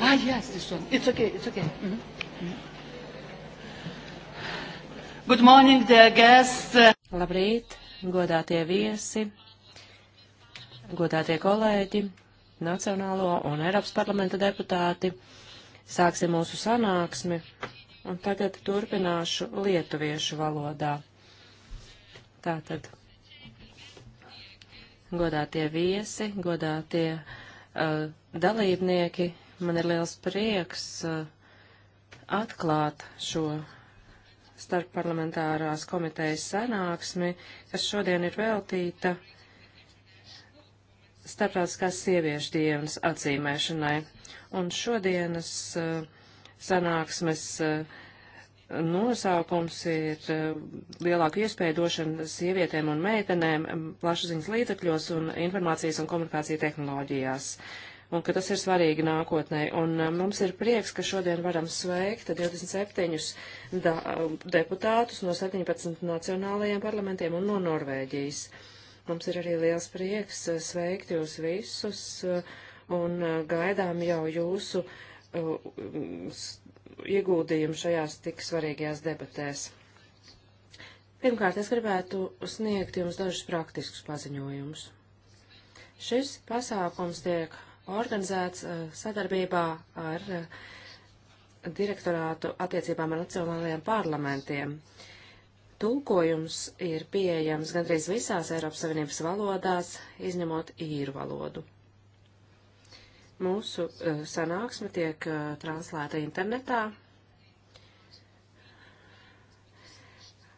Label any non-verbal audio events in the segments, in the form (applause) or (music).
Ah, yes, this one. It's okay, it's okay. Mm -hmm. Good morning, dear guests. Labrīt, godātie viesi, godātie kolēģi, Nacionālo un Eiropas parlamenta deputāti. Sāksim mūsu sanāksmi, un tagad turpināšu lietuviešu valodā. Tātad, godātie viesi, godātie uh, dalībnieki, Man ir liels prieks uh, atklāt šo starpparlamentārās komitejas sanāksmi, kas šodien ir veltīta starptautiskās sieviešu dienas atzīmēšanai. Un šodienas uh, sanāksmes uh, nosaukums ir lielāka iespēja došana sievietēm un meitenēm um, plašsaziņas līdzekļos un informācijas un komunikācija tehnoloģijās un ka tas ir svarīgi nākotnē. Un um, mums ir prieks, ka šodien varam sveikt 27 um, deputātus no 17 nacionālajiem parlamentiem un no Norvēģijas. Mums ir arī liels prieks uh, sveikt jūs visus uh, un uh, gaidām jau jūsu um, ieguldījumu šajās tik svarīgajās debatēs. Pirmkārt, es gribētu sniegt jums dažus praktiskus paziņojumus. Šis pasākums tiek organizēts eh, sadarbībā ar eh, direktorātu attiecībām ar nacionālajiem parlamentiem. Tulkojums ir pieejams gandrīz visās Eiropas Savienības valodās, izņemot īru valodu. Mūsu eh, sanāksme tiek translēta internetā,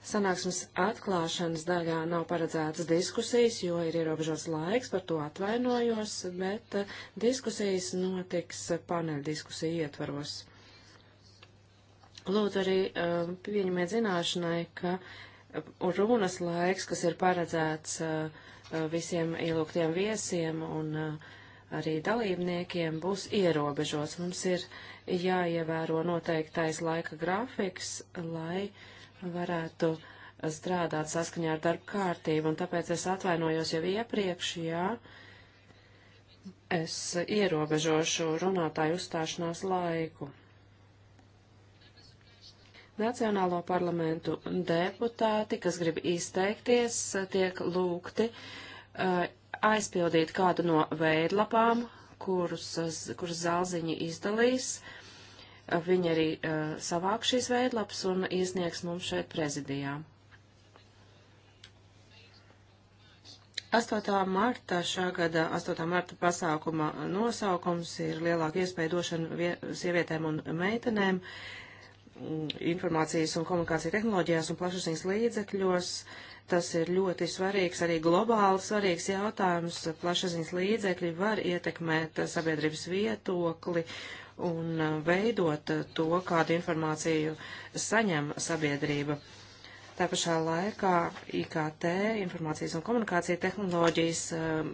Sanāksmes atklāšanas daļā nav paredzētas diskusijas, jo ir ierobežots laiks, par to atvainojos, bet eh, diskusijas notiks paneļdiskusiju ietvaros. Lūdzu arī eh, pieņemiet zināšanai, ka eh, runas laiks, kas ir paredzēts visiem ielūgtiem viesiem un arī dalībniekiem, būs ierobežots. Mums ir jāievēro noteiktais laika grafiks, lai uh, varētu strādāt saskaņā ar darba kārtību, un tāpēc es atvainojos jau iepriekš, jā, es ierobežošu runātāju uzstāšanās laiku. Nacionālo parlamentu deputāti, kas grib izteikties, tiek lūgti uh, aizpildīt kādu no veidlapām, kurus, kuras zālziņi izdalīs. Uh, Viņi arī uh, savāk šīs veidlaps un iesniegs mums šeit prezidijā. 8. marta šā gada 8. marta pasākuma nosaukums ir lielāka iespēja došana sievietēm un meitenēm informācijas un komunikācija tehnoloģijās un plašasiņas līdzekļos. Tas ir ļoti svarīgs, arī globāli svarīgs jautājums. Plašasiņas līdzekļi var ietekmēt sabiedrības vietokli un uh, veidot uh, to, kādu informāciju saņem sabiedrība. Tā pašā laikā IKT, informācijas un komunikācija tehnoloģijas um,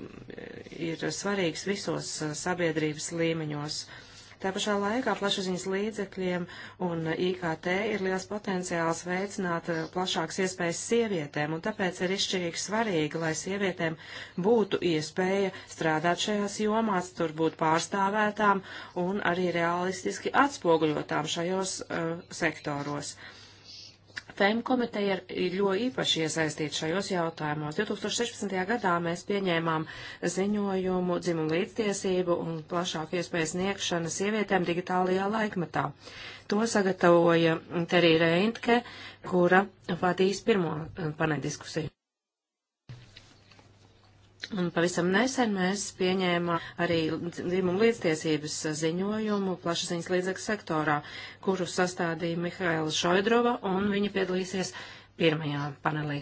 ir svarīgas visos uh, sabiedrības līmeņos. Uh, Tā pašā laikā plašsaziņas līdzekļiem un IKT ir liels potenciāls veicināt eh, plašākas iespējas sievietēm, un tāpēc ir izšķirīgi svarīgi, lai sievietēm būtu iespēja strādāt šajās jomās, tur būt pārstāvētām un arī realistiski atspoguļotām šajos uh, sektoros. Uh, FEM komiteja ir ļoti īpaši iesaistīta šajos jautājumos. 2016. gadā mēs pieņēmām ziņojumu dzimumu līdztiesību un plašāku iespēju sniegšanu sievietēm digitālajā laikmetā. To sagatavoja Terija Reintke, kura vadīs pirmo paneļdiskusiju. Un pavisam nesen mēs pieņēmām arī dzimumu līdztiesības ziņojumu plašsaziņas līdzekļu sektorā, kuru sastādīja Mihaila Šoidrova, un viņa piedalīsies pirmajā panelī.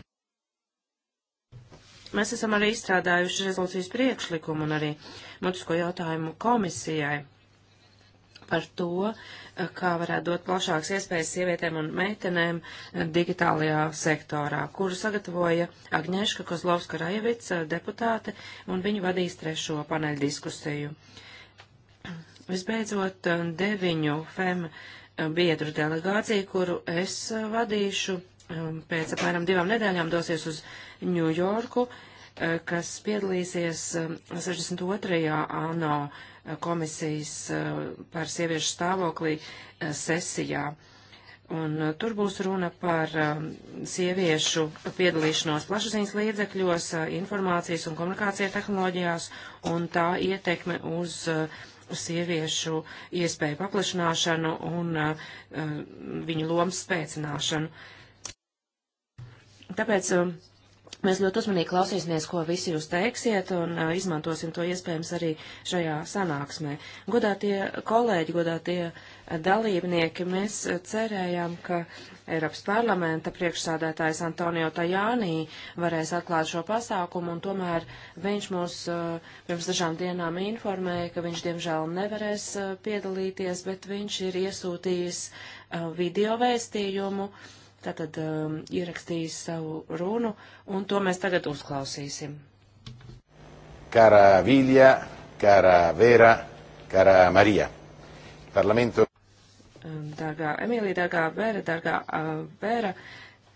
Mēs esam arī izstrādājuši rezolūcijas priekšlikumu un arī mutisko jautājumu komisijai par to, eh, kā varētu dot plašākas iespējas sievietēm un meitenēm eh, digitālajā sektorā, kuru sagatavoja Agņeška Kozlovska Rajevic, eh, deputāte, un viņa vadīs trešo paneļu diskusiju. (clears throat) Visbeidzot, deviņu FEM biedru delegāciju, kuru es vadīšu, pēc apmēram divām nedēļām dosies uz Ņujorku, kas piedalīsies 62. ANO komisijas eh, par sieviešu stāvoklī eh, sesijā. Un eh, tur būs runa par sieviešu piedalīšanos plašsaziņas līdzekļos, informācijas un komunikācija tehnoloģijās un tā ietekme uz sieviešu iespēju paplašināšanu un viņu lomas spēcināšanu. Tāpēc uh, Mēs ļoti uzmanīgi klausīsimies, ko visi jūs teiksiet, un uh, izmantosim to iespējams arī šajā sanāksmē. Godātie kolēģi, godātie dalībnieki, mēs cerējām, ka Eiropas parlamenta priekšsādātājs Antonio Tajānī varēs atklāt šo pasākumu, un tomēr viņš mūs uh, pirms dažām dienām informēja, ka viņš diemžēl nevarēs uh, piedalīties, bet viņš ir iesūtījis uh, video vēstījumu. Uh, tātad um, ierakstījis savu runu, un to mēs tagad uzklausīsim. Cara Vilja, cara Vera, cara Marija. Parlamentu. Um, dārgā Emīlija, dārgā Vera, dārgā uh, Vera,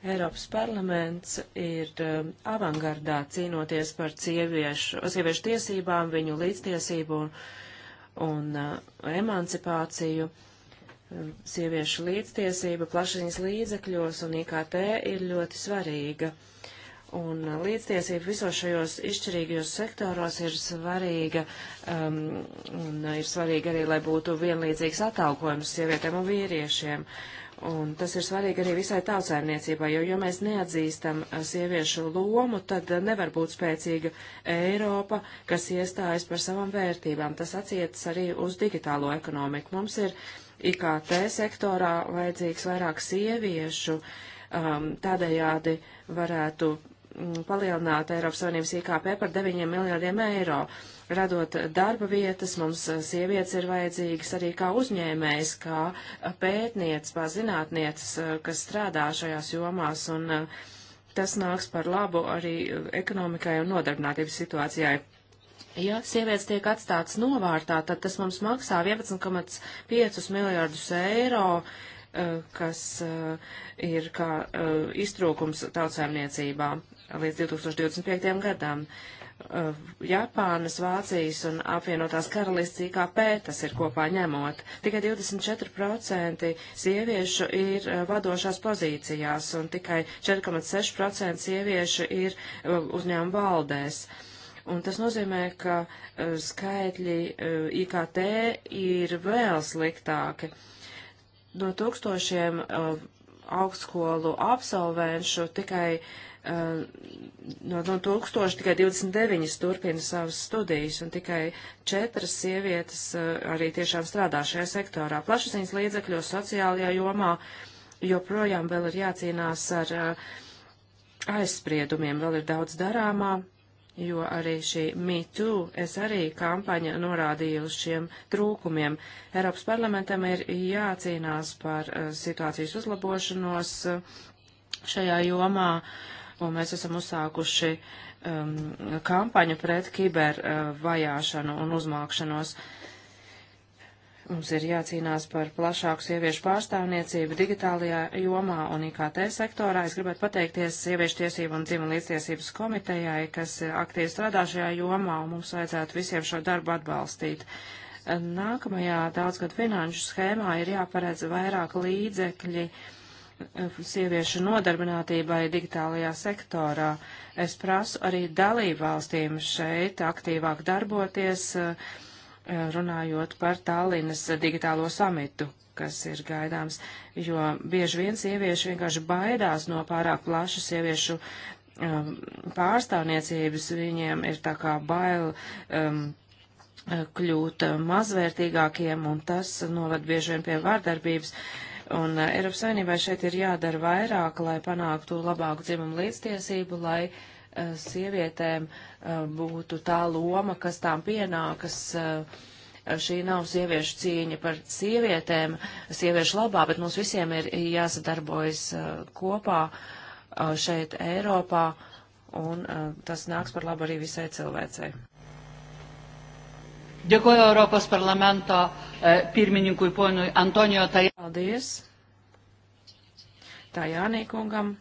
Eiropas parlaments ir uh, avangardā cīnoties par sieviešu, sieviešu tiesībām, viņu līdztiesību un, un uh, emancipāciju. Uh, sieviešu līdztiesība plašsaziņas līdzekļos un IKT ir ļoti svarīga. Un līdztiesība visos šajos izšķirīgajos sektoros ir svarīga, um, un ir svarīga arī, lai būtu vienlīdzīgs atalgojums sievietēm un vīriešiem. Un tas ir svarīgi arī visai tautsēmniecībai, jo, ja mēs neatzīstam uh, sieviešu lomu, tad nevar būt spēcīga Eiropa, kas iestājas par savām vērtībām. Tas atsiecas arī uz digitālo ekonomiku. Mums ir uh, IKT sektorā vajadzīgs vairāk sieviešu, um, tādējādi varētu mm, palielināt Eiropas Savienības IKP par 9 miljardiem eiro. Radot darba vietas, mums uh, sievietes ir vajadzīgas arī kā uzņēmējs, kā uh, pētniec, kā zinātniec, uh, kas strādā šajās jomās, un tas nāks par labu arī ekonomikai un nodarbinātības situācijai. Ja sievietes tiek atstātas novārtā, tad tas mums maksā 11,5 miljārdus eiro, eh, kas eh, ir kā eh, iztrūkums tautsēmniecībā līdz 2025. gadam. Japānas, Vācijas un apvienotās karalists IKP tas ir kopā ņemot. Tikai 24% sieviešu ir vadošās pozīcijās un tikai 4,6% sieviešu ir uzņēmuma valdēs. Uh, Un tas nozīmē, ka eh, skaitļi eh, IKT ir vēl sliktāki. No tūkstošiem eh, augstskolu absolvenšu tikai no, no tūkstoši tikai 29 turpina savas studijas, un tikai četras sievietes arī tiešām strādā šajā sektorā. Plašasiņas līdzekļos sociālajā jomā joprojām vēl ir jācīnās ar aizspriedumiem, vēl ir daudz darāmā, jo arī šī MeToo, es arī kampaņa norādīju uz šiem trūkumiem. Eiropas parlamentam ir jācīnās par uh, situācijas uzlabošanos uh, šajā jomā, un mēs esam uzsākuši um, kampaņu pret kibervajāšanu eh, uh, un uzmākšanos. Uh, Mums ir jācīnās par plašāku sieviešu pārstāvniecību digitālajā jomā un IKT sektorā. Es gribētu pateikties sieviešu tiesību un dzimuma līdztiesības komitejai, kas aktīvi strādā šajā jomā, un mums vajadzētu visiem šo darbu atbalstīt. Nākamajā daudzgad finanšu schēmā ir jāparedz vairāk līdzekļi eh, sieviešu nodarbinātībai digitālajā sektorā. Es prasu arī dalību valstīm šeit aktīvāk darboties. Uh, runājot par Tallinas digitālo samitu, kas ir gaidāms, jo bieži vien sievieši vienkārši baidās no pārāk plašas sieviešu um, pārstāvniecības, viņiem ir tā kā bail um, kļūt mazvērtīgākiem, un tas novad bieži vien pie vārdarbības. Un uh, Eiropas Savienībai šeit ir jādara vairāk, lai panāktu labāku dzimumu līdztiesību, lai uh, Eh, sievietēm eh, būtu tā loma, kas tām pienākas. Eh, šī nav sieviešu cīņa par sievietēm, sieviešu labā, bet mums visiem ir jāsadarbojas kopā šeit Eiropā, un tas nāks par labu arī visai cilvēcei. Dėkuoju Europos parlamento pirmininkui ponui Antonijo Tajānī. Paldies Tajānī kungam.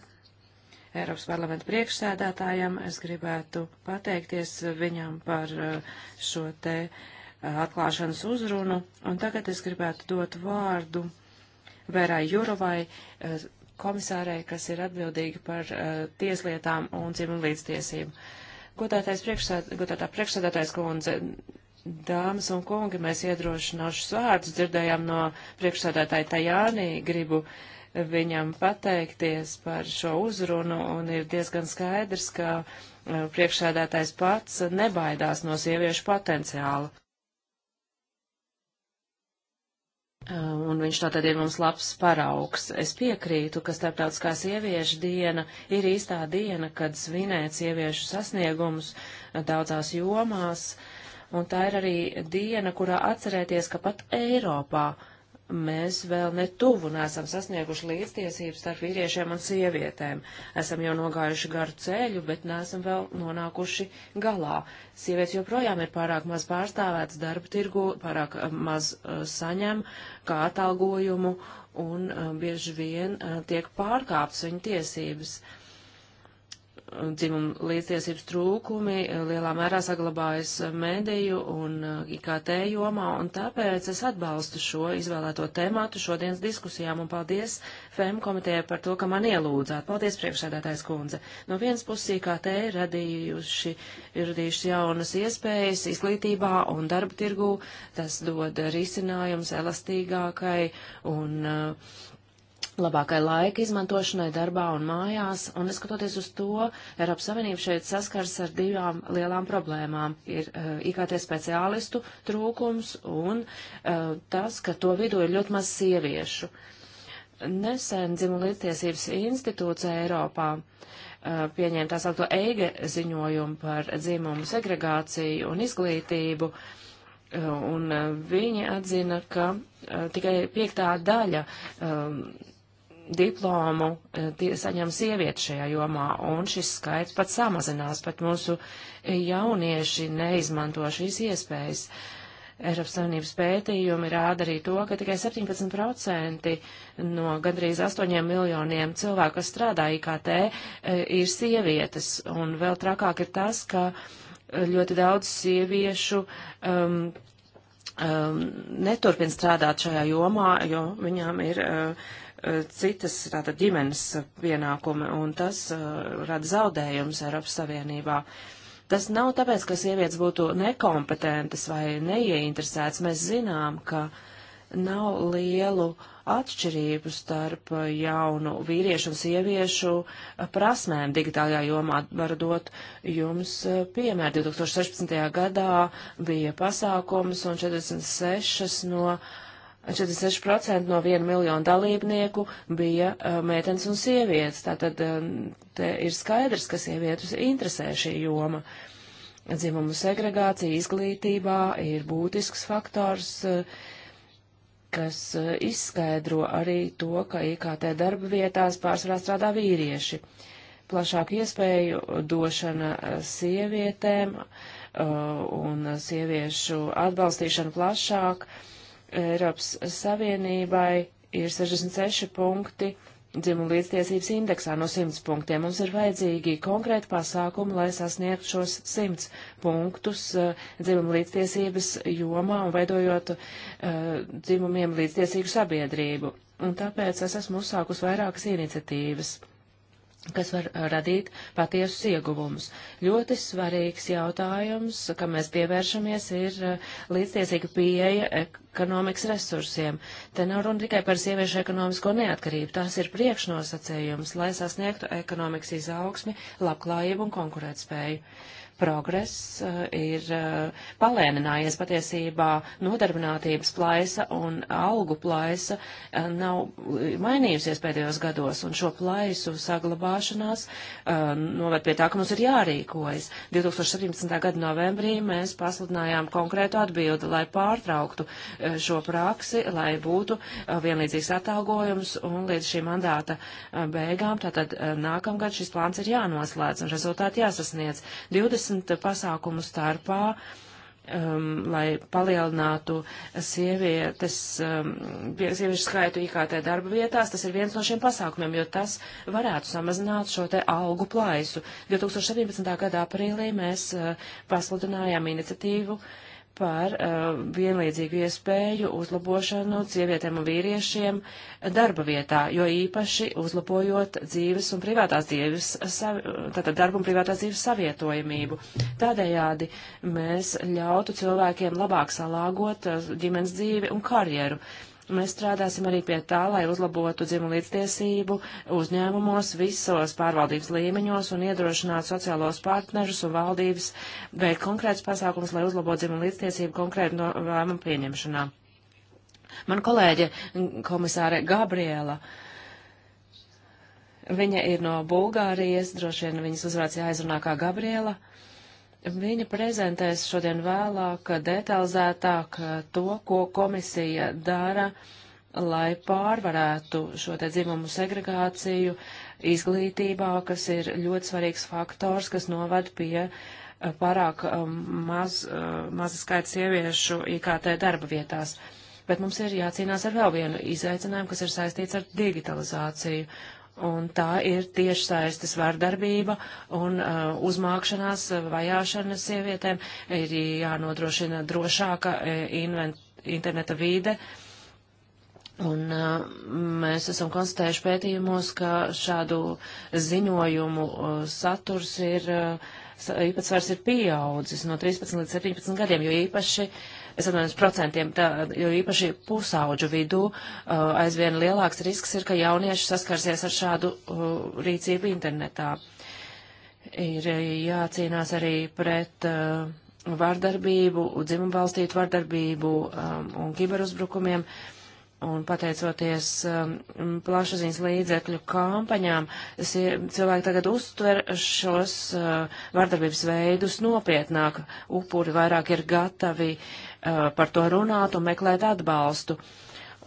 Eiropas parlamenta priekšsēdētājam. Es gribētu pateikties viņam par eh, šo te eh, atklāšanas uzrunu. Un tagad es gribētu dot vārdu Vērai Jurovai, eh, komisārei, kas ir atbildīga par tieslietām un dzimumu līdztiesību. Godātais priekšsēd, godātā priekšsēdētājs kundze, Dāmas un kungi, mēs iedrošinošus vārdus dzirdējām no priekšsādātāja Tajānī. Gribu viņam pateikties par šo uzrunu, un ir diezgan skaidrs, ka eh, priekšsēdētājs pats nebaidās no sieviešu potenciāla. Eh, un viņš tātad ir mums labs paraugs. Es piekrītu, ka starptautiskā sieviešu diena ir īstā diena, kad svinēt sieviešu sasniegumus eh, daudzās jomās, un tā ir arī diena, kurā atcerēties, ka pat Eiropā uh, mēs vēl netuvu nesam sasnieguši līdztiesības starp vīriešiem un sievietēm. Esam jau nogājuši garu ceļu, bet nesam vēl nonākuši galā. Sievietes joprojām ir pārāk maz pārstāvētas darba tirgu, pārāk eh, maz uh, saņem kā atalgojumu un uh, bieži vien uh, tiek pārkāptas viņu tiesības. Uh, dzimumu līdztiesības trūkumi eh, lielā mērā saglabājas eh, mediju un eh, IKT jomā, un tāpēc es atbalstu šo izvēlēto tēmātu šodienas diskusijām, un paldies FEM komitejai par to, ka man ielūdzāt. Paldies, priekšsēdētājs kundze. No vienas puses IKT ir radījuši, ir radījuši jaunas iespējas izglītībā un darba tirgū, tas dod risinājums elastīgākai un uh, labākai laika izmantošanai darbā un mājās, un neskatoties uz to, Eiropas Savienība šeit saskars ar divām lielām problēmām. Ir uh, eh, IKT speciālistu trūkums un uh, tas, ka to vidū ir ļoti maz sieviešu. Nesen dzimulītiesības institūts Eiropā uh, pieņēma tā saukto EIGE ziņojumu par dzimumu segregāciju un izglītību. Uh, un viņi atzina, ka tikai piektā daļa um, diplomu e, saņem sievietes šajā jomā, un šis skaits pat samazinās, pat mūsu jaunieši neizmanto šīs iespējas. Eiropas Savienības pētījumi rāda arī to, ka tikai 17% no gandrīz 8 miljoniem cilvēku, kas strādā IKT, e, ir sievietes, un vēl trakāk ir tas, ka e, ļoti daudz sieviešu um, um, neturpina strādāt šajā jomā, jo viņām ir uh, uh, citas tātad ģimenes pienākumi, un tas uh, rada zaudējumus Eiropas Savienībā. Tas nav tāpēc, ka sievietes būtu nekompetentas vai neieinteresētas. Mēs zinām, ka uh, nav lielu atšķirību starp jaunu vīriešu un sieviešu eh, prasmēm digitālajā jomā. Varu dot jums eh, piemēru. 2016. gadā bija pasākums un 46 no. 46% no viena miljona dalībnieku bija uh, meitenes un sievietes. Tātad uh, te ir skaidrs, ka sievietus interesē šī joma. Dzimumu segregācija izglītībā ir būtisks faktors. Uh, kas eh, izskaidro arī to, ka IKT darba vietās pārsvarā strādā vīrieši. Plašāku iespēju došana eh, sievietēm eh, un sieviešu atbalstīšana plašāk Eiropas Savienībai ir 66 punkti dzimumu līdztiesības indeksā no 100 punktiem. Mums ir vajadzīgi konkrēti pasākumi, lai sasniegtu šos 100 punktus uh, eh, dzimumu līdztiesības jomā un veidojot uh, dzimumiem līdztiesīgu sabiedrību. Un tāpēc es esmu uzsākus vairākas iniciatīvas kas var radīt patiesus ieguvumus. Ļoti svarīgs jautājums, kam mēs pievēršamies, ir eh, līdztiesīga pieeja ekonomikas resursiem. Te nav runa tikai par sieviešu ekonomisko neatkarību, tās ir priekšnosacējums, lai sasniegtu ekonomikas izaugsmi, labklājību un konkurētspēju progress eh, ir eh, palēninājies patiesībā nodarbinātības plaisa un algu plaisa eh, nav mainījusies pēdējos gados, un šo plaisu saglabāšanās noved pie tā, ka mums ir jārīkojas. 2017. gada novembrī mēs pasludinājām konkrētu atbildi, lai pārtrauktu šo praksi, lai būtu vienlīdzīgs atalgojums, un līdz šī mandāta beigām, tātad nākamgad šis plāns ir jānoslēdz un rezultāti jāsasniedz. 20 desmit pasākumu starpā, um, lai palielinātu sievietes, um, sieviešu skaitu IKT darba vietās, tas ir viens no šiem pasākumiem, jo tas varētu samazināt šo te algu plaisu. 2017. gada aprīlī mēs uh, pasludinājām iniciatīvu uh, par uh, vienlīdzīgu iespēju uzlabošanu sievietēm un vīriešiem darba vietā, jo īpaši uzlabojot dzīves un privātās dzīves, savi, tātad darba un privātās dzīves savietojamību. Tādējādi mēs ļautu cilvēkiem labāk salāgot uh, ģimenes dzīvi un karjeru. Uh, Mēs strādāsim arī pie tā, lai uzlabotu dzimumlīdztiesību uzņēmumos visos pārvaldības līmeņos un iedrošinātu sociālos partnerus un valdības veikt konkrētus pasākumus, lai uzlabotu dzimumlīdztiesību konkrētu no lēmumu pieņemšanā. Man kolēģe komisāre Gabriela. Viņa ir no Bulgārijas, droši vien viņas uzvārds jāizrunā kā Gabriela. Uh, Viņa prezentēs šodien vēlāk detalizētāk eh, to, ko komisija dara, lai pārvarētu šo te dzimumu segregāciju izglītībā, kas ir ļoti svarīgs faktors, kas novad pie eh, pārāk um, maz, eh, maza skaita sieviešu IKT darba vietās. Bet mums ir jācīnās ar vēl vienu izaicinājumu, kas ir saistīts ar digitalizāciju un tā ir tiešsaistes vardarbība un uh, uzmākšanās uh, vajāšana sievietēm. Ir jānodrošina drošāka uh, invent, interneta vīde. Un uh, mēs esam konstatējuši pētījumos, ka šādu ziņojumu uh, saturs ir, uh, īpatsvars ir pieaudzis no 13 līdz 17 gadiem, jo īpaši uh, es atvainojos procentiem, tā, jo īpaši pusauģu vidū uh, aizvien lielāks risks ir, ka jaunieši saskarsies ar šādu uh, rīcību internetā. Ir uh, jācīnās arī pret uh, vardarbību, dzimumbalstītu vardarbību um, un kiberuzbrukumiem. Un pateicoties um, plašsaziņas līdzekļu kampaņām, cilvēki tagad uztver šos uh, vardarbības veidus nopietnāk. Upuri vairāk ir gatavi uh, Uh, par to runāt un meklēt atbalstu.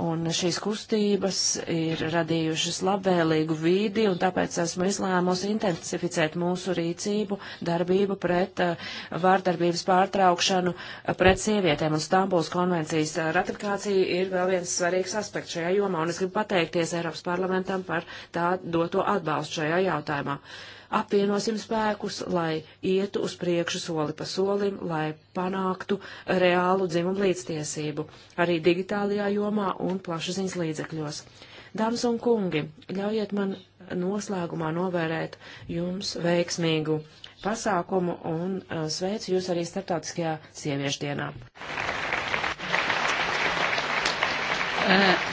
Un šīs kustības ir radījušas labvēlīgu vīdi, un tāpēc esmu izlēmusi intensificēt mūsu rīcību, darbību pret uh, vārdarbības pārtraukšanu uh, pret sievietēm. Un Stambuls konvencijas uh, ratifikācija ir vēl viens svarīgs aspekts šajā jomā, un es gribu pateikties Eiropas parlamentam par tā doto atbalstu šajā jautājumā. Uh, apvienosim spēkus, lai ietu uz priekšu soli pa solim, lai panāktu reālu dzimumu līdztiesību arī digitālajā jomā un plašsaziņas līdzekļos. Dāmas un kungi, ļaujiet man noslēgumā novērēt jums veiksmīgu pasākumu un uh, sveicu jūs arī starptautiskajā sieviešu dienā. Uh,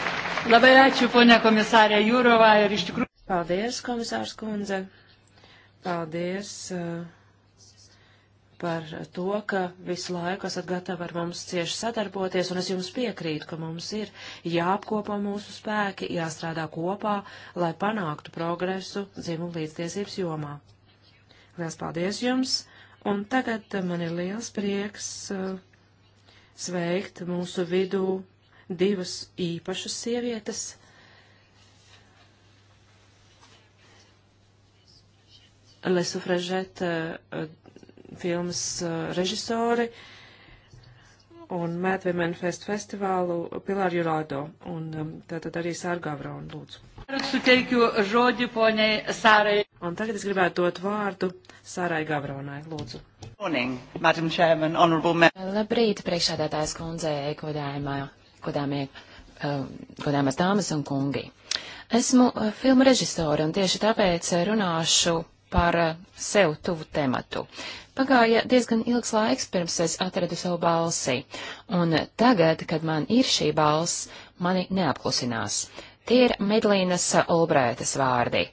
labai ačiū, ponia komisārė Jūrovā, ir iš tikrųjų. Paldies, komisārs kundze. Paldies eh, par to, ka visu laiku esat gatavi ar mums cieši sadarboties, un es jums piekrītu, ka mums ir jāapkopo mūsu spēki, jāstrādā kopā, lai panāktu progresu dzimumu līdztiesības jomā. Liels paldies jums, un tagad man ir liels prieks eh, sveikt mūsu vidū divas īpašas sievietes. Les Sufražete eh, eh, filmas eh, režisori un Mad Women Fest festivālu Pilāru Jurādo. Un um, tātad arī Sārgavra un Lūdzu. Suteikju žodi poniai Sārai. Un tagad es gribētu dot vārdu Sārai Gavronai. Lūdzu. Morning, Madam Chairman, Honorable Member. Labrīt, priekšādātājs kundze, godājumā, godāmie, um, godāmas dāmas un kungi. Esmu uh, filmu režisori un tieši tāpēc runāšu par eh, sev tuvu tematu. Pagāja diezgan ilgs laiks, pirms es atradu savu balsi, un tagad, kad man ir šī balss, mani neapklusinās. Tie ir Medlīnas eh, Olbrētas vārdi.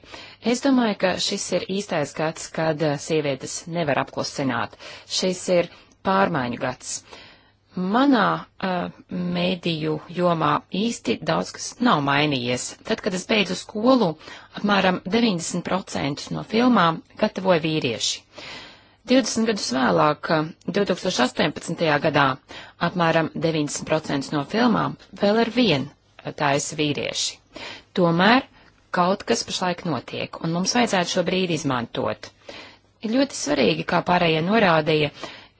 Es domāju, ka šis ir īstais gads, kad eh, sievietes nevar apklusināt. Šis ir pārmaiņu gads. Manā uh, mediju jomā īsti daudz kas nav mainījies. Tad, kad es beidzu skolu apmēram 90% no filmām gatavoja vīrieši. 20 gadus vēlāk, 2018. gadā, apmēram 90% no filmām vēl ar vienu taisa vīrieši. Tomēr kaut kas pašlaik notiek, un mums vajadzētu šo brīdi izmantot. Ir ļoti svarīgi, kā pārējie norādīja,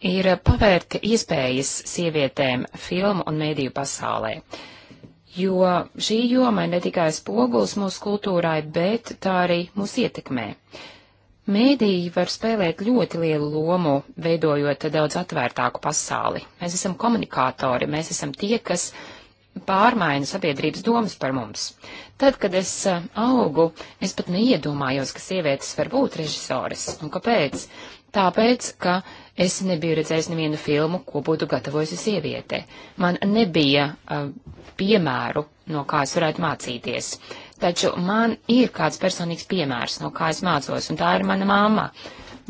ir pavērt iespējas sievietēm filmu un mēdīju pasaulē. Uh, jo šī joma ir ne tikai spogulis mūsu kultūrai, bet tā arī mūs ietekmē. Mēdīji var spēlēt ļoti lielu lomu, veidojot daudz atvērtāku pasauli. Mēs esam komunikātori, mēs esam tie, kas pārmaina sabiedrības domas par mums. Tad, kad es eh, augu, es pat neiedomājos, ka sievietes var būt režisoras. Un kāpēc? Tāpēc, ka Es nebiju redzējis nevienu filmu, ko būtu gatavojusi sieviete. Man nebija uh, piemēru, no kā es varētu mācīties. Taču man ir kāds personīgs piemērs, no kā es mācos, un tā ir mana mamma.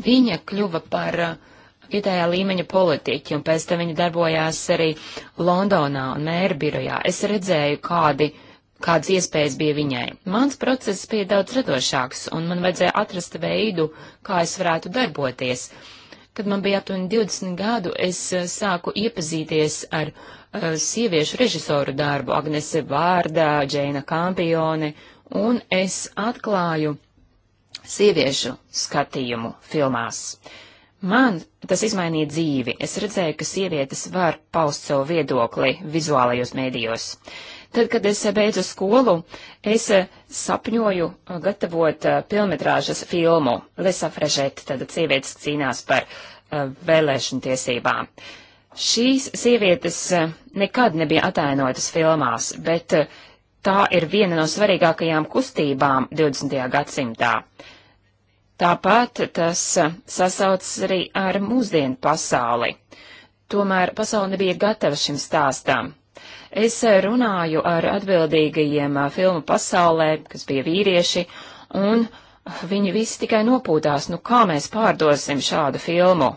Viņa kļuva par uh, vietējā līmeņa politiķi, un pēc tam viņa darbojās arī Londonā un mēra birojā. Es redzēju, kādi, kādas iespējas bija viņai. Mans process bija daudz radošāks, un man vajadzēja atrast veidu, kā es varētu darboties. Uh, Kad man bija aptuveni 20 gadu, es eh, sāku iepazīties ar uh, sieviešu režisoru darbu Agnese Vārdā, Džeina Kampione, un es atklāju sieviešu skatījumu filmās. Man tas izmainīja dzīvi. Es redzēju, ka sievietes var paust savu viedokli vizuālajos mēdījos. Uh, Tad, kad es beidzu skolu, es eh, sapņoju eh, gatavot eh, pilnmetrāžas filmu Lisa Frežet, tad sievietes cīnās par vēlēšanu tiesībām. Šīs sievietes nekad nebija atainotas filmās, bet tā ir viena no svarīgākajām kustībām 20. gadsimtā. Tāpat tas sasaucas arī ar mūsdienu pasauli. Tomēr pasauli nebija gatava šim stāstam. Es eh, runāju ar atbildīgajiem eh, filmu pasaulē, kas bija vīrieši, un viņi visi tikai nopūtās, nu kā mēs pārdosim šādu filmu.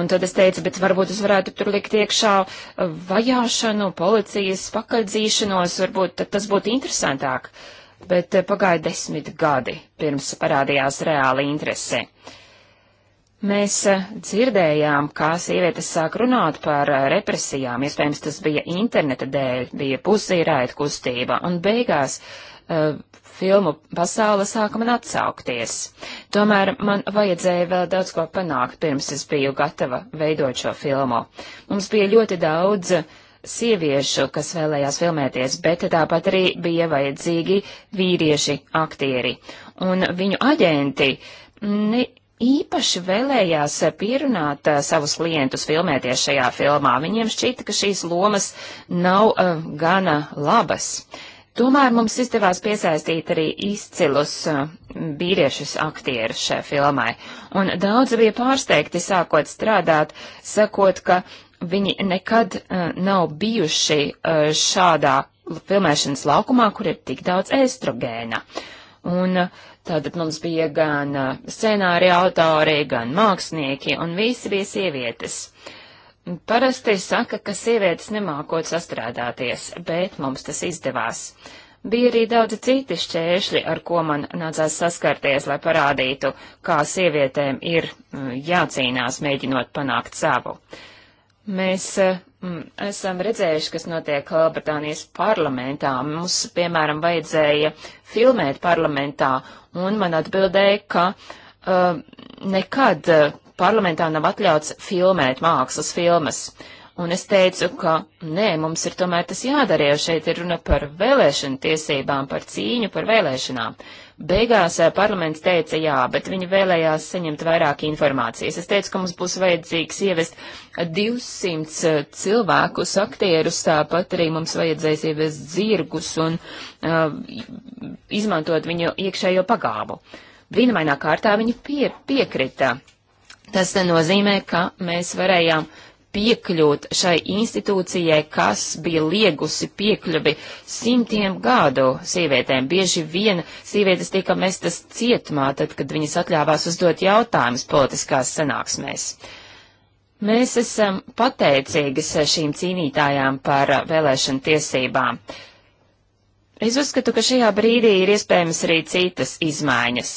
Un tad es teicu, bet varbūt es varētu tur likt iekšā eh, vajāšanu, policijas pakaļdzīšanos, varbūt tas būtu interesantāk. Bet pagāja desmit gadi, pirms parādījās reāli interese. Mēs e, dzirdējām, kā sievietes sāk runāt par e, represijām, iespējams tas bija interneta dēļ, bija pusīraita kustība, un beigās uh, filmu pasaule sāka man atsaukties. Tomēr man vajadzēja vēl daudz ko panākt, pirms es biju gatava veidot šo filmu. Mums bija ļoti daudz sieviešu, kas vēlējās filmēties, bet tāpat arī bija vajadzīgi vīrieši aktieri. Un viņu aģenti ne, īpaši vēlējās pierunāt uh, savus klientus filmēties šajā filmā. Viņiem šķita, ka šīs lomas nav uh, gana labas. Tomēr mums izdevās piesaistīt arī izcilus uh, vīriešus aktierus šai filmai, un daudz bija pārsteigti sākot strādāt, sakot, ka viņi nekad uh, nav bijuši uh, šādā filmēšanas laukumā, kur ir tik daudz estrogēna. Un uh, Tātad mums bija gan scenārija autori, gan mākslinieki, un visi bija sievietes. Parasti saka, ka sievietes nemākot sastrādāties, bet mums tas izdevās. Bija arī daudzi citi šķēršļi, ar ko man nācās saskarties, lai parādītu, kā sievietēm ir jācīnās, mēģinot panākt savu. Mēs Mm, esam redzējuši, kas notiek Lielbritānijas parlamentā. Mums, piemēram, vajadzēja filmēt parlamentā, un man atbildēja, ka uh, nekad uh, parlamentā nav atļauts filmēt mākslas filmas. Un es teicu, ka nē, mums ir tomēr tas jādara, jo šeit ir runa par vēlēšanu tiesībām, par cīņu, par vēlēšanām. Beigās eh, parlaments teica jā, bet viņi vēlējās saņemt vairāk informācijas. Es teicu, ka mums būs vajadzīgs ievest 200 eh, cilvēkus, aktierus, tāpat arī mums vajadzēs ievest dzirgus un uh, izmantot viņu iekšējo pagābu. Brīnumainā kārtā viņi pie, piekrita. Tas nozīmē, ka mēs varējām uh, piekļūt šai institūcijai, kas bija liegusi piekļuvi simtiem gadu sievietēm. Bieži vien sievietes tika mestas cietumā, tad, kad viņas atļāvās uzdot jautājumus politiskās sanāksmēs. Mēs esam pateicīgas šīm cīnītājām par vēlēšanu tiesībām. Es uzskatu, ka šajā brīdī ir iespējams arī citas izmaiņas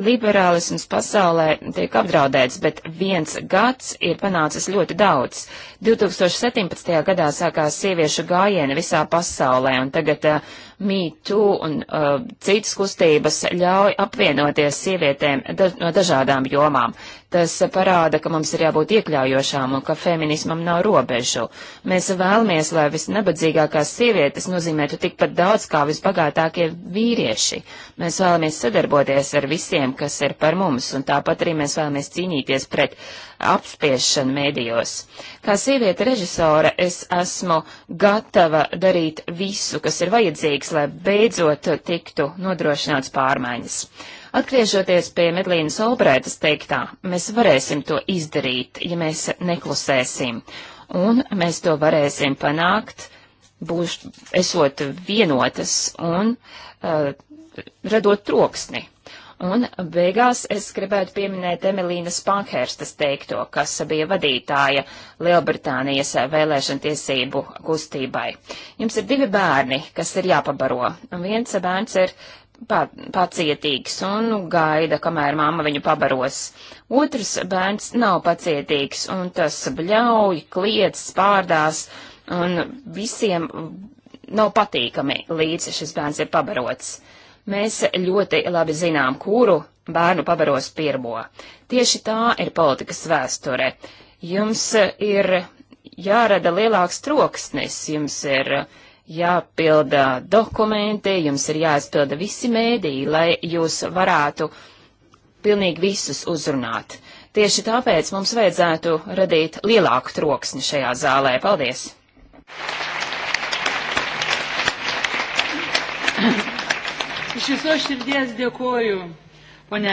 liberālisms pasaulē tiek apdraudēts, bet viens gads ir panācis ļoti daudz. 2017. gadā sākās sieviešu gājieni visā pasaulē, un tagad uh, eh, mītu un uh, citas kustības ļauj apvienoties sievietēm da no dažādām jomām. Tas parāda, ka mums ir jābūt iekļaujošām un ka feminismam nav robežu. Mēs vēlamies, lai visnabadzīgākās sievietes nozīmētu tikpat daudz kā visbagātākie vīrieši. Mēs vēlamies sadarboties ar visiem, centieniem, kas ir par mums, un tāpat arī mēs vēlamies cīnīties pret apspiešanu mēdījos. Kā sieviete režisora es esmu gatava darīt visu, kas ir vajadzīgs, lai beidzot tiktu nodrošināts pārmaiņas. Atgriežoties pie Medlīnas Olbrētas teiktā, mēs varēsim to izdarīt, ja mēs neklusēsim, un mēs to varēsim panākt, būs, esot vienotas un uh, radot troksni. Un beigās es gribētu pieminēt Emilīnas Pankherstas teikto, kas bija vadītāja Lielbritānijas vēlēšana tiesību kustībai. Jums ir divi bērni, kas ir jāpabaro. Un viens bērns ir pacietīgs un gaida, kamēr mamma viņu pabaros. Otrs bērns nav pacietīgs un tas bļauj, kliedz, spārdās un visiem nav patīkami, līdz šis bērns ir pabarots. Uh, Mēs ļoti labi zinām, kuru bērnu pabaros pirmo. Tieši tā ir politikas vēsture. Jums ir jārada lielāks troksnis, jums ir jāpilda dokumenti, jums ir jāizpilda visi mēdīji, lai jūs varētu pilnīgi visus uzrunāt. Tieši tāpēc mums vajadzētu radīt lielāku troksni šajā zālē. Paldies! Thank you. Iš viso širdies dėkoju, ponė.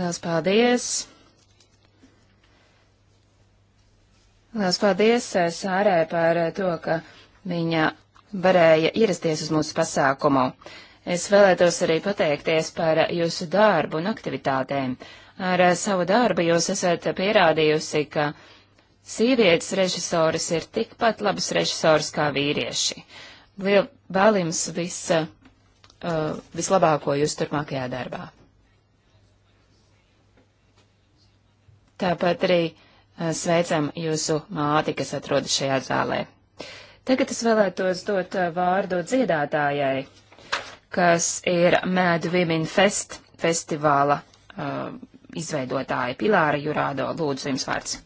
Liels paldies! Liels paldies eh, Sārai par eh, to, ka viņa varēja ierasties uz mūsu pasākumu. Es vēlētos arī pateikties par jūsu darbu un aktivitātēm. Ar eh, savu darbu jūs esat pierādījusi, ka sievietes režisoras ir tikpat labas režisoras kā vīrieši. Liel, vēl jums visa uh, vislabāko jūsu turpmākajā darbā. Tāpat arī uh, sveicam jūsu māti, kas atrodas šajā zālē. Tagad es vēlētos dot uh, vārdu dziedātājai, kas ir Mad Women Fest festivāla uh, izveidotāja Pilāra Jurādo. Lūdzu, jums vārds.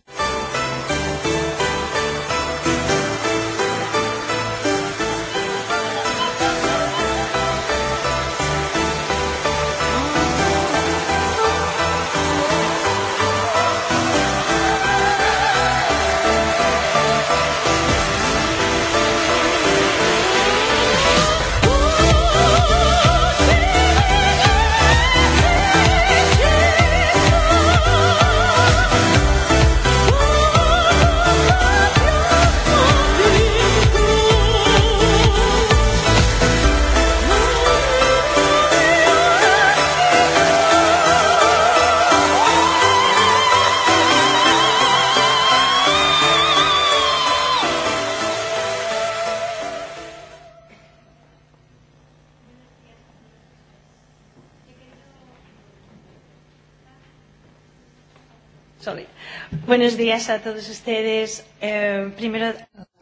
Buenos días a todos ustedes. Eh, primero...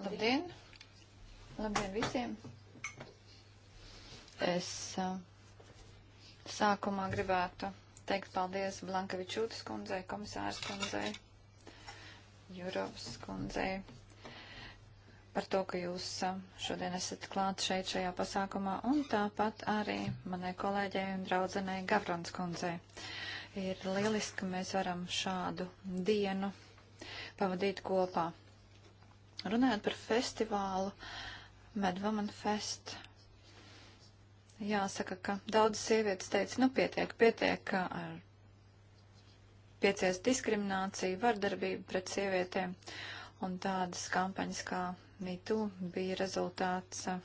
Labdien! Labdien visiem! Es uh, sākumā gribētu teikt paldies Blankavičūtas kundzei, komisārs kundzei, Jurovs kundzei par to, ka jūs uh, šodien esat klāt šeit šajā pasākumā un tāpat arī manai kolēģei un draudzenei Gavrons kundzei. Uh, Ir lieliski, ka mēs varam šādu dienu pavadīt kopā. Runājot par festivālu, Medvaman Fest, jāsaka, ka daudz sievietes teica, nu pietiek, pietiek ar piecies diskrimināciju, vardarbību pret sievietēm, un tādas kampaņas kā MeToo bija rezultāts uh,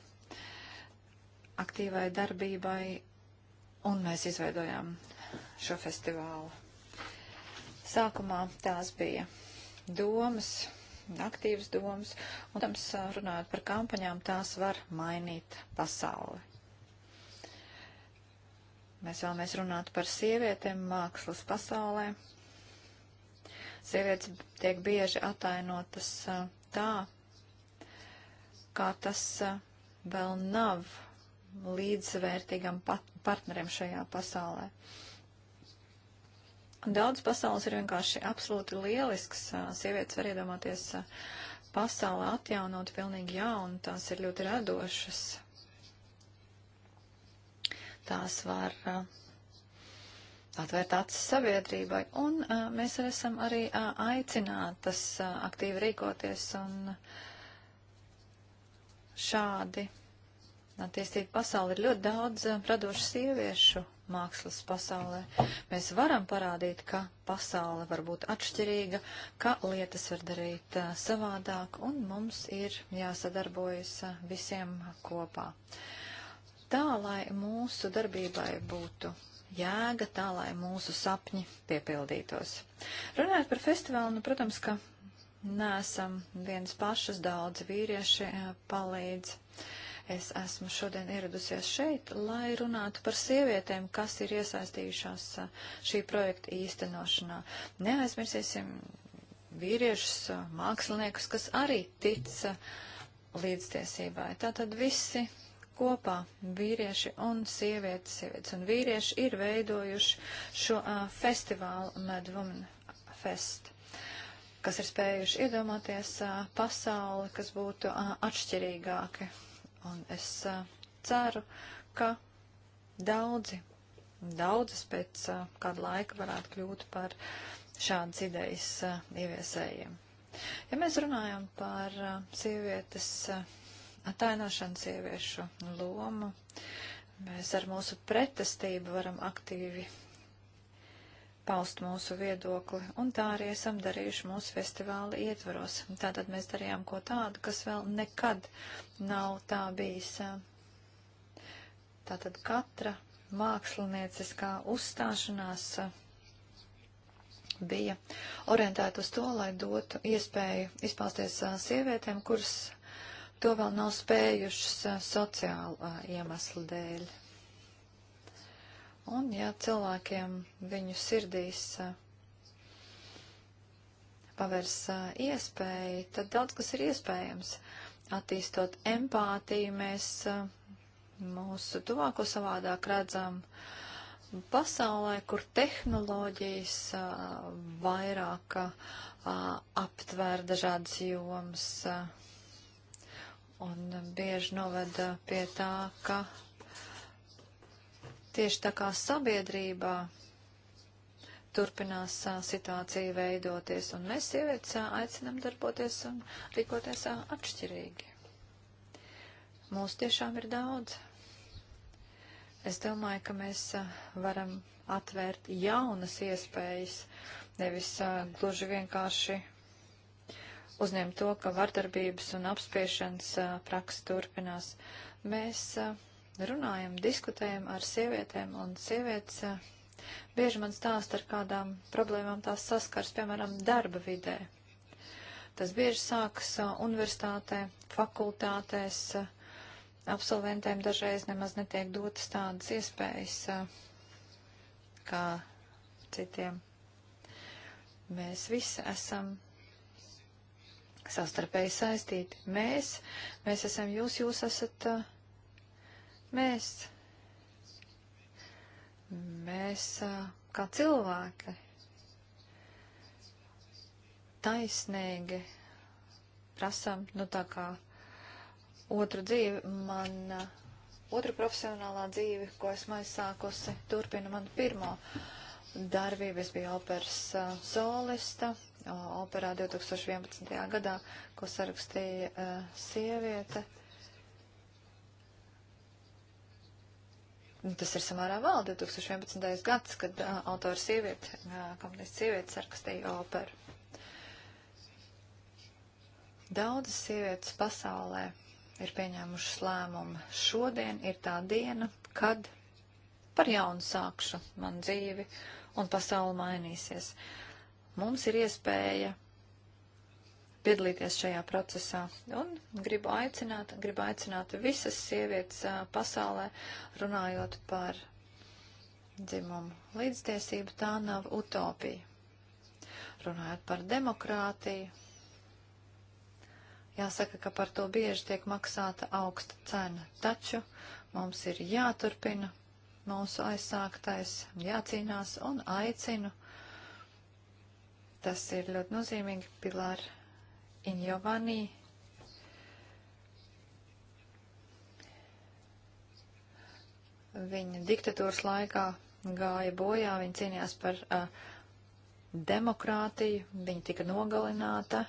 aktīvai darbībai, un mēs izveidojām šo festivālu. Sākumā tās bija domas, aktīvas domas, un, protams, runājot par kampaņām, tās var mainīt pasauli. Mēs vēlamies runāt par sievietēm mākslas pasaulē. Sievietes tiek bieži atainotas tā, kā tas vēl nav līdzvērtīgam partneriem šajā pasaulē. Uh, Daudz pasaules ir vienkārši absolūti lielisks. Sievietes var iedomāties pasaulē atjaunot pilnīgi jaunu, tās ir ļoti radošas. Tās var atvērt acis sabiedrībai, un mēs arī esam arī aicinātas aktīvi rīkoties un šādi attīstīt pasauli. Ir ļoti daudz radošu sieviešu mākslas pasaulē. Mēs varam parādīt, ka pasaule var būt atšķirīga, ka lietas var darīt a, savādāk, un mums ir jāsadarbojas a, visiem kopā. Tā, lai mūsu darbībai būtu jēga, tā, lai mūsu sapņi piepildītos. Runājot par festivālu, nu, protams, ka neesam viens pašas, daudz vīrieši a, palīdz. Uh, Es esmu šodien ieradusies šeit, lai runātu par sievietēm, kas ir iesaistījušās šī projekta īstenošanā. Neaizmirsīsim vīriešus, māksliniekus, kas arī tic līdztiesībai. Tātad visi kopā vīrieši un sievietes, sievietes un vīrieši ir veidojuši šo uh, festivālu Mad Woman Fest kas ir spējuši iedomāties uh, pasauli, kas būtu uh, atšķirīgāki Un es ceru, ka daudzi, daudzas pēc kāda laika varētu kļūt par šādas idejas ieviesējiem. Ja mēs runājam par sievietes attainošanu, sieviešu lomu, mēs ar mūsu pretestību varam aktīvi paust mūsu viedokli, un tā arī esam darījuši mūsu festivāla ietvaros. Tātad mēs darījām ko tādu, kas vēl nekad nav tā bijis. Tātad katra mākslinieciskā uzstāšanās bija orientēta uz to, lai dotu iespēju izpausties sievietēm, kuras to vēl nav spējušas sociāla iemesla dēļ. Un ja cilvēkiem viņu sirdīs pavērs iespēju, tad daudz kas ir iespējams. Attīstot empātiju, mēs mūsu tuvāko savādāk redzam pasaulē, kur tehnoloģijas vairāk aptver dažādas jomas un bieži noveda pie tā, ka Tieši tā kā sabiedrībā turpinās a, situācija veidoties, un mēs sievietes aicinam darboties un rīkoties a, atšķirīgi. Mūs tiešām ir daudz. Es domāju, ka mēs a, varam atvērt jaunas iespējas, nevis gluži vienkārši uzņemt to, ka vardarbības un apspiešanas praksa turpinās. Mēs uh, runājam, diskutējam ar sievietēm, un sievietes eh, bieži man stāsta, ar kādām problēmām tās saskars, piemēram, darba vidē. Tas bieži sākas eh, universitātē, fakultātēs, eh, absolventēm dažreiz nemaz netiek dotas tādas iespējas kā citiem. Mēs visi esam savstarpēji saistīti. Mēs, mēs esam jūs, jūs esat uh, Mēs, mēs kā cilvēki taisnīgi prasām, nu tā kā otru dzīvi man, otru profesionālā dzīvi, ko esmu aizsākusi, turpina man pirmo darbību. Es biju operas uh, solista, operā 2011. gadā, ko sarakstīja uh, sieviete. Nu, tas ir samērā vēl 2011. gads, kad uh, autora sieviete, uh, komponijas sievietes rakstīja operu. Daudzas sievietes pasaulē ir pieņēmušas lēmumu. Šodien ir tā diena, kad par jaunu sākšu man dzīvi un pasauli mainīsies. Mums ir iespēja piedalīties šajā procesā. Un gribu aicināt, gribu aicināt visas sievietes pasaulē, runājot par dzimumu līdztiesību, tā nav utopija. Runājot par demokrātiju, jāsaka, ka par to bieži tiek maksāta augsta cena, taču mums ir jāturpina mūsu aizsāktais, jācīnās un aicinu. Tas ir ļoti nozīmīgi, Pilāri in Giovanni. Viņa diktatūras laikā gāja bojā, viņa cīnījās par uh, demokrātiju, viņa tika nogalināta.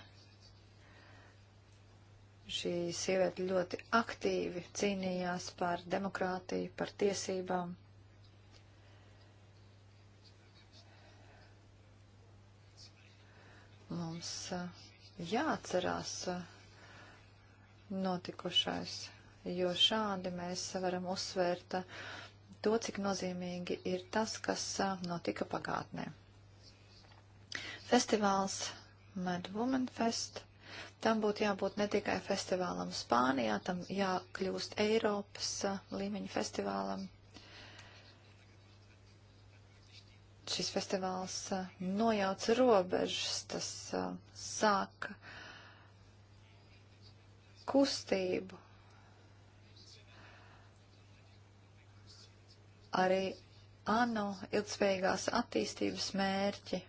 Šī sieviete ļoti aktīvi cīnījās par demokrātiju, par tiesībām. Mums uh, jāatcerās uh, notikušais, jo šādi mēs varam uzsvērt uh, to, cik nozīmīgi ir tas, kas uh, notika pagātnē. Festivāls Mad Woman Fest. Tam būtu jābūt ne tikai festivālam Spānijā, tam jākļūst Eiropas līmeņa festivālam. šis festivāls nojauca robežas, tas sāka kustību. Arī ANO ilgspējīgās attīstības mērķi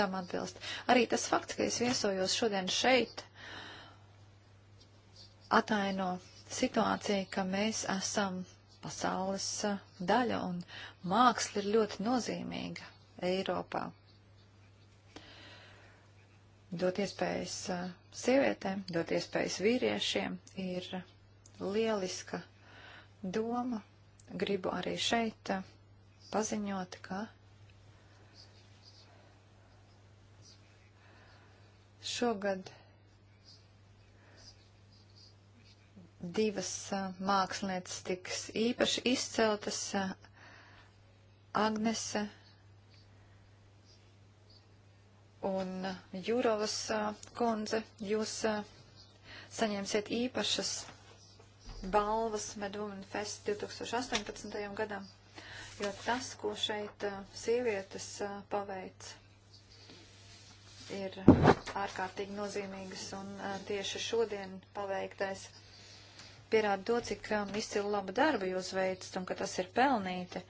tam atbilst. Arī tas fakts, ka es viesojos šodien šeit, ataino situāciju, ka mēs esam pasaules daļa, un māksla ir ļoti nozīmīga Eiropā. Dot iespējas sievietēm, dot iespējas vīriešiem ir lieliska doma. Gribu arī šeit paziņot, ka šogad divas mākslinieces tiks īpaši izceltas Agnese un Jurovas kundze. Jūs saņemsiet īpašas balvas Medūmen Fest 2018. gadam, jo tas, ko šeit sievietes paveic, ir ārkārtīgi nozīmīgas un tieši šodien paveiktais pierāda to, cik um, izcilu labu darbu jūs veicat un ka tas ir pelnīti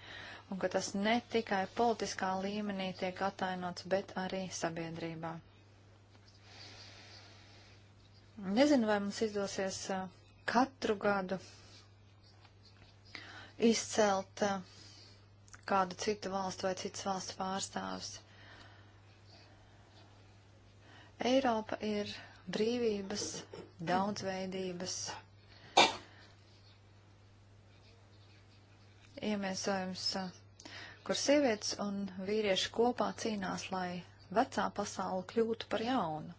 un ka tas ne tikai politiskā līmenī tiek atainots, bet arī sabiedrībā. Nezinu, vai mums izdosies uh, katru gadu izcelt uh, kādu citu valstu vai citas valsts pārstāvis. Eiropa ir brīvības, daudzveidības iemiesojums, kur sievietes un vīrieši kopā cīnās, lai vecā pasaule kļūtu par jaunu.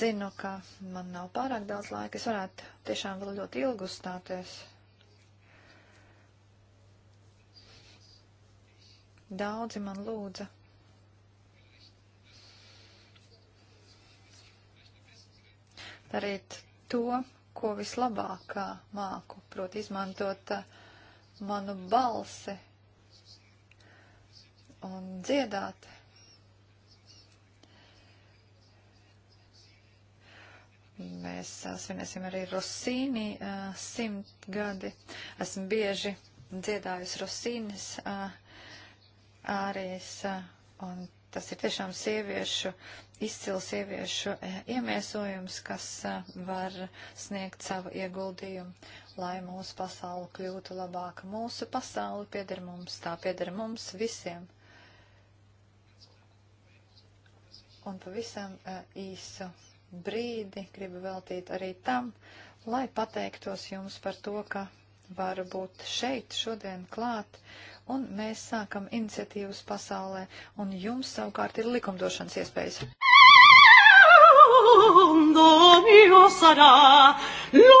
Zinu, ka man nav pārāk daudz laika, es varētu tiešām vēl ļoti ilgi uzstāties. Daudzi man lūdza. Darīt to, ko vislabāk māku, proti izmantot uh, manu balsi un dziedāt. Mēs a, svinēsim arī Rosīni simt gadi. Esmu bieži dziedājusi Rosīnis ārijas, un tas ir tiešām sieviešu, izcils sieviešu a, iemiesojums, kas a, var sniegt savu ieguldījumu lai mūsu pasauli kļūtu labāka. Mūsu pasauli pieder mums, tā pieder mums visiem. Un pavisam e, īsu brīdi gribu veltīt arī tam, lai pateiktos jums par to, ka varu būt šeit šodien klāt, un mēs sākam iniciatīvas pasaulē, un jums savukārt ir likumdošanas iespējas. Domio sarà, lo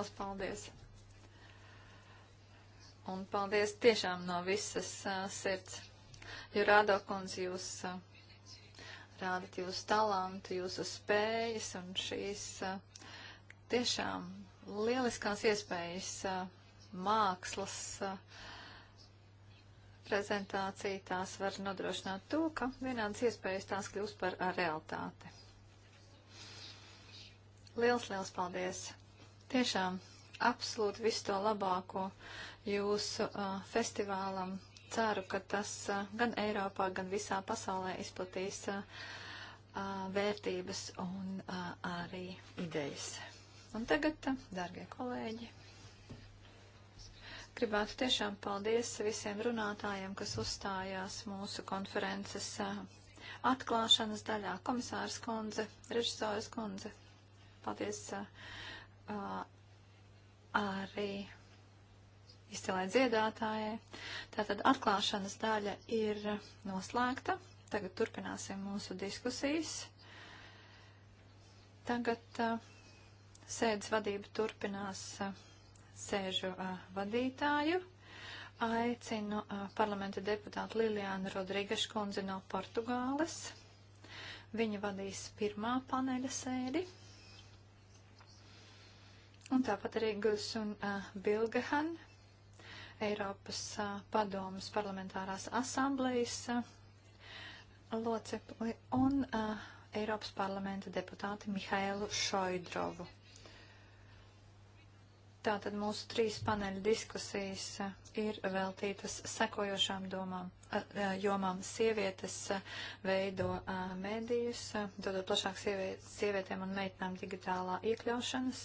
Liels paldies! Un paldies tiešām no visas uh, sirds, jo Rādo kundze jūs uh, rādat jūsu talantu, jūsu spējas un šīs uh, tiešām lieliskās iespējas uh, mākslas uh, prezentācija tās var nodrošināt to, ka vienādas iespējas tās kļūst par realitāti. Liels, liels paldies! Tiešām absolūti visu to labāko jūsu uh, festivālam. Ceru, ka tas uh, gan Eiropā, gan visā pasaulē izplatīs uh, vērtības un uh, arī idejas. Un tagad, uh, dārgie kolēģi, gribētu tiešām paldies visiem runātājiem, kas uzstājās mūsu konferences uh, atklāšanas daļā. Komisārs kundze, režisors kundze, paldies. Uh, uh, arī izcilai dziedātājai. Tātad atklāšanas daļa ir noslēgta. Tagad turpināsim mūsu diskusijas. Tagad uh, sēdes vadība turpinās uh, sēžu uh, vadītāju. Aicinu parlamenta deputātu Liliānu Rodrīgašu kundzi no Portugāles. Viņa vadīs pirmā paneļa sēdi. Un tāpat arī Guls un uh, Bilgehan, Eiropas uh, padomas parlamentārās asamblejas uh, eh, locekli un uh, Eiropas parlamenta deputāti Mihailu Šoidrovu. Tātad mūsu trīs paneļa diskusijas eh, ir veltītas sekojošām domām, eh, eh, jomām sievietes veido mēdījus, dodot plašāk sievietēm un meitnām digitālā iekļaušanas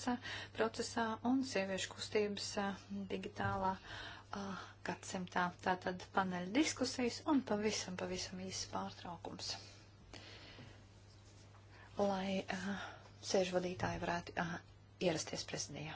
procesā un sieviešu kustības digitālā gadsimtā. Tātad paneļa diskusijas un pavisam, pavisam īsts pārtraukums. Lai sēžvadītāji varētu ierasties prezidijā.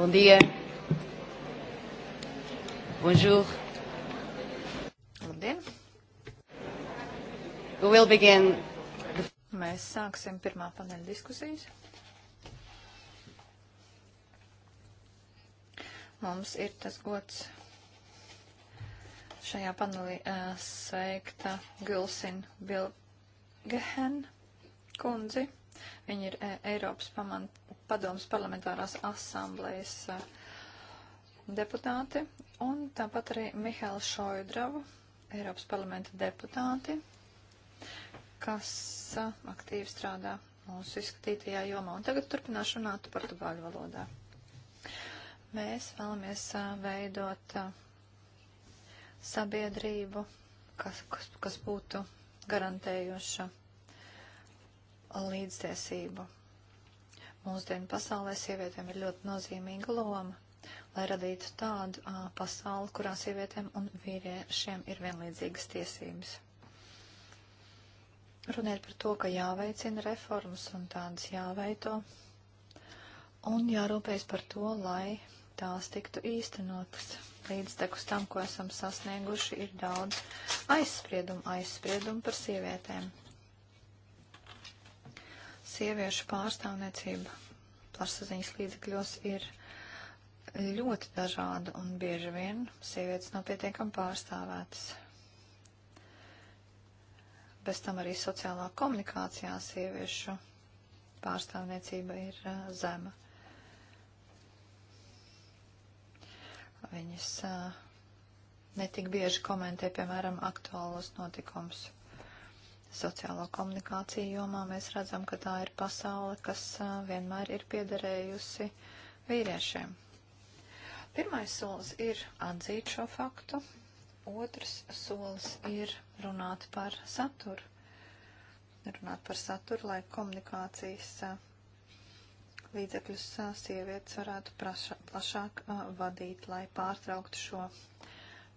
Bom dia. Bonjour. Labdien. We will begin. Mēs sāksim pirmā paneļa diskusijas. Mums ir tas gods šajā panelī uh, sveikta Gülsin Bilgehen kundzi. Viņa ir uh, Eiropas pamant padomas parlamentārās asamblējas eh, deputāti un tāpat arī Mihēls Šoidravu, Eiropas parlamenta deputāti, kas eh, aktīvi strādā mūsu izskatītajā jomā. Un tagad turpināšu runāt portugāļu valodā. Mēs vēlamies eh, veidot sabiedrību, kas, kas, kas būtu garantējuša līdztiesību Mūsdienu pasaulē sievietēm ir ļoti nozīmīga loma, lai radītu tādu a, pasauli, kurā sievietēm un vīriešiem ir vienlīdzīgas tiesības. Runiet par to, ka jāveicina reformas un tādas jāveido, un jārūpējas par to, lai tās tiktu īstenotas. Līdztekus tam, ko esam sasnieguši, ir daudz aizspriedumu, aizspriedumu par sievietēm sieviešu pārstāvniecība plašsaziņas līdzekļos ir ļoti dažāda un bieži vien sievietes nav pietiekami pārstāvētas. Bez tam arī sociālā komunikācijā sieviešu pārstāvniecība ir uh, zema. Viņas uh, netik bieži komentē, piemēram, aktuālos notikumus sociālo komunikāciju jomā mēs redzam, ka tā ir pasaule, kas vienmēr ir piederējusi vīriešiem. Pirmais solis ir atzīt šo faktu, otrs solis ir runāt par saturu. Runāt par saturu, lai komunikācijas līdzekļus sievietes varētu praša, plašāk vadīt, lai pārtrauktu šo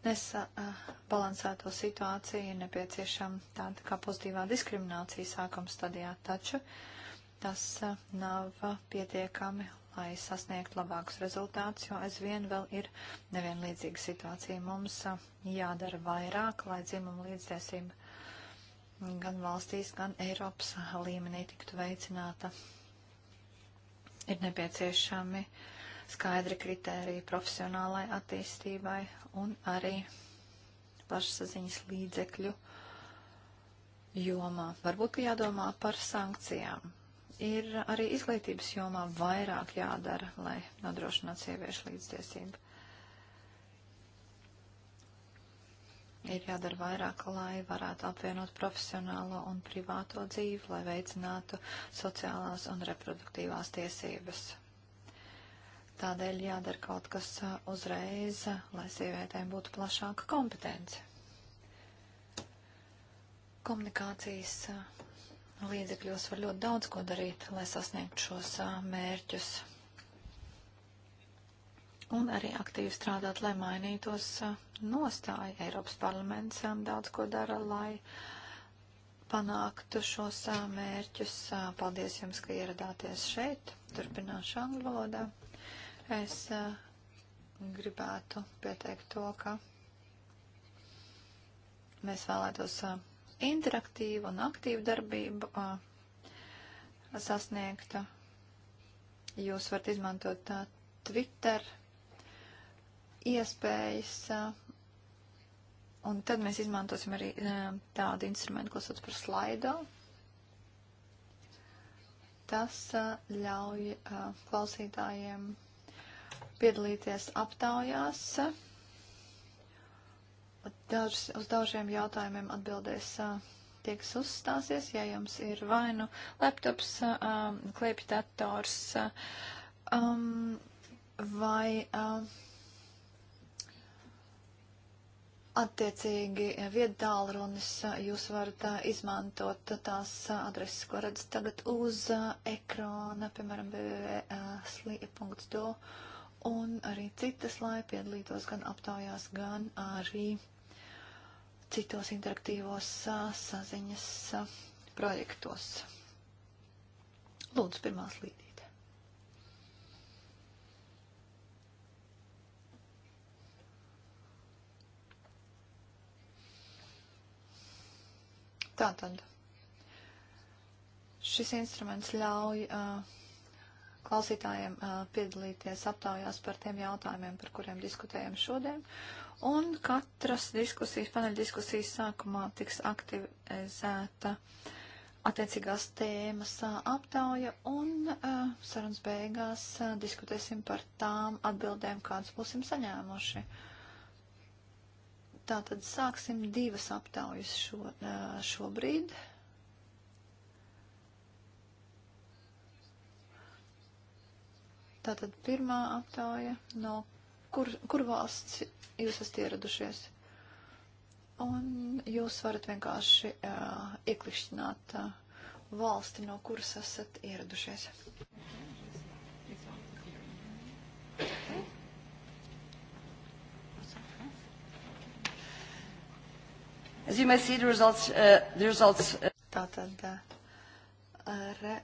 nesabalansēto situāciju ir nepieciešama tāda kā pozitīvā diskriminācija sākuma stadijā, taču tas nav pietiekami, lai sasniegtu labākus rezultātus, jo aizvien vēl ir nevienlīdzīga situācija. Mums jādara vairāk, lai dzimumu līdztiesība gan valstīs, gan Eiropas līmenī tiktu veicināta. Ir nepieciešami uh, skaidri kritēriji profesionālai attīstībai un arī plašsaziņas līdzekļu jomā. Varbūt, ka jādomā par sankcijām. Ir arī izglītības jomā vairāk jādara, lai nodrošinātu sieviešu līdztiesību. Ir jādara vairāk, lai varētu apvienot profesionālo un privāto dzīvi, lai veicinātu sociālās un reproduktīvās tiesības. Tādēļ jādara kaut kas uzreiz, lai sievietēm būtu plašāka kompetence. Komunikācijas līdzekļos var ļoti daudz ko darīt, lai sasniegtu šos mērķus. Un arī aktīvi strādāt, lai mainītos nostāja. Eiropas parlaments daudz ko dara, lai panāktu šos mērķus. Paldies jums, ka ieradāties šeit. Turpināšu angļu valodā. Es uh, gribētu pieteikt to, ka mēs vēlētos uh, interaktīvu un aktīvu darbību uh, sasniegt. Jūs varat izmantot uh, Twitter iespējas, uh, un tad mēs izmantosim arī uh, tādu instrumentu, ko sauc par slaido. Tas uh, ļauj uh, klausītājiem piedalīties aptaujās. Dažs, uz daudziem jautājumiem atbildēs tie, kas uzstāsies, ja jums ir vai nu laptops, klēpjdators um, vai um, attiecīgi viedtālrunis jūs varat izmantot tās adreses, ko redzat tagad uz ekrāna, piemēram, www.sli.do. Uh, un arī citas, lai piedalītos gan aptaujās, gan arī citos interaktīvos saziņas projektos. Lūdzu, pirmā slīdīte. Tātad šis instruments ļauj uh, klausītājiem piedalīties aptaujās par tiem jautājumiem, par kuriem diskutējam šodien. Un katras diskusijas, paneļa diskusijas sākumā tiks aktivizēta attiecīgās tēmas aptauja un sarunas beigās diskutēsim par tām atbildēm, kādas būsim saņēmuši. Tātad sāksim divas aptaujas šo, šobrīd. Šo Tātad pirmā aptāja, no kur, kur valsts jūs esat ieradušies? Un jūs varat vienkārši uh, ieklikšķināt uh, valsti, no kuras esat ieradušies. As you may see, the results, uh, the results. Uh... Tātad. Uh,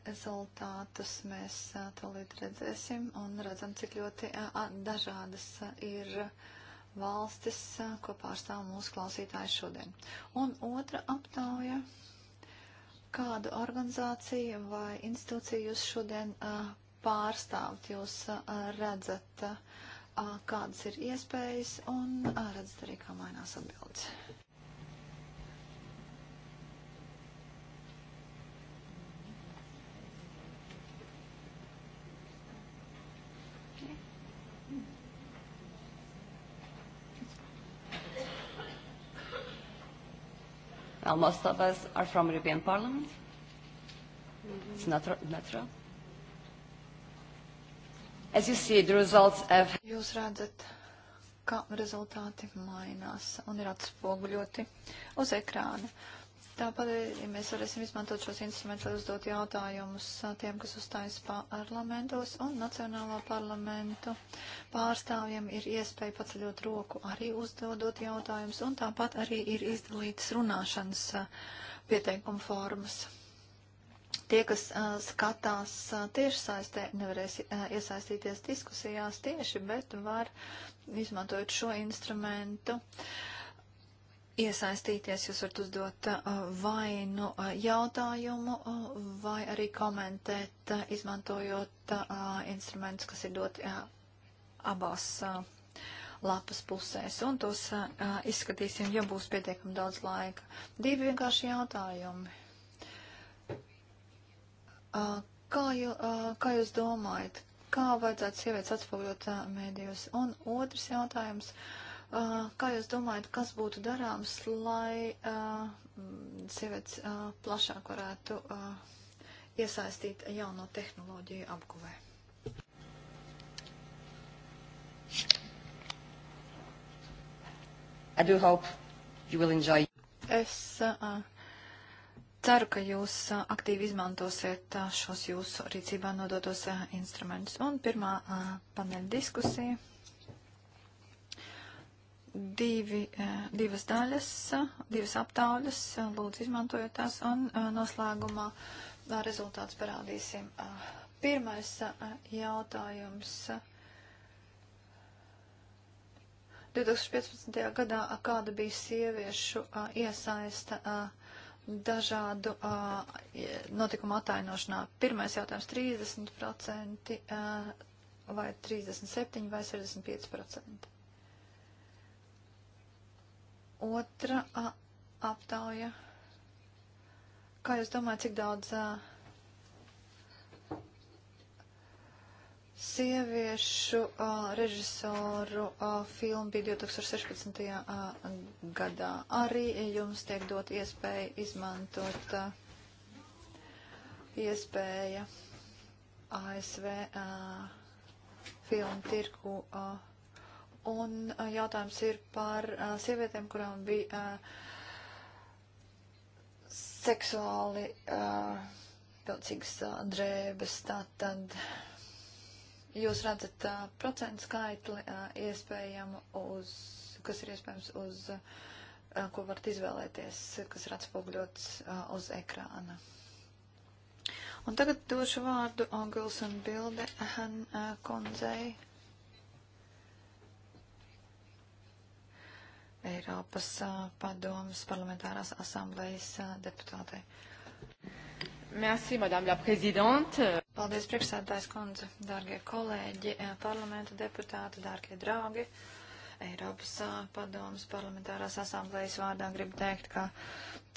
rezultātus mēs tolīt redzēsim un redzam, cik ļoti dažādas ir valstis, ko pārstāv mūsu klausītāji šodien. Un otra aptauja, kādu organizāciju vai institūciju jūs šodien pārstāvt, jūs redzat, kādas ir iespējas un redzat arī, kā mainās atbildes. Now, most of us are from European Parliament. Mm-hmm. It's natural. natural. As you see, the results have... Jūs redzat, ka rezultāti mainās un ir atspoguļoti uz ekrāna. Tāpat, ja mēs varēsim izmantot šos instrumentus, lai uzdot jautājumus tiem, kas uzstājas parlamentos un Nacionālā parlamentu pārstāvjiem, ir iespēja paceļot roku arī uzdodot jautājumus, un tāpat arī ir izdalītas runāšanas pieteikuma formas. Tie, kas uh, skatās uh, tiešsaistē, nevarēs uh, iesaistīties diskusijās tieši, bet var, izmantojot šo instrumentu, uh, iesaistīties, jūs varat uzdot uh, vai nu uh, jautājumu, uh, vai arī komentēt, izmantojot instrumentus, kas ir doti abās lapas pusēs. Un tos izskatīsim, ja būs pietiekami daudz laika. Divi vienkārši jautājumi. Kā, jū, kā jūs domājat, kā vajadzētu sievietes atspoguļot mēdījos? Un otrs jautājums. Uh, Kā jūs domājat, kas būtu darāms, lai mm, sievietes plašāk varētu iesaistīt jauno tehnoloģiju apguvē? I do hope you will enjoy. Es uh, ceru, ka jūs uh, aktīvi izmantosiet uh, šos jūsu rīcībā nodotos uh, instrumentus. Un pirmā uh, paneļa diskusija divi, eh, divas daļas, divas aptauļas, eh, lūdzu izmantojot tās, un eh, noslēgumā rezultāts parādīsim. Pirmais jautājums. 2015. gadā kāda bija sieviešu iesaista dažādu notikumu atainošanā? Pirmais jautājums - 30% vai 37% vai 65%? Otra a, aptauja. Kā jūs domājat, cik daudz a, sieviešu a, režisoru a, filmu bija 2016. A, gadā? Arī jums tiek dot iespēja izmantot a, iespēja ASV a, filmu tirku. A, Un uh, jautājums ir par uh, sievietēm, kurām bija uh, seksuāli pilcīgas drēbes. Tātad jūs redzat procentu skaitli iespējamu uz, kas ir iespējams uz, ko varat izvēlēties, kas ir atspoguļots uz ekrāna. Un tagad došu vārdu Angels un Bilde Hankundzei. Uh, Eiropas padomas parlamentārās asamblējas deputātei. Merci, madame la présidente. Paldies, priekšsēdājas kundze, dārgie kolēģi, parlamenta deputāti, dārgie draugi. Eiropas padomas parlamentārās asamblējas vārdā gribu teikt, ka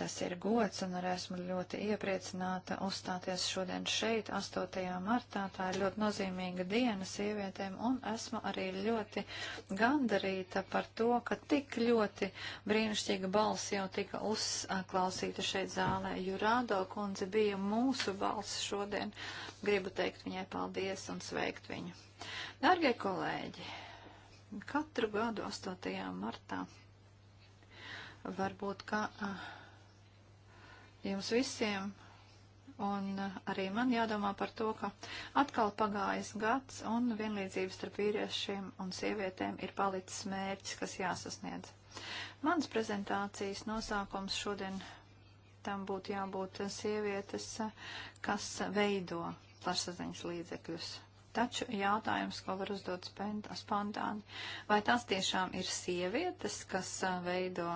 tas ir gods un arī esmu ļoti iepriecināta uzstāties šodien šeit, 8. martā. Tā ir ļoti nozīmīga diena sievietēm un esmu arī ļoti gandarīta par to, ka tik ļoti brīnišķīga balss jau tika uzklausīta šeit zālē. Jurādo kundze bija mūsu balss šodien. Gribu teikt viņai paldies un sveikt viņu. Dargie kolēģi! Katru gadu 8. martā varbūt kā jums visiem Un arī man jādomā par to, ka atkal pagājis gads un vienlīdzības starp vīriešiem un sievietēm ir palicis mērķis, kas jāsasniedz. Mans prezentācijas nosākums šodien tam būtu jābūt sievietes, kas veido plašsaziņas līdzekļus. Taču jautājums, ko var uzdot spontāni, vai tās tiešām ir sievietes, kas veido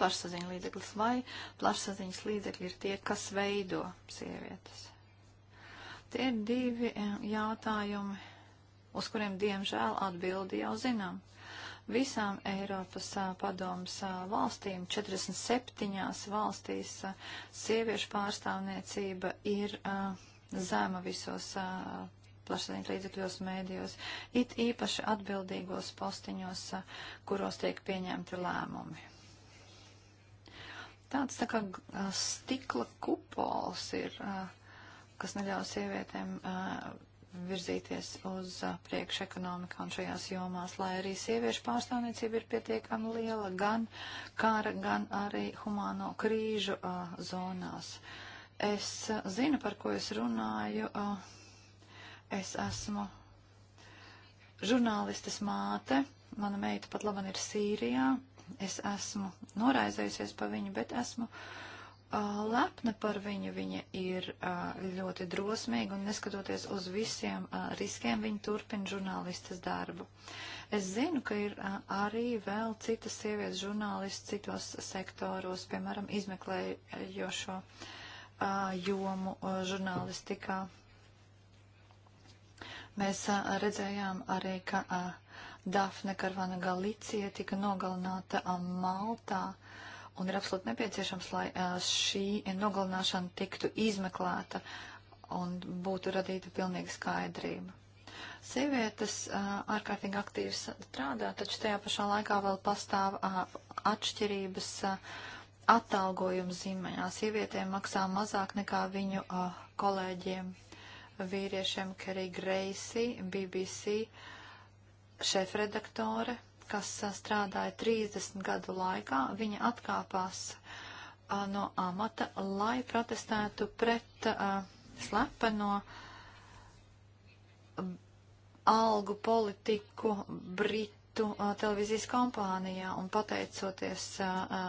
plašsaziņas līdzeklis, vai plašsaziņas līdzekļi ir tie, kas veido sievietes? Tie ir divi jautājumi, uz kuriem diemžēl atbildi jau zinām visām Eiropas a, padomas a, valstīm, 47 valstīs a, sieviešu pārstāvniecība ir zema visos uh, plašsaziņas līdzekļos, mēdījos, it īpaši atbildīgos postiņos, uh, kuros tiek pieņemti lēmumi. Tāds tā kā uh, stikla kupols ir, kas neļauj sievietēm virzīties uz priekšu ekonomikā un šajās jomās, lai arī sieviešu pārstāvniecība ir pietiekami liela gan kara, gan arī humāno krīžu zonās. Uh, Es zinu, par ko es runāju. Es esmu žurnālistes māte. Mana meita pat laban ir Sīrijā. Es esmu noraizējusies par viņu, bet esmu lepna par viņu. Viņa ir ļoti drosmīga un neskatoties uz visiem riskiem, viņa turpina žurnālistes darbu. Es zinu, ka ir arī vēl citas sievietes žurnālisti citos sektoros, piemēram, izmeklējošo. Uh, jomu žurnālistikā. Mēs redzējām arī, ka Dafne Karvana Galicija tika nogalināta Maltā. Un ir absolūti nepieciešams, lai šī nogalināšana tiktu izmeklēta un būtu radīta pilnīga skaidrība. Sievietes ārkārtīgi aktīvi strādā, taču tajā pašā laikā vēl pastāv atšķirības. A, atalgojuma ziņā sievietēm maksā mazāk nekā viņu uh, kolēģiem vīriešiem, Kerī Greisi, BBC šefredaktore, kas strādāja 30 gadu laikā. Viņa atkāpās a, no amata, lai protestētu pret a, slepeno algu politiku Britu a, televīzijas kompānijā un pateicoties. A, a,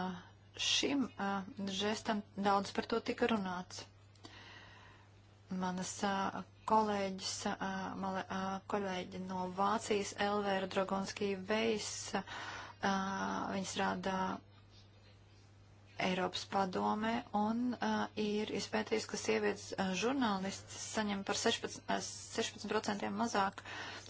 šim uh, žestam daudz par to tika runāts. Manas uh, kolēģis, uh, male, uh, kolēģi no Vācijas Elvēra Dragonskija Veis, uh, viņas rāda uh, Eiropas padomē un uh, ir izpētījis, ka sievietes uh, žurnālistas saņem par 16%, uh, 16 mazāk,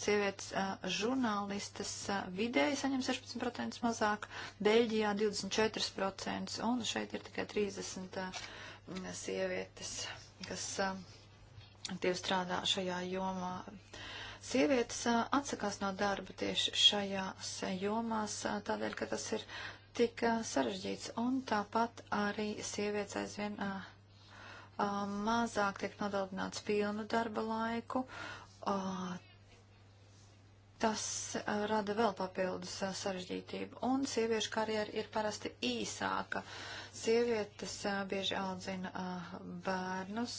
sievietes uh, žurnālistas uh, vidēji saņem 16% mazāk, Beļģijā 24% un šeit ir tikai 30 uh, sievietes, kas uh, tie strādā šajā jomā. Sievietes uh, atsakās no darba tieši šajās jomās, uh, tādēļ, ka tas ir tik sarežģīts. Un tāpat arī sievietes aizvien uh, uh, mazāk tiek nodalināts pilnu darba laiku. Uh, tas uh, rada vēl papildus uh, sarežģītību. Un sieviešu karjera ir parasti īsāka. Sievietes uh, bieži audzina uh, bērnus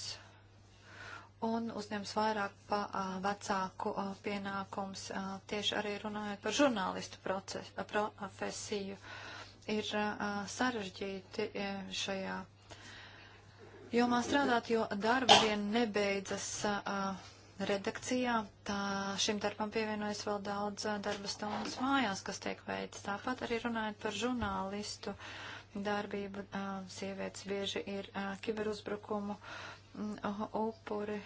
un uzņems vairāk pa, uh, vecāku uh, pienākums, uh, tieši arī runājot par žurnālistu proces, uh, profesiju. Uh, ir sarežģīti šajā jomā strādāt, jo darba diena nebeidzas redakcijā. Tā šim darbam pievienojas vēl daudz darba stundas mājās, kas tiek veikts. Tāpat arī runājot par žurnālistu darbību, sievietes bieži ir kiberuzbrukumu upuri,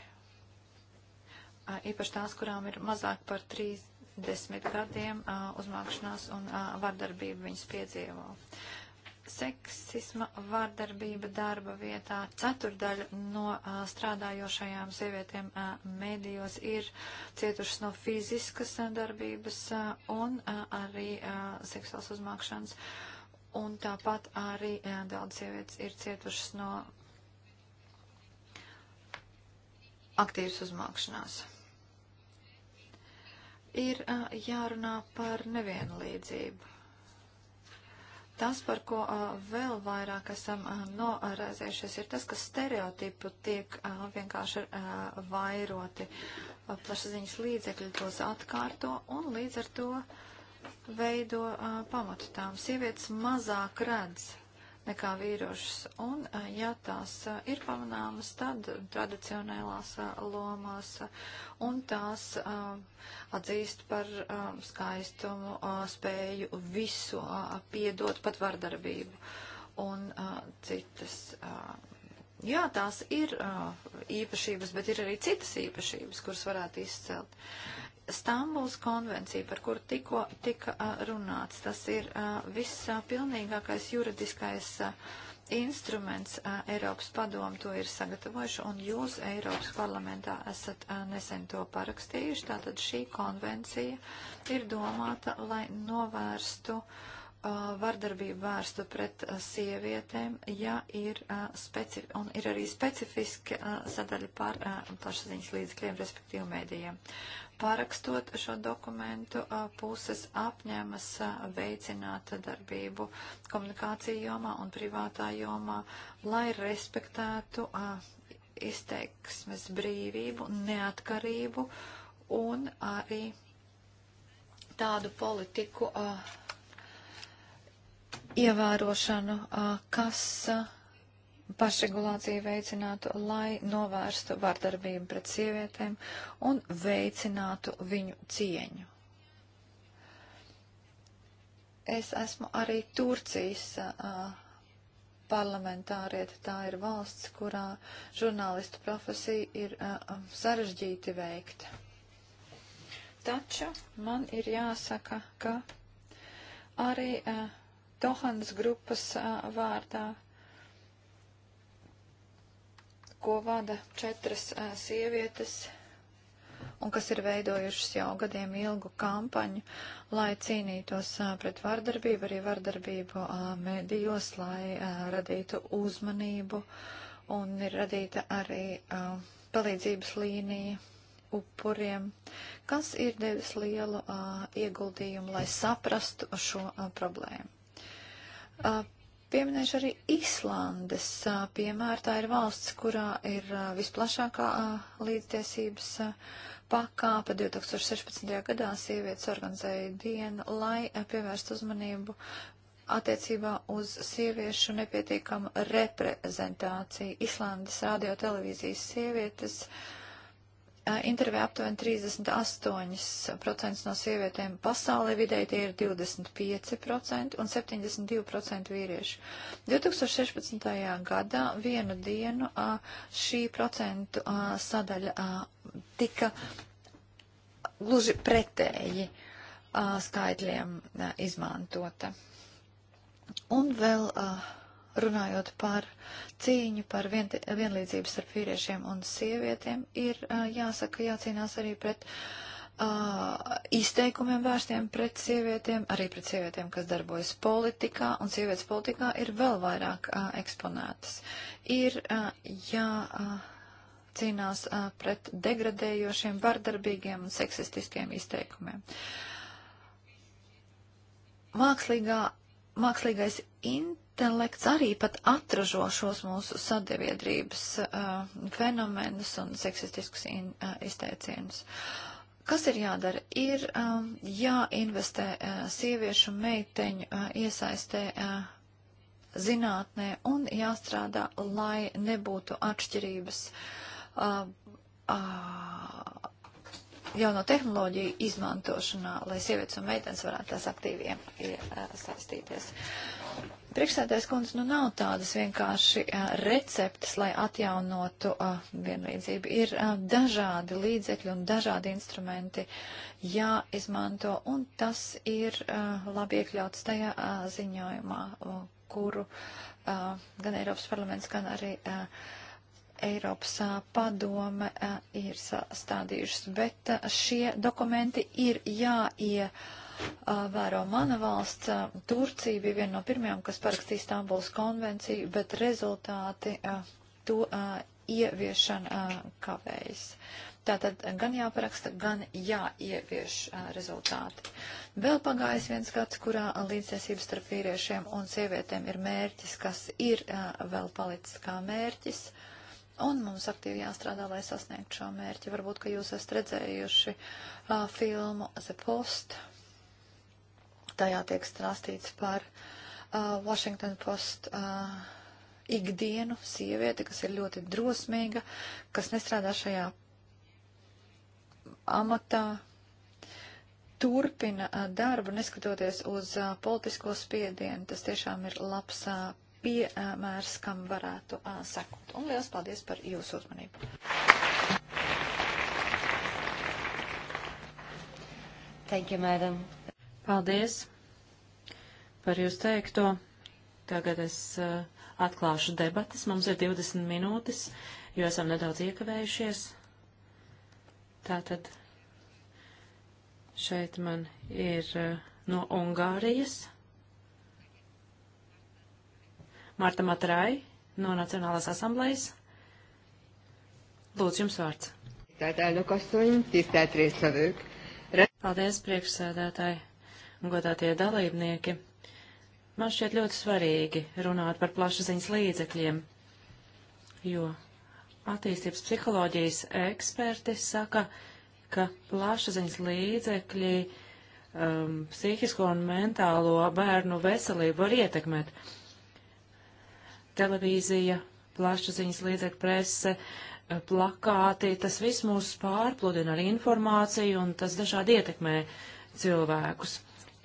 īpaši tās, kurām ir mazāk par trīs desmit gadiem uzmākšanās un vardarbību viņas piedzīvo. Seksisma vārdarbība darba vietā ceturdaļa no a, strādājošajām sievietēm a, medijos ir cietušas no fiziskas a, darbības a, un a, arī a, seksuāls uzmākšanas. Un tāpat arī a, daudz sievietes ir cietušas no aktīvas uzmākšanās ir uh, jārunā par nevienlīdzību. Tas, par ko uh, vēl vairāk esam uh, noraizējušies, ir tas, ka stereotipu tiek uh, vienkārši uh, vairoti. Uh, plašsaziņas līdzekļi tos atkārto un līdz ar to veido uh, pamatu tām. Sievietes mazāk redz nekā vīrošas. Un, ja tās ir pamanāmas, tad tradicionālās lomās, un tās atzīst par skaistumu, spēju visu piedot, pat vardarbību un citas. Jā, tās ir īpašības, bet ir arī citas īpašības, kuras varētu izcelt. Stambuls konvencija, par kuru tikko tika runāts, tas ir vispilnīgākais juridiskais instruments Eiropas padomu to ir sagatavojuši, un jūs Eiropas parlamentā esat nesen to parakstījuši. Tātad šī konvencija ir domāta, lai novērstu uh, vardarbību vērstu pret sievietēm, ja ir, specif un ir arī specifiski sadaļa par plašsaziņas līdzekļiem, respektīvi mēdījiem. Pārakstot šo dokumentu, puses apņēmas veicināt darbību komunikāciju jomā un privātā jomā, lai respektētu izteiksmes brīvību, neatkarību un arī tādu politiku. Uh, ievērošanu, kas pašregulāciju veicinātu, lai novērstu vardarbību pret sievietēm un veicinātu viņu cieņu. Es esmu arī Turcijas uh, parlamentārieta. Tā ir valsts, kurā žurnālistu profesija ir uh, sarežģīti veikta. Taču man ir jāsaka, ka arī uh, Tohanas grupas uh, vārdā, ko vada četras uh, sievietes un kas ir veidojušas jau gadiem ilgu kampaņu, lai cīnītos pret vardarbību, arī vardarbību medijos, lai radītu uzmanību un ir radīta arī palīdzības līnija upuriem, kas ir devis lielu ieguldījumu, lai saprastu šo problēmu. Pieminēšu arī Islandes piemēru. Tā ir valsts, kurā ir visplašākā līdztiesības pakāpe. 2016. gadā sievietes organizēja dienu, lai pievērstu uzmanību attiecībā uz sieviešu nepietiekamu reprezentāciju. Islandes radio televīzijas sievietes uh, intervijā aptuveni 38% no sievietēm pasaulē vidēji tie ir 25% un 72% vīrieši. 2016. gadā vienu dienu šī procentu sadaļa tika gluži pretēji skaitļiem izmantota. Un vēl uh, runājot par cīņu par vien, vienlīdzību starp vīriešiem un sievietēm, ir jāsaka, jācīnās arī pret uh, izteikumiem vērstiem pret sievietēm, arī pret sievietēm, kas darbojas politikā, un sievietes politikā ir vēl vairāk uh, eksponētas. Ir uh, jā. Uh, cīnās uh, pret degradējošiem, vardarbīgiem un seksistiskiem izteikumiem. Mākslīgā, mākslīgais int intelekts arī pat atražo šos mūsu sadieviedrības uh, fenomenus un seksistiskus in, uh, izteicienus. Kas ir jādara? Ir um, jāinvestē uh, sieviešu meiteņu uh, iesaistē uh, zinātnē un jāstrādā, lai nebūtu atšķirības. Uh, uh, jauno tehnoloģiju izmantošanā, lai sievietes un meitenes varētu tās aktīvi iesaistīties. Uh, ja, Priekšsēdētājs kundze, nu nav tādas vienkārši a, receptes, lai atjaunotu a, vienlīdzību. Ir a, dažādi līdzekļi un dažādi instrumenti jāizmanto, un tas ir labi iekļauts tajā ziņojumā, kuru gan Eiropas parlaments, gan arī Eiropas padome ir sastādījušas, bet šie dokumenti ir jāie. Ja, Uh, vēro mana valsts, uh, Turcija bija viena no pirmajām, kas parakstīja Stambuls konvenciju, bet rezultāti uh, to ieviešana kavējas. Tātad gan jāparaksta, gan jāievieš rezultāti. Vēl pagājis viens gads, kurā līdztiesības starp vīriešiem un sievietēm ir mērķis, kas ir vēl palicis kā mērķis. Un mums aktīvi jāstrādā, lai sasniegtu šo mērķi. Varbūt, ka jūs esat redzējuši uh, filmu The Post, uh, Tajā tiek strastīts par uh, Washington Post uh, ikdienu sievieti, kas ir ļoti drosmīga, kas nestrādā šajā amatā, turpina uh, darbu, neskatoties uz uh, politisko spiedienu. Tas tiešām ir labs uh, piemērs, kam varētu uh, sekot. Un liels paldies par jūsu uzmanību. Thank you, madam. Paldies par jūs teikto. Tagad es uh, atklāšu debatas. Mums ir 20 minūtes, jo esam nedaudz iekavējušies. Tātad šeit man ir uh, no Ungārijas Marta Matrai no Nacionālās asamblejas. Lūdzu, jums vārds. Tisztelt elnök asszony, tisztelt résztvevők! Paldies, priekšsēdētāji! godātie dalībnieki. Man šķiet ļoti svarīgi runāt par plašsaziņas līdzekļiem, jo attīstības psiholoģijas eksperti saka, ka plašsaziņas līdzekļi um, psihisko un mentālo bērnu veselību var ietekmēt. Televīzija, plašsaziņas līdzekļu prese, plakāti, tas viss mūs pārpludina ar informāciju un tas dažādi ietekmē cilvēkus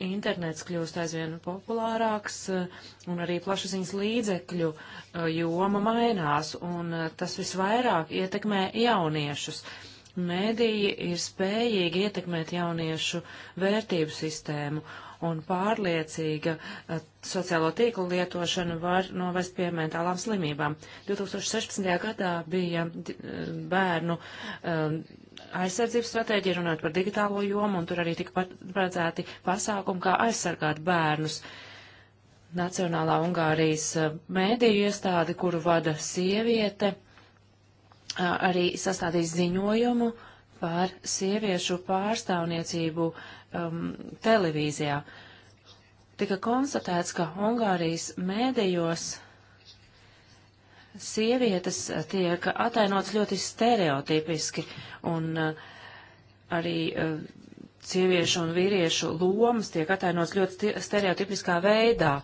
internets kļūst aizvien populārāks eh, un arī plašsaziņas līdzekļu eh, joma mainās, un eh, tas visvairāk ietekmē jauniešus. Mēdīji ir spējīgi ietekmēt jauniešu vērtību sistēmu, un pārliecīga sociālo tīklu lietošana var novest pie mentālām slimībām. 2016. gadā bija bērnu um, aizsardzības stratēģija, runājot par digitālo jomu, un tur arī tika paredzēti pasākumi, kā aizsargāt bērnus. Nacionālā Ungārijas eh, mēdīju iestāde, kuru vada sieviete, arī sastādīs ziņojumu par sieviešu pārstāvniecību um, televīzijā. Tika konstatēts, ka Ungārijas mēdījos sievietes tiek atainots ļoti stereotipiski, un uh, arī uh, sieviešu un vīriešu lomas tiek atainots ļoti stereotipiskā veidā.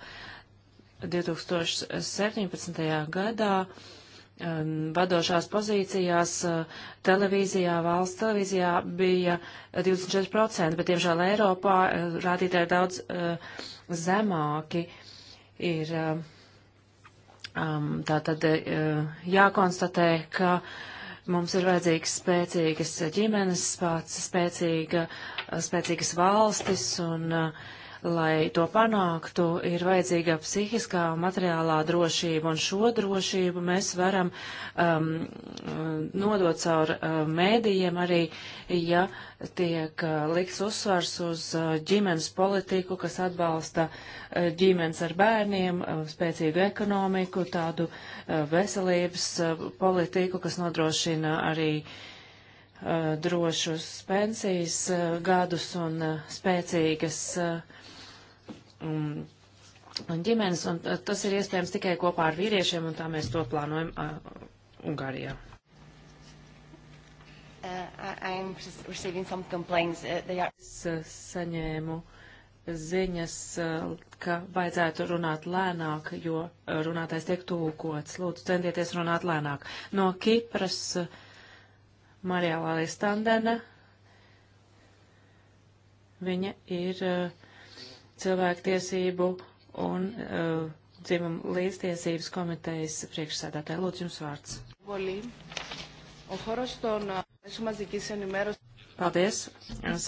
2017. gadā um, vadošās pozīcijās uh, televīzijā, valsts televīzijā bija 24%, bet, diemžēl, Eiropā rādītāji daudz zemāki ir. Uh, Um, tā tad eh, jākonstatē, ka mums ir vajadzīgs spēcīgas ģimenes, spēc, spēcīga, spēcīgas valstis un uh, Lai to panāktu, ir vajadzīga psihiskā un materiālā drošība, un šo drošību mēs varam um, nodot caur uh, mēdījiem arī, ja tiek uh, liks uzsvars uz uh, ģimenes politiku, kas atbalsta uh, ģimenes ar bērniem, uh, spēcīgu ekonomiku, tādu uh, veselības uh, politiku, kas nodrošina arī uh, drošus pensijas uh, gadus un uh, spēcīgas uh, un, um, un ģimenes, un tas ir iespējams tikai kopā ar vīriešiem, un tā mēs to plānojam uh, Ungārijā. Uh, uh are... Es uh, saņēmu ziņas, uh, ka vajadzētu runāt lēnāk, jo runātais tiek tūkots. Lūdzu, centieties runāt lēnāk. No Kipras Marijā Lālija Standena. Viņa ir uh, cilvēktiesību un uh, dzimumu līdztiesības komitejas priekšsēdētāja. Lūdzu, jums vārds. Paldies,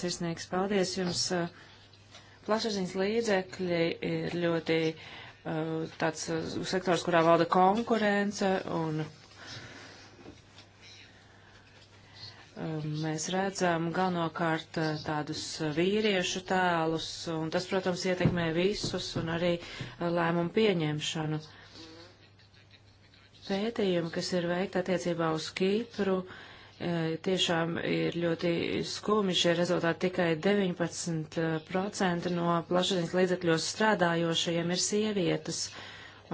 sirsnīgs paldies jums. Plašsaziņas līdzekļi ir ļoti uh, tāds uh, sektors, kurā valda konkurence un Um, mēs redzam galvenokārt uh, tādus uh, vīriešu tēlus, un tas, protams, ietekmē visus un arī uh, lēmumu pieņemšanu. Pētījumi, kas ir veikti attiecībā uz Kīpru, tiešām ir ļoti skumi. Šie rezultāti tikai 19% no plašsaziņas līdzekļos strādājošajiem ir sievietes,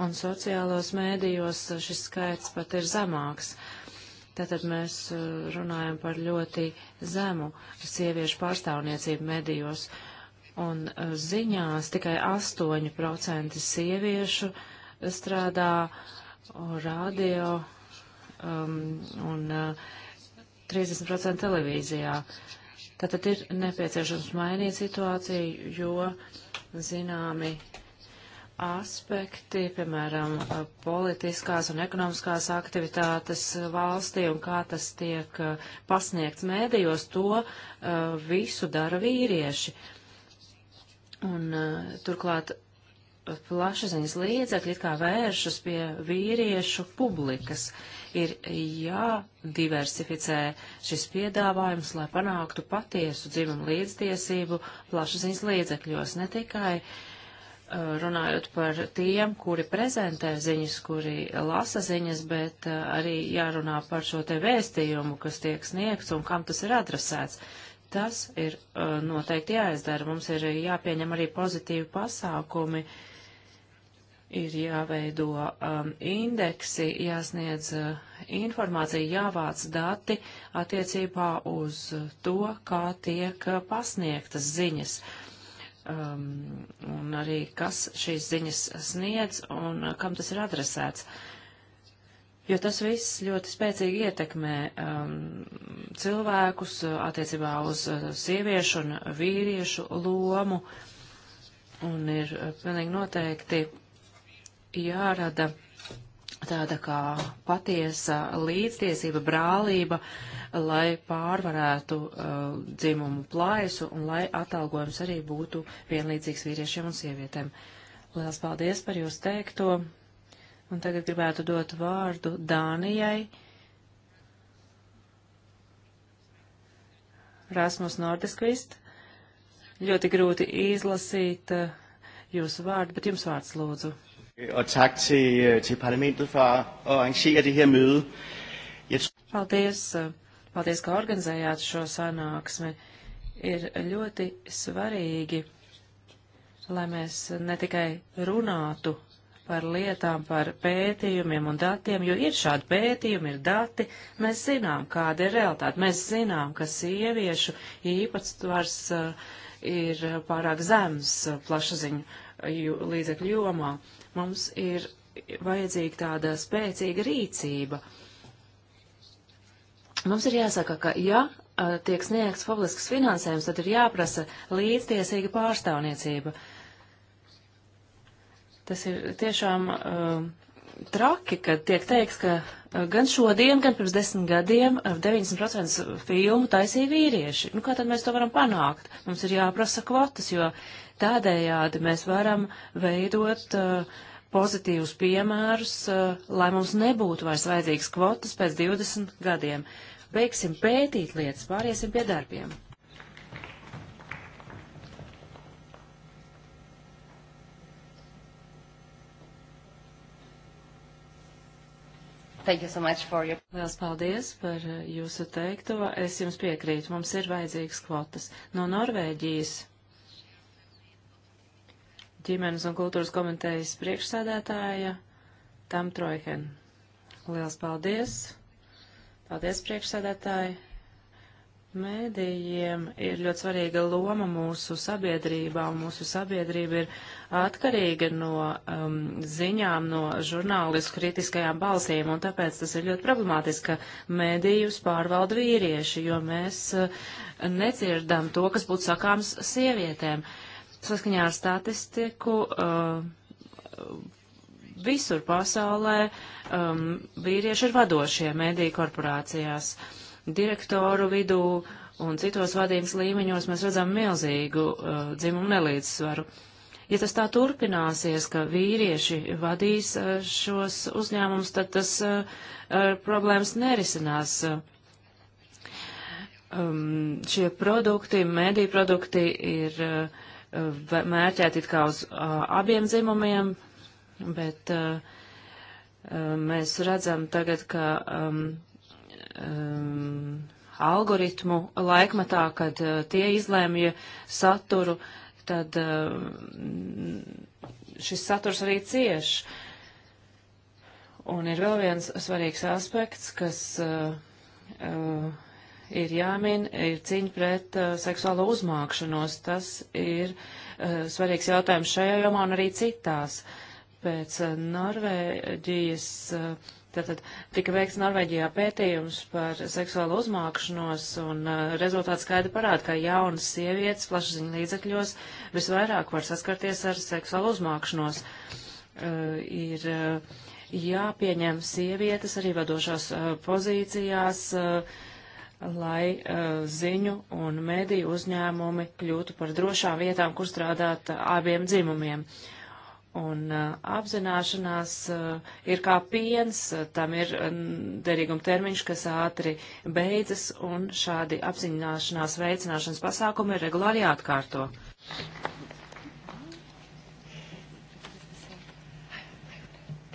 un sociālos mēdījos šis skaits pat ir zemāks. Uh, Tātad mēs eh, runājam par ļoti zemu sieviešu pārstāvniecību medijos, un eh, ziņās tikai 8% sieviešu strādā radio um, un uh, eh, 30% televīzijā. Tātad ir nepieciešams mainīt situāciju, jo zināmi aspekti, piemēram, politiskās un ekonomiskās aktivitātes valstī un kā tas tiek pasniegts mēdījos, to visu dara vīrieši. Un turklāt plašsaziņas līdzekļi kā vēršas pie vīriešu publikas. Ir jādiversificē šis piedāvājums, lai panāktu patiesu dzimumu līdztiesību plašsaziņas līdzekļos, ne tikai uh, Uh, runājot par tiem, kuri prezentē ziņas, kuri lasa ziņas, bet uh, arī jārunā par šo te vēstījumu, kas tiek sniegts un kam tas ir adresēts. Tas ir uh, noteikti jāizdara. Mums ir jāpieņem arī pozitīvi pasākumi, ir jāveido um, indeksi, jāsniedz uh, informācija, jāvāc dati attiecībā uz to, kā tiek pasniegtas ziņas. Uh, um, un arī kas šīs ziņas sniedz un kam tas ir adresēts. Jo tas viss ļoti spēcīgi ietekmē um, cilvēkus uh, attiecībā uz uh, sieviešu un vīriešu lomu un ir uh, pilnīgi noteikti jārada tāda kā patiesa līdztiesība, brālība, lai pārvarētu uh, dzimumu plaisu un lai atalgojums arī būtu vienlīdzīgs vīriešiem un sievietēm. Lielas paldies par jūs teikto. Un tagad gribētu dot vārdu Dānijai. Rasmus Nordeskvist. Ļoti grūti izlasīt uh, jūsu vārdu, bet jums vārds lūdzu. Øh, og tak til, øh, til parlamentet for at arrangere det her møde. Jeg... Paldies, øh, paldies, ka organizējāt šo sanāksmi. Ir ļoti svarīgi, lai mēs ne tikai runātu par lietām, par pētījumiem un datiem, jo ir šādi pētījumi, ir dati, mēs zinām, kāda ir realitāte, mēs zinām, ka sieviešu īpatsvars uh, ir pārāk zems uh, plašaziņu uh, līdzekļu jomā. Mums ir vajadzīga tāda spēcīga rīcība. Mums ir jāsaka, ka ja tiek sniegts publisks finansējums, tad ir jāprasa līdztiesīga pārstāvniecība. Tas ir tiešām uh, traki, kad tiek teiks, ka gan šodien, gan pirms desmit gadiem 90% filmu taisīja vīrieši. Nu, kā tad mēs to varam panākt? Mums ir jāprasa kvotas, jo Tādējādi mēs varam veidot uh, pozitīvus piemērus, uh, lai mums nebūtu vairs vajadzīgas kvotas pēc 20 gadiem. Beigsim pētīt lietas, pāriesim pie darbiem. Thank you so much for your... Liels paldies par uh, jūsu teikto. Es jums piekrītu, mums ir vajadzīgas kvotas. No Norvēģijas ģimenes un kultūras komitejas priekšsēdētāja Tam Trojhen. Liels paldies! Paldies, priekšsēdētāji! Mēdījiem ir ļoti svarīga loma mūsu sabiedrībā, un mūsu sabiedrība ir atkarīga no um, ziņām, no žurnālistu kritiskajām balsīm, un tāpēc tas ir ļoti problemātiski, ka mēdījus pārvalda vīrieši, jo mēs uh, nedzirdam to, kas būtu sakāms sievietēm. Uh, Saskaņā ar statistiku uh, visur pasaulē um, vīrieši ir vadošie mediju korporācijās. Direktoru vidū un citos vadības līmeņos mēs redzam milzīgu uh, dzimumu nelīdzsvaru ja tas tā turpināsies, ka vīrieši vadīs uh, šos uzņēmumus, tad tas uh, problēmas nerisinās. Um, šie produkti, mediju produkti ir uh, mērķēti it kā uz abiem dzimumiem, bet mēs redzam tagad, ka um, um, algoritmu laikmatā, kad tie izlēmja saturu, tad šis saturs arī cieš. Un ir vēl viens svarīgs aspekts, kas uh, uh, ir jāmin, ir cīņa pret uh, seksuālo uzmākšanos. Tas ir uh, svarīgs jautājums šajā jomā un arī citās. Pēc uh, Norvēģijas, uh, tātad tika veikts Norvēģijā pētījums par seksuālo uzmākšanos un uh, rezultāts skaidri parāda, ka jaunas sievietes plašsaziņa līdzekļos visvairāk var saskarties ar seksuālo uzmākšanos. Uh, ir, uh, jāpieņem sievietes arī vadošās uh, pozīcijās, uh, lai uh, ziņu un mediju uzņēmumi kļūtu par drošām vietām, kur strādāt uh, abiem dzimumiem. Un uh, apzināšanās uh, ir kā piens, uh, tam ir uh, derīguma termiņš, kas ātri beidzas, un šādi apzināšanās veicināšanas pasākumi ir regulāri jāatkārto.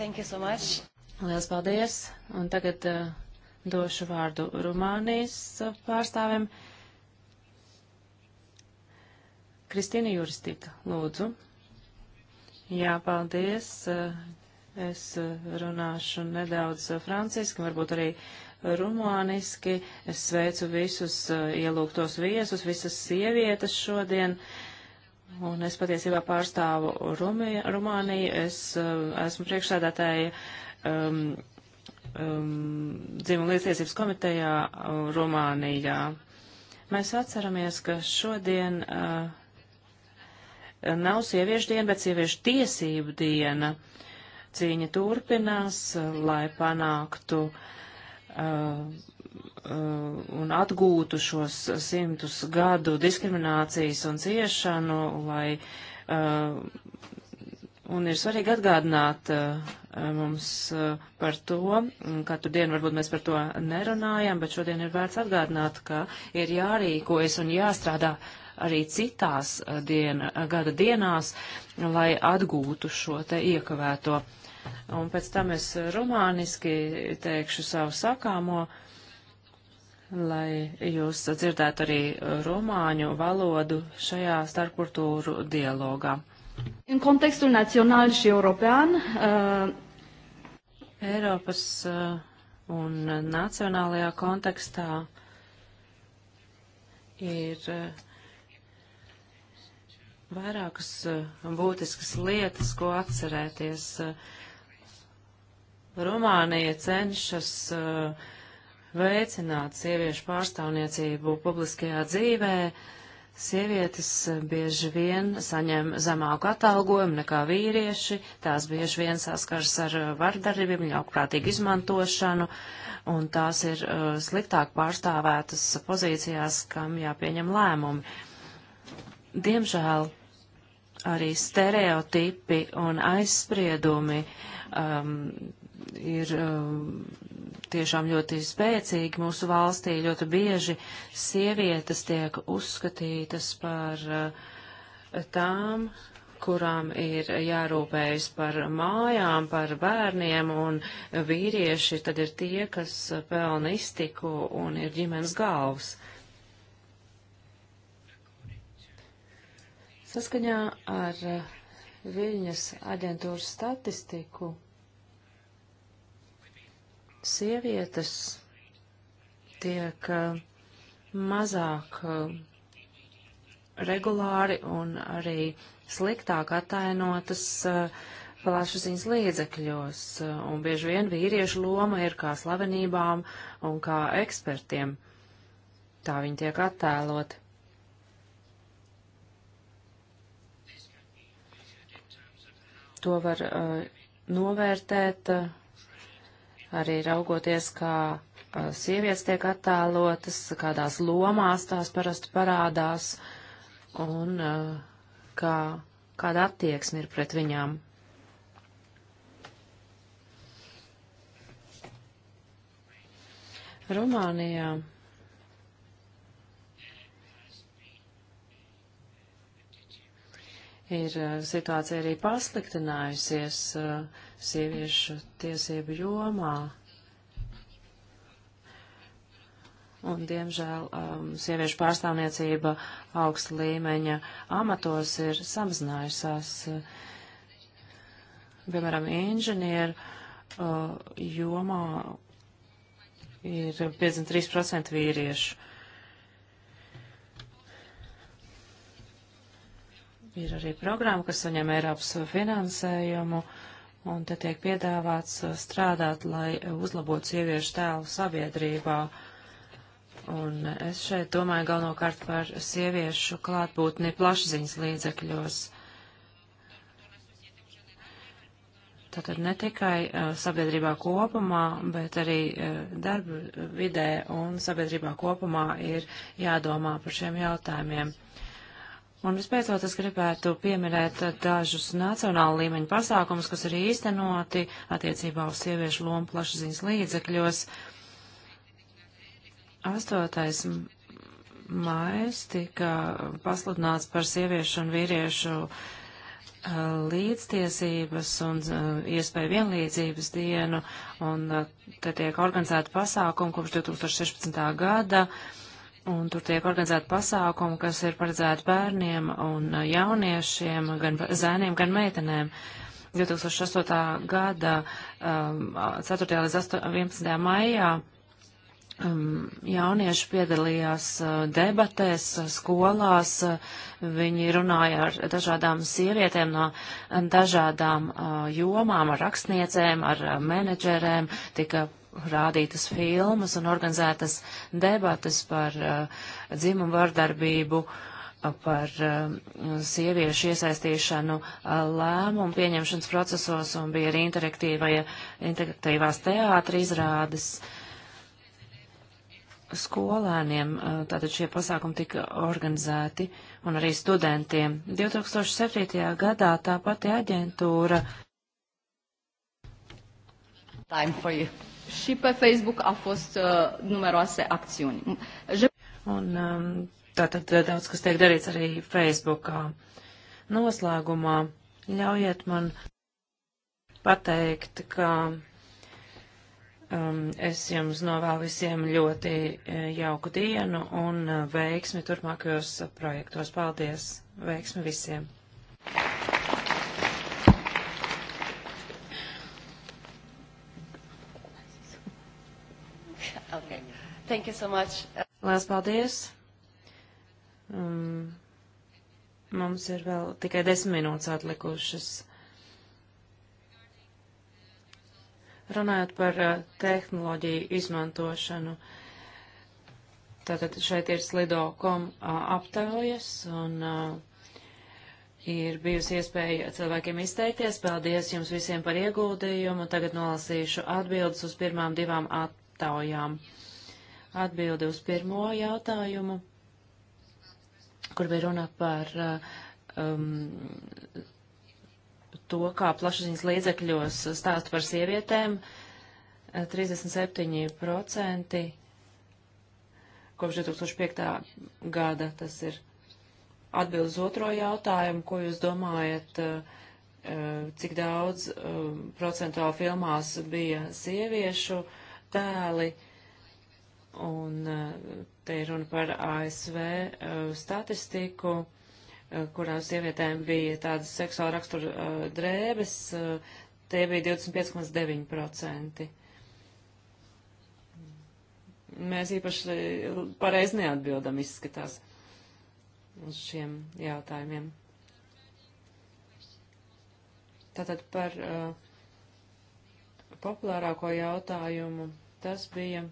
Thank you so much. Lielas paldies. Un tagad uh, Došu vārdu Rumānijas pārstāvim. Kristīna Juristika, lūdzu. Jā, paldies. Es runāšu nedaudz franciski, varbūt arī rumāniski. Es sveicu visus ielūgtos viesus, visas sievietes šodien. Un es patiesībā pārstāvu Rumāniju. Es eh, esmu priekšsēdētāja um, um, dzimuma līdztiesības komitejā uh, Rumānijā. Mēs atceramies, ka šodien uh, nav sieviešu diena, bet sieviešu tiesību diena. Cīņa turpinās, uh, lai panāktu uh, uh un atgūtu šos simtus gadu diskriminācijas un ciešanu, lai uh, Un ir svarīgi atgādināt uh, mums uh, par to, katru dienu varbūt mēs par to nerunājam, bet šodien ir vērts atgādināt, ka ir jārīkojas un jāstrādā arī citās eh, diena, gada dienās, lai atgūtu šo te iekavēto. Un pēc tam es romāniski teikšu savu sakāmo, lai jūs dzirdētu arī romāņu valodu šajā starpkultūru dialogā. În contextul național și european, uh... Eiropas uh, un nacionālajā kontekstā ir uh, vairākas uh, būtiskas lietas, ko atcerēties. Uh, Rumānija cenšas uh, veicināt sieviešu pārstāvniecību publiskajā dzīvē, uh, Sievietes eh, bieži vien saņem zemāku atalgojumu nekā vīrieši, tās bieži vien saskars ar eh, vardarbību, ļaunprātīgu izmantošanu, un tās ir uh, sliktāk pārstāvētas pozīcijās, kam jāpieņem lēmumi. Diemžēl arī stereotipi un aizspriedumi um, ir um, tiešām ļoti spēcīgi mūsu valstī. Ļoti bieži sievietes tiek uzskatītas par eh, tām, kurām ir jārūpējas par mājām, par bērniem, un vīrieši tad ir tie, kas pelna iztiku un ir ģimenes galvas. Saskaņā ar eh, viņas aģentūras statistiku sievietes tiek eh, mazāk eh, regulāri un arī sliktāk atainotas eh, plašsaziņas līdzekļos, un bieži vien vīriešu loma ir kā slavenībām un kā ekspertiem. Tā viņi tiek attēloti. To var uh, novērtēt uh, arī raugoties, kā uh, sievietes tiek attēlotas, kādās lomās tās parasti parādās un uh, kā, kāda attieksme ir pret viņām. Rumānijā ir uh, situācija arī pasliktinājusies. Uh, sieviešu tiesību jomā. Un, diemžēl, um, sieviešu pārstāvniecība augsta līmeņa amatos ir samazinājusies. Piemēram, inženieru uh, jomā ir 53% vīriešu. Ir arī programma, kas saņem Eiropas finansējumu. Uh, un te tiek piedāvāts uh, strādāt, lai uzlabotu sieviešu tēlu sabiedrībā. Un es šeit domāju galvenokārt par sieviešu klātbūtni plašziņas līdzekļos. Tātad ne tikai uh, sabiedrībā kopumā, bet arī uh, darba vidē un sabiedrībā kopumā ir jādomā par šiem jautājumiem. Uh, Un vispēcot es gribētu pieminēt dažus nacionāla līmeņa pasākumus, kas ir īstenoti attiecībā uz sieviešu lomu plašsaziņas līdzekļos. Astotais mājas tika pasludināts par sieviešu un vīriešu līdztiesības un iespēju vienlīdzības dienu, un te tiek organizēta pasākuma kopš 2016. gada. Uh, Un tur tiek organizēti pasākumi, kas ir paredzēti bērniem un uh, jauniešiem, gan zēniem, gan meitenēm. 2008. gada um, 4. līdz 11. maijā um, jaunieši piedalījās uh, debatēs uh, skolās, uh, viņi runāja ar dažādām sievietēm no um, dažādām uh, jomām, ar rakstniecēm, ar uh, menedžerēm, tika rādītas filmas un organizētas debatas par uh, dzimumu vardarbību, uh, par uh, sieviešu iesaistīšanu uh, lēmumu pieņemšanas procesos un bija arī interaktīvās teātra izrādes skolēniem. Uh, tātad šie pasākumi tika organizēti un arī studentiem. 2007. gadā tā pati aģentūra time for you și pe Facebook au fost uh, numeroase acțiuni. Un, um, tātad daudz, kas tiek darīts arī Facebookā. Noslēgumā ļaujiet man pateikt, ka um, es jums novēlu visiem ļoti uh, jauku dienu un uh, veiksmi turpmākajos projektos. Paldies! Veiksmi visiem! Thank you. Thank you so much. Lielas paldies. Um, mums ir vēl tikai desmit minūtes atlikušas. Runājot par uh, tehnoloģiju izmantošanu, tātad šeit ir slido.com uh, aptaujas un uh, ir bijusi iespēja cilvēkiem izteikties. Paldies jums visiem par ieguldījumu. Tagad nolasīšu atbildes uz pirmām divām aptaujām. Uh, atbildi uz pirmo jautājumu, kur bija runa par uh, um, to, kā plašsaziņas līdzekļos stāst par sievietēm. 37% uh, kopš 2005. gada tas ir atbildes otro jautājumu, ko jūs domājat, uh, cik daudz um, procentuāli filmās bija sieviešu tēli. Uh, Un e, te ir runa par ASV e, statistiku, e, kurām sievietēm bija tādas seksuāla rakstura drēbes, tie bija 25,9%. Mēs īpaši pareizi neatbildam, izskatās, uz šiem jautājumiem. Tātad par uh, populārāko jautājumu tas bija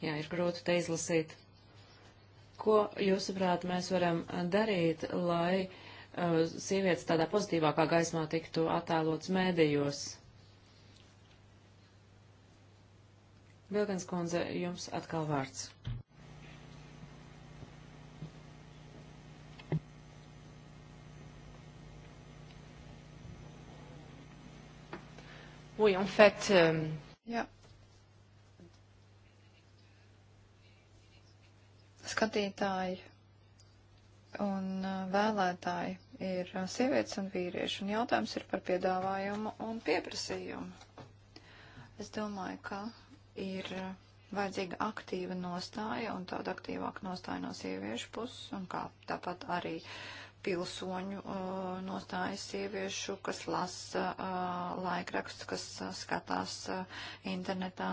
Jā, ir grūti te izlasīt. Ko, jūsuprāt, mēs varam eh, darīt, lai uh, sievietes tādā pozitīvākā gaismā tiktu attēlots mēdījos? Vilgens kundze, jums atkal vārds. Oui, en fait, euh... yeah. skatītāji un uh, vēlētāji ir uh, sievietes un vīrieši, un jautājums ir par piedāvājumu un pieprasījumu. Es domāju, ka ir uh, vajadzīga aktīva nostāja un tāda aktīvāka nostāja no sieviešu puses, un kā tāpat arī pilsoņu nostājas sieviešu, kas lasa laikrakstus, kas skatās internetā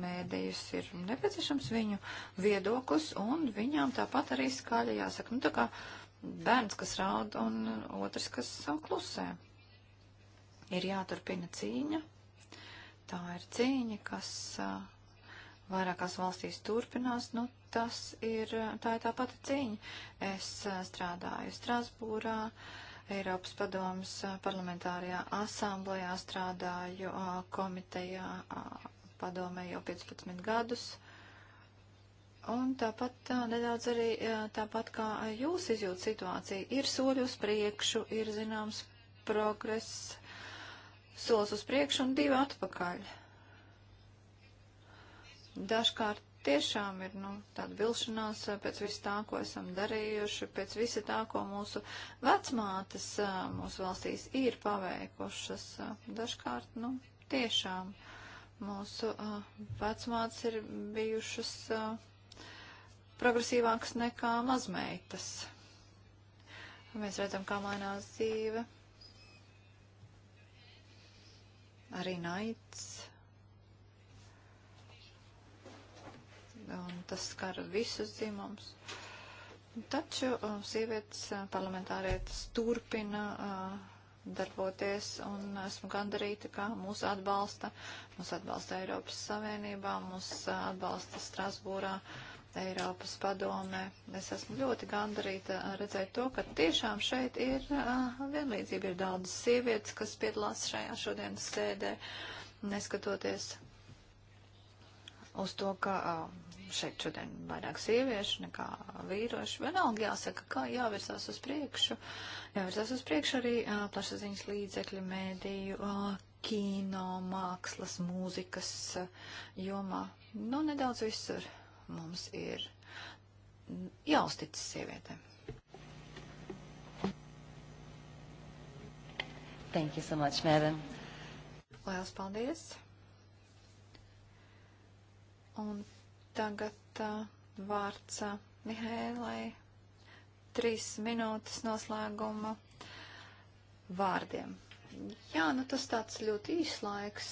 mēdījus, ir nepieciešams viņu viedoklis, un viņām tāpat arī skaļi jāsaka, nu tā kā bērns, kas raud, un otrs, kas klusē. Ir jāturpina cīņa. Tā ir cīņa, kas vairākās valstīs turpinās, nu tas ir, tā ir tā pati cīņa. Es strādāju Strasbūrā, Eiropas padomas parlamentārajā asamblējā, strādāju komitejā padomē jau 15 gadus. Un tāpat nedaudz arī tāpat kā jūs izjūt situāciju, ir soļi uz priekšu, ir zināms progress, solis uz priekšu un divi atpakaļ. Dažkārt tiešām ir nu, tāda vilšanās eh, pēc visu tā, ko esam darījuši, pēc visu tā, ko mūsu vecmātes eh, mūsu valstīs ir paveikušas. Eh, dažkārt, nu, tiešām mūsu vecmātes ir bijušas progresīvākas nekā mazmeitas. Mēs redzam, kā mainās dzīve. Arī naids un tas skar visus dzimumus. Taču uh, sievietes uh, parlamentārietas turpina uh, darboties un esmu gandarīta, ka mūs atbalsta, mūs atbalsta Eiropas Savienībā, mūs atbalsta Strasbūrā. Eiropas padomē. Es esmu ļoti gandarīta redzēt to, ka tiešām šeit ir uh, vienlīdzība. Ir daudz sievietes, kas piedalās šajā šodienas sēdē, neskatoties uz to, ka šeit šodien vairāk sieviešu nekā vīrošu. Vienalga jāsaka, kā jāvirsās uz priekšu. Jāvirsās uz priekšu arī plašsaziņas līdzekļu mēdīju, kino, mākslas, mūzikas jomā. Nu, nedaudz visur mums ir jāuzticas sievietēm. Thank you so much, madam. Lielas paldies! Un tagad uh, vārds uh, Mihēlai. Trīs minūtes noslēguma vārdiem. Jā, nu tas tāds ļoti īs laiks.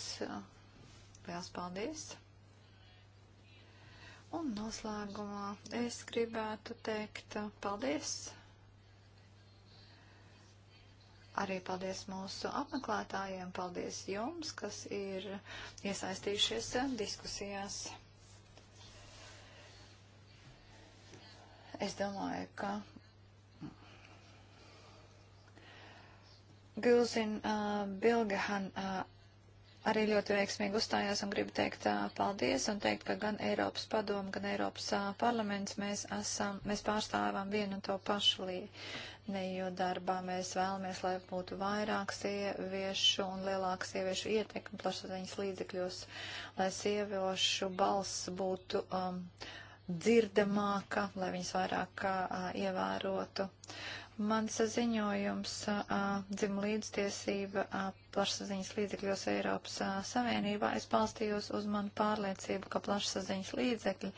Liels paldies! Un noslēgumā es gribētu teikt uh, paldies! Arī paldies mūsu apmeklētājiem, paldies jums, kas ir iesaistījušies uh, diskusijās. Es domāju, ka Gulzin uh, Bilgehan uh, arī ļoti veiksmīgi uzstājās un gribu teikt uh, paldies un teikt, ka gan Eiropas padomu, gan Eiropas uh, parlaments mēs, esam, mēs pārstāvām vienu un to pašu līniju darbā. Mēs vēlamies, lai būtu vairāk sieviešu un lielāka sieviešu ietekme plašsaziņas līdzekļos, lai sieviešu balss būtu um, dzirdamāka, lai viņas vairāk uh, ievērotu. Mans ziņojums uh, dzim līdztiesība uh, plašsaziņas līdzekļos Eiropas uh, Savienībā. Es balstījos uz manu pārliecību, ka plašsaziņas līdzekļi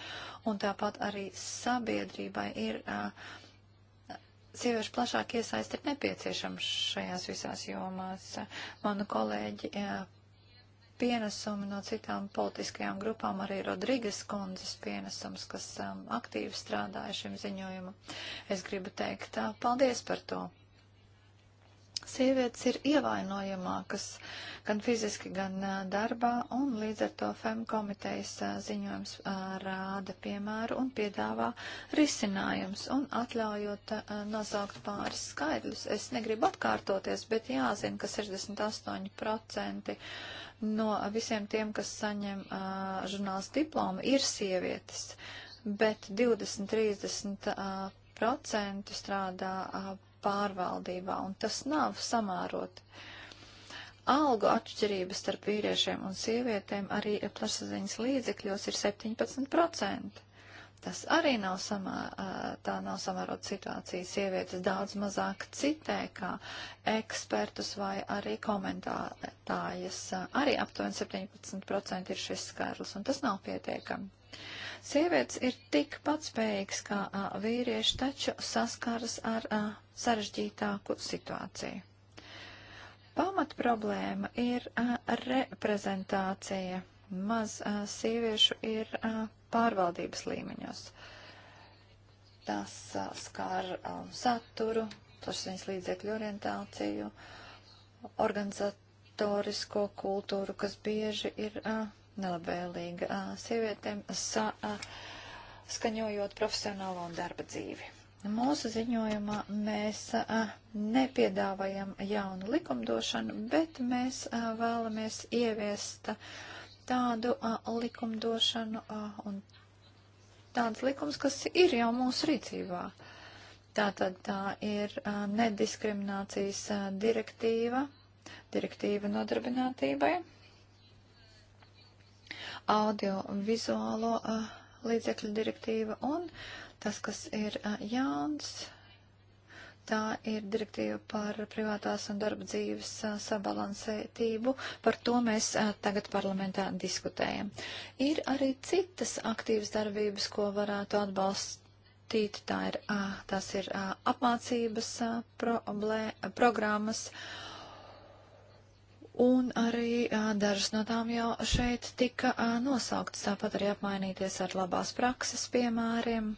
un tāpat arī sabiedrībai ir. Uh, sieviešu plašāk iesaist ir nepieciešams šajās visās jomās. Manu kolēģi pienesumi no citām politiskajām grupām, arī Rodrīgas kundzes pienesums, kas um, aktīvi strādāja šim ziņojumam. Es gribu teikt tā, paldies par to. Sievietes ir ievainojamākas gan fiziski, gan uh, darbā, un līdz ar to FEM komitejas uh, ziņojums uh, rāda piemēru un piedāvā risinājums. Un atļaujot uh, nosaukt pāris skaidrus, es negribu atkārtoties, bet jāzina, ka 68% no visiem tiem, kas saņem uh, žurnālistu diplomu, ir sievietes, bet 20-30% uh, strādā uh, pārvaldībā, un tas nav samāroti. Algu atšķirības starp vīriešiem un sievietēm arī plašsaziņas līdzekļos ir 17%. Tas arī nav, samā, tā nav samērot situācija. Sievietes daudz mazāk citē kā ekspertus vai arī komentētājas. Arī aptuveni 17% ir šis skaidrs, un tas nav pietiekami. Sievietes ir tikpat spējīgas kā a, vīrieši, taču saskaras ar a, sarežģītāku situāciju. Pamat problēma ir a, reprezentācija. Maz a, sieviešu ir a, pārvaldības līmeņos. Tas a, skar um, saturu, plašsaziņas līdzekļu orientāciju, organizatorisko kultūru, kas bieži ir uh, nelabvēlīga uh, sievietēm, sa, uh, skaņojot profesionālo un darba dzīvi. Mūsu ziņojumā mēs a, nepiedāvājam jaunu likumdošanu, bet mēs a, vēlamies ieviest a, tādu a, likumdošanu a, un tādas likums, kas ir jau mūsu rīcībā. Tātad tā ir a, nediskriminācijas a, direktīva, direktīva nodarbinātībai, audiovizuālo līdzekļu direktīva un tas, kas ir a, jauns Tā ir direktīva par privātās un darba dzīves sabalansētību. Par to mēs tagad parlamentā diskutējam. Ir arī citas aktīvas darbības, ko varētu atbalstīt. Tā ir, tās ir apmācības problē, programmas. Un arī dažas no tām jau šeit tika nosauktas, tāpat arī apmainīties ar labās prakses piemēriem,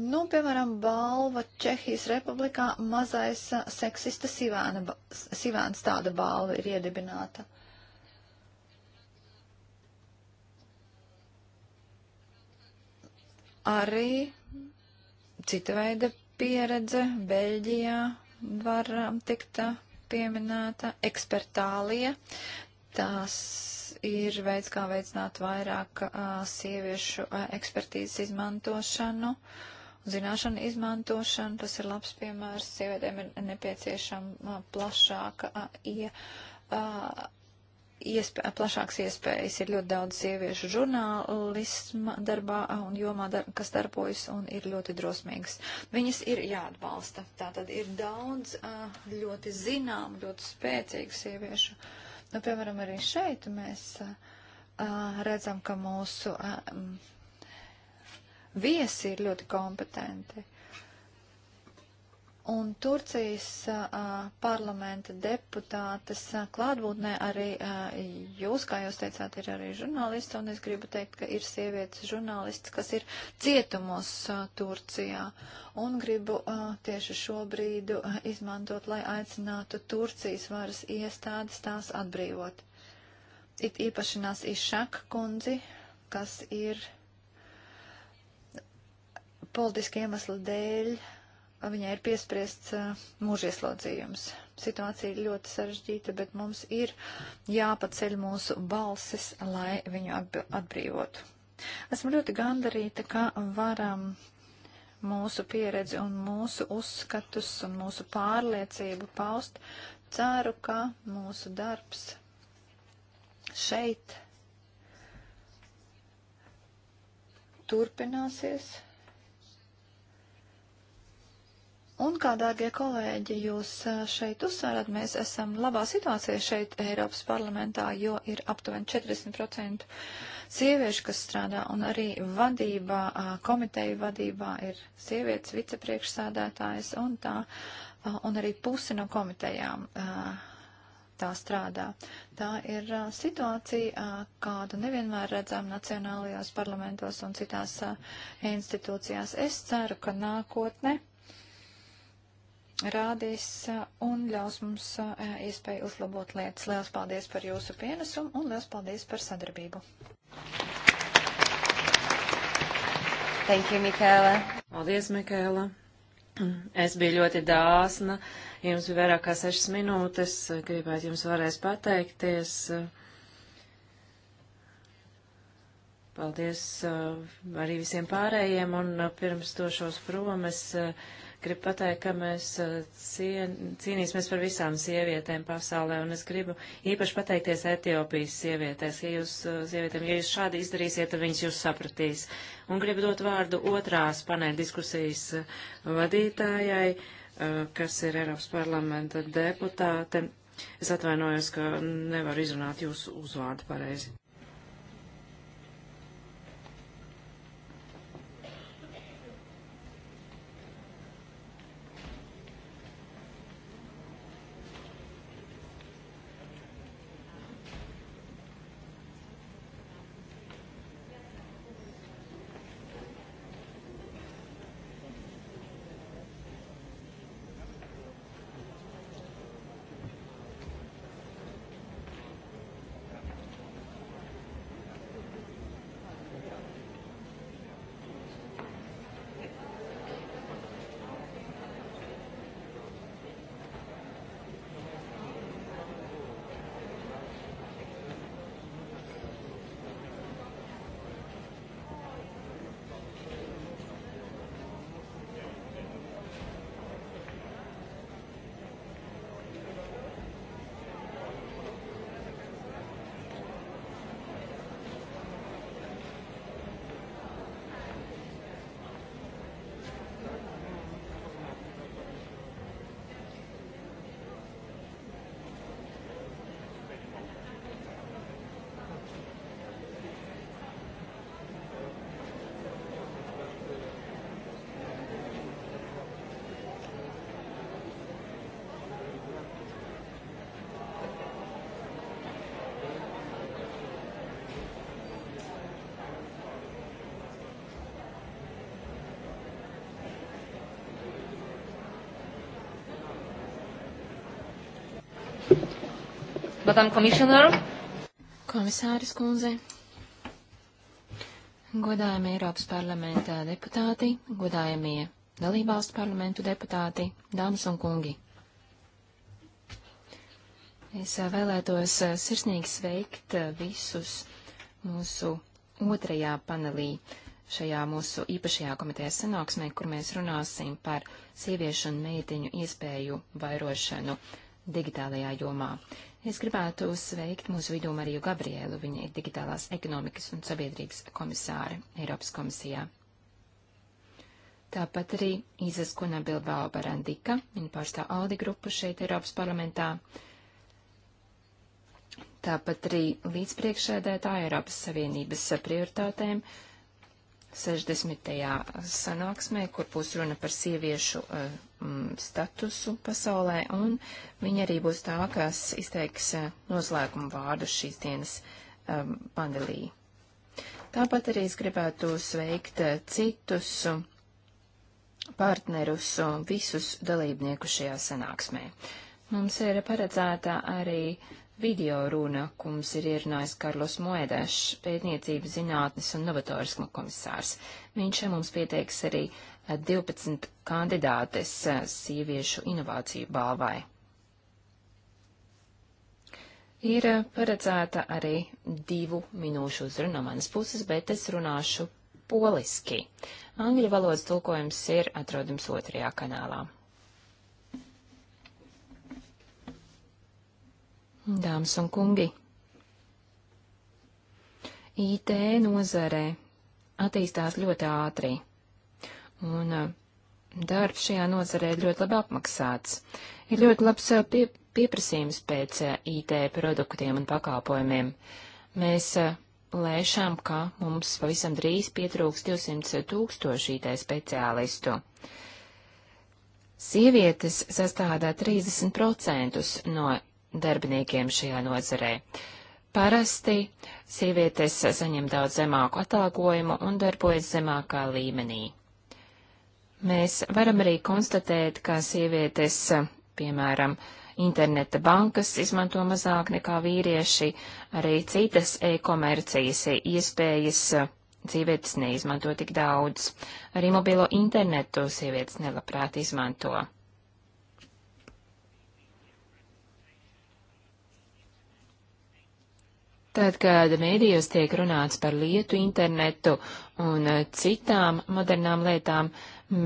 Nu, piemēram, balva Čehijas republikā mazais uh, seksista Sivāna, Sivāns tāda balva ir iedibināta. Arī cita veida pieredze Beļģijā var um, tikt uh, pieminēta, ekspertālija. Tās ir veids, kā veicināt vairāk a, uh, sieviešu a, ekspertīzes izmantošanu. Uh, zināšanu izmantošanu. Tas ir labs piemērs. Sievietēm ir nepieciešama plašāka ie, iespēja, plašāks iespējas. Ir ļoti daudz sieviešu žurnālisma darbā un jomā, dar, kas darbojas un ir ļoti drosmīgas. Viņas ir jāatbalsta. Tātad ir daudz ļoti zinām, ļoti spēcīgu sieviešu. Nu, piemēram, arī šeit mēs uh, redzam, ka mūsu uh, viesi ir ļoti kompetenti. Un Turcijas a, parlamenta deputātes a, klātbūtnē arī a, jūs, kā jūs teicāt, ir arī žurnālisti, un es gribu teikt, ka ir sievietes žurnālists, kas ir cietumos Turcijā. Un gribu tieši šobrīd izmantot, lai aicinātu Turcijas varas iestādes tās atbrīvot. It īpaši Nās Išak kundzi, kas ir politiska iemesla dēļ viņai ir piespriests uh, mūžieslodzījums. Situācija ir ļoti sarežģīta, bet mums ir jāpaceļ mūsu balsis, lai viņu atbrīvotu. Esmu ļoti gandarīta, ka varam mūsu pieredzi un mūsu uzskatus un mūsu pārliecību paust. Ceru, ka mūsu darbs šeit turpināsies Un kā, dārgie kolēģi, jūs šeit uzsverat, mēs esam labā situācijā šeit Eiropas parlamentā, jo ir aptuveni 40% sieviešu, kas strādā, un arī vadībā, komiteju vadībā ir sievietes vicepriekšsādātājs, un tā, un arī pusi no komitejām tā strādā. Tā ir a, situācija, a, kādu nevienmēr redzam nacionālajās parlamentos un citās a, institūcijās. Es ceru, ka nākotne rādīs uh, un ļaus mums uh, iespēju uzlabot lietas. Lielas paldies par jūsu pienesumu un liels paldies par sadarbību. Thank you, Mikēla. Paldies, Mikēla. Es biju ļoti dāsna. Jums bija vairāk kā sešas minūtes. Gribētu jums varēs pateikties. Paldies uh, arī visiem pārējiem. Un pirms došos prom, es. Uh, Gribu pateikt, ka mēs uh, cien, cīnīsimies par visām sievietēm pasaulē, un es gribu īpaši pateikties Etiopijas sievietēs. Ja jūs, uh, sievietēm, ja jūs šādi izdarīsiet, tad viņas jūs sapratīs. Un gribu dot vārdu otrās panēļ diskusijas uh, vadītājai, kas ir Eiropas parlamenta deputāte. Es atvainojos, ka nevaru izrunāt jūsu uzvārdu pareizi. Madam Commissioner. Komisāris kundze. Godājami Eiropas parlamentā deputāti, godājamie dalībvalstu parlamentu deputāti, dāmas un kungi. Es vēlētos sirsnīgi sveikt visus mūsu otrajā panelī šajā mūsu īpašajā komitejas sanāksmē, kur mēs runāsim par sieviešu un meitiņu iespēju vairošanu digitālajā jomā. Es gribētu sveikt mūsu vidū Mariju Gabrielu, viņa ir digitālās ekonomikas un sabiedrības komisāre Eiropas komisijā. Tāpat arī Izas Kuna Bilbao Barandika, viņa pārstāv Aldi grupu šeit Eiropas parlamentā. Tāpat arī līdzpriekšēdētāja Eiropas Savienības prioritātēm 60. sanāksmē, kur būs runa par sieviešu uh, mm, statusu pasaulē, un viņa arī būs tā, kas izteiks eh, noslēgumu vārdu šīs dienas um, panelī. Tāpat arī es gribētu sveikt eh, citus partnerus, visus dalībnieku šajā sanāksmē. Mums ir paredzēta arī video runa, ko mums ir ierunājis Karlos Moedešs, pētniecības zinātnes un novatoriskuma komisārs. Viņš mums pieteiks arī 12 kandidātes sieviešu inovāciju balvai. Ir paredzēta arī divu minūšu uzruna no manas puses, bet es runāšu poliski. Angļu valodas tulkojums ir atrodams otrajā kanālā. Dāmas un kungi, IT nozarē attīstās ļoti ātri. Un darbs šajā nozarē ir ļoti labi apmaksāts. Ir ļoti labs pie, pieprasījums pēc IT produktiem un pakāpojumiem. Mēs lēšām, ka mums pavisam drīz pietrūks 200 tūkstoši IT speciālistu. Sievietes sastādā 30% no darbiniekiem šajā nozarē. Parasti sievietes saņem daudz zemāku atalgojumu un darbojas zemākā līmenī. Mēs varam arī konstatēt, ka sievietes, piemēram, interneta bankas izmanto mazāk nekā vīrieši, arī citas e-komercijas iespējas sievietes neizmanto tik daudz. Arī mobilo internetu sievietes nelabprāt izmanto. Tad, kad mēdījos tiek runāts par lietu internetu un citām modernām lietām,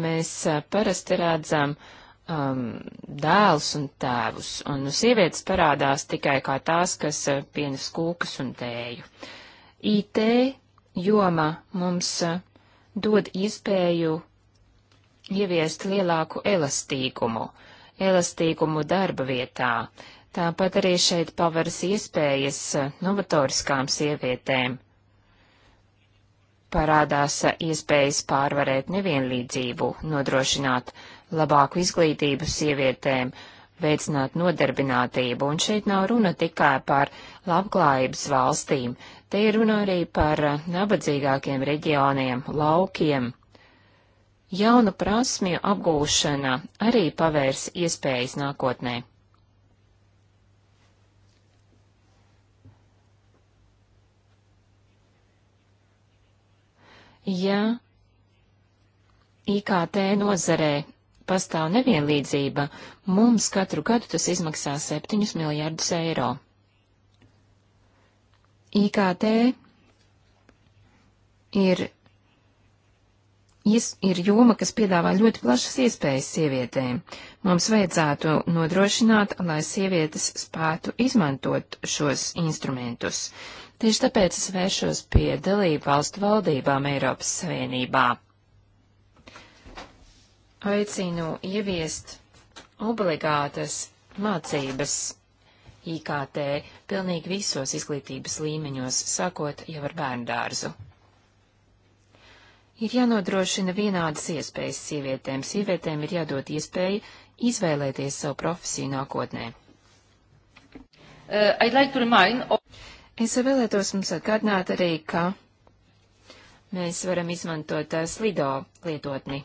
mēs parasti redzam um, dēls un tēvus, un nu, sievietes parādās tikai kā tās, kas pienes kūkas un tēju. IT joma mums dod iespēju ieviest lielāku elastīgumu, elastīgumu darba vietā. Tāpat arī šeit paveras iespējas novatoriskām sievietēm parādās iespējas pārvarēt nevienlīdzību, nodrošināt labāku izglītību sievietēm, veicināt nodarbinātību, un šeit nav runa tikai par labklājības valstīm, te ir runa arī par nabadzīgākiem reģioniem, laukiem. Jaunu prasmju apgūšana arī pavērs iespējas nākotnē. ja IKT nozarē pastāv nevienlīdzība, mums katru gadu tas izmaksā 7 miljardus eiro. IKT ir, ir joma, kas piedāvā ļoti plašas iespējas sievietēm. Mums vajadzētu nodrošināt, lai sievietes spētu izmantot šos instrumentus. Uh, Tieši tāpēc es vēršos pie dalību valstu valdībām Eiropas Savienībā. Aicinu ieviest obligātas mācības IKT pilnīgi visos izglītības līmeņos, sākot jau ar bērndārzu. Ir jānodrošina vienādas iespējas sievietēm. Sievietēm ir jādod iespēja izvēlēties savu profesiju nākotnē. Uh, like Es vēlētos mums atgādināt arī, ka mēs varam izmantot eh, slido lietotni,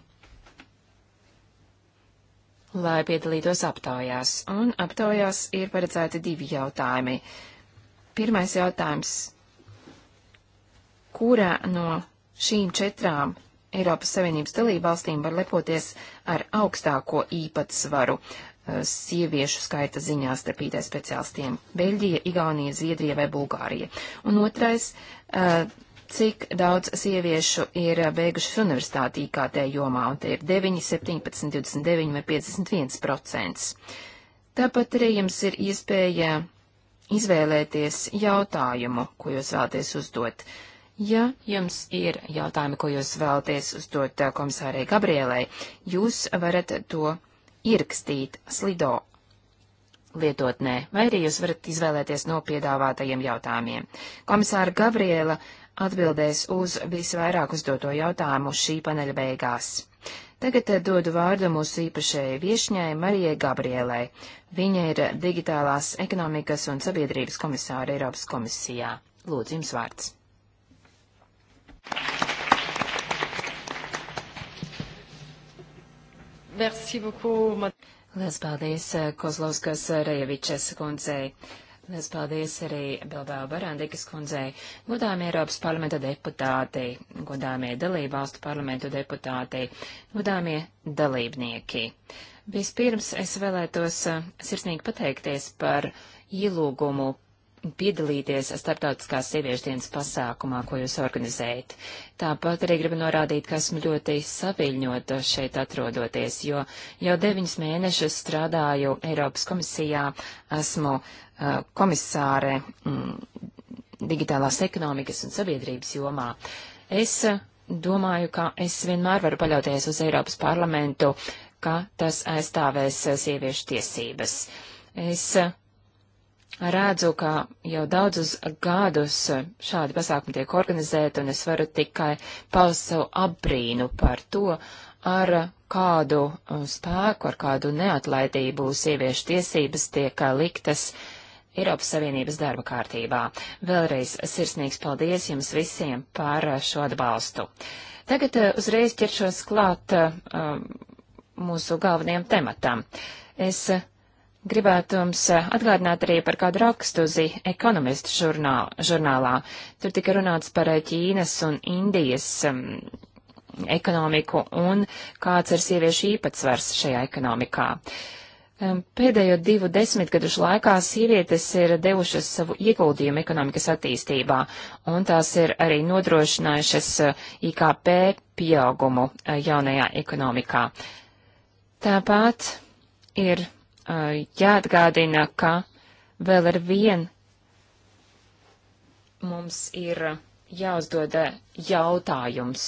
lai piedalītos aptaujās. Un aptaujās ir paredzēti divi jautājumi. Pirmais jautājums. Kurā no šīm četrām Eiropas Savienības dalībvalstīm var lepoties ar augstāko īpatsvaru Uh, sieviešu skaita ziņā starp IT speciālistiem - Beļģija, Igaunija, Zviedrija vai Bulgārija. Un otrais uh, - cik daudz sieviešu ir uh, beigušas universitāti IKT jomā, un te ir 9, 17, 29 vai 51 procents. Tāpat arī jums ir iespēja izvēlēties jautājumu, ko jūs vēlaties uzdot. Ja jums ir jautājumi, ko jūs vēlaties uzdot komisārai Gabrielai, jūs varat to ierakstīt slido lietotnē, vai arī jūs varat izvēlēties no piedāvātajiem jautājumiem. Komisāra Gabriela atbildēs uz visvairāk uzdoto jautājumu šī paneļa beigās. Tagad eh, dodu vārdu mūsu īpašajai viešņai Marijai Gabrielai. Viņa ir digitālās ekonomikas un sabiedrības komisāra Eiropas komisijā. Lūdzu, jums vārds. Thank you. Merci beaucoup. Lielas paldies eh, Kozlovskas eh, Rejevičas kundzei. Lielas paldies arī Bilbao Barandikas kundzei, godāmie Eiropas parlamenta deputāti, godāmie dalībvalstu parlamentu deputāti, godāmie dalībnieki. Vispirms es vēlētos eh, sirsnīgi pateikties par ielūgumu piedalīties starptautiskās sieviešu dienas pasākumā, ko jūs organizējat. Tāpat arī gribu norādīt, ka esmu ļoti saviļņota šeit atrodoties, jo jau deviņus mēnešus strādāju Eiropas komisijā, esmu uh, komisāre mm, digitālās ekonomikas un sabiedrības jomā. Es uh, domāju, ka es vienmēr varu paļauties uz Eiropas parlamentu, ka tas aizstāvēs uh, sieviešu tiesības. Es uh, redzu, ka jau daudzus gadus šādi pasākumi tiek organizēti, un es varu tikai paust savu apbrīnu par to, ar kādu uh, spēku, ar kādu neatlaidību sieviešu tiesības tiek uh, liktas Eiropas Savienības darba kārtībā. Vēlreiz sirsnīgs paldies jums visiem par uh, šo atbalstu. Tagad uzreiz ķeršos klāt uh, um, mūsu galvenajam tematam. Es uh, Gribētu jums eh, atgādināt arī par kādu rakstu zi ekonomistu žurnāl, žurnālā. Tur tika runāts par eh, Ķīnas un Indijas um, ekonomiku un kāds ir sieviešu īpatsvars šajā ekonomikā. Um, pēdējo divu desmitgadušu laikā sievietes ir devušas savu ieguldījumu ekonomikas attīstībā, un tās ir arī nodrošinājušas uh, eh, IKP pieaugumu uh, jaunajā ekonomikā. Tāpat ir jāatgādina, ka vēl ar vien mums ir jāuzdod jautājums,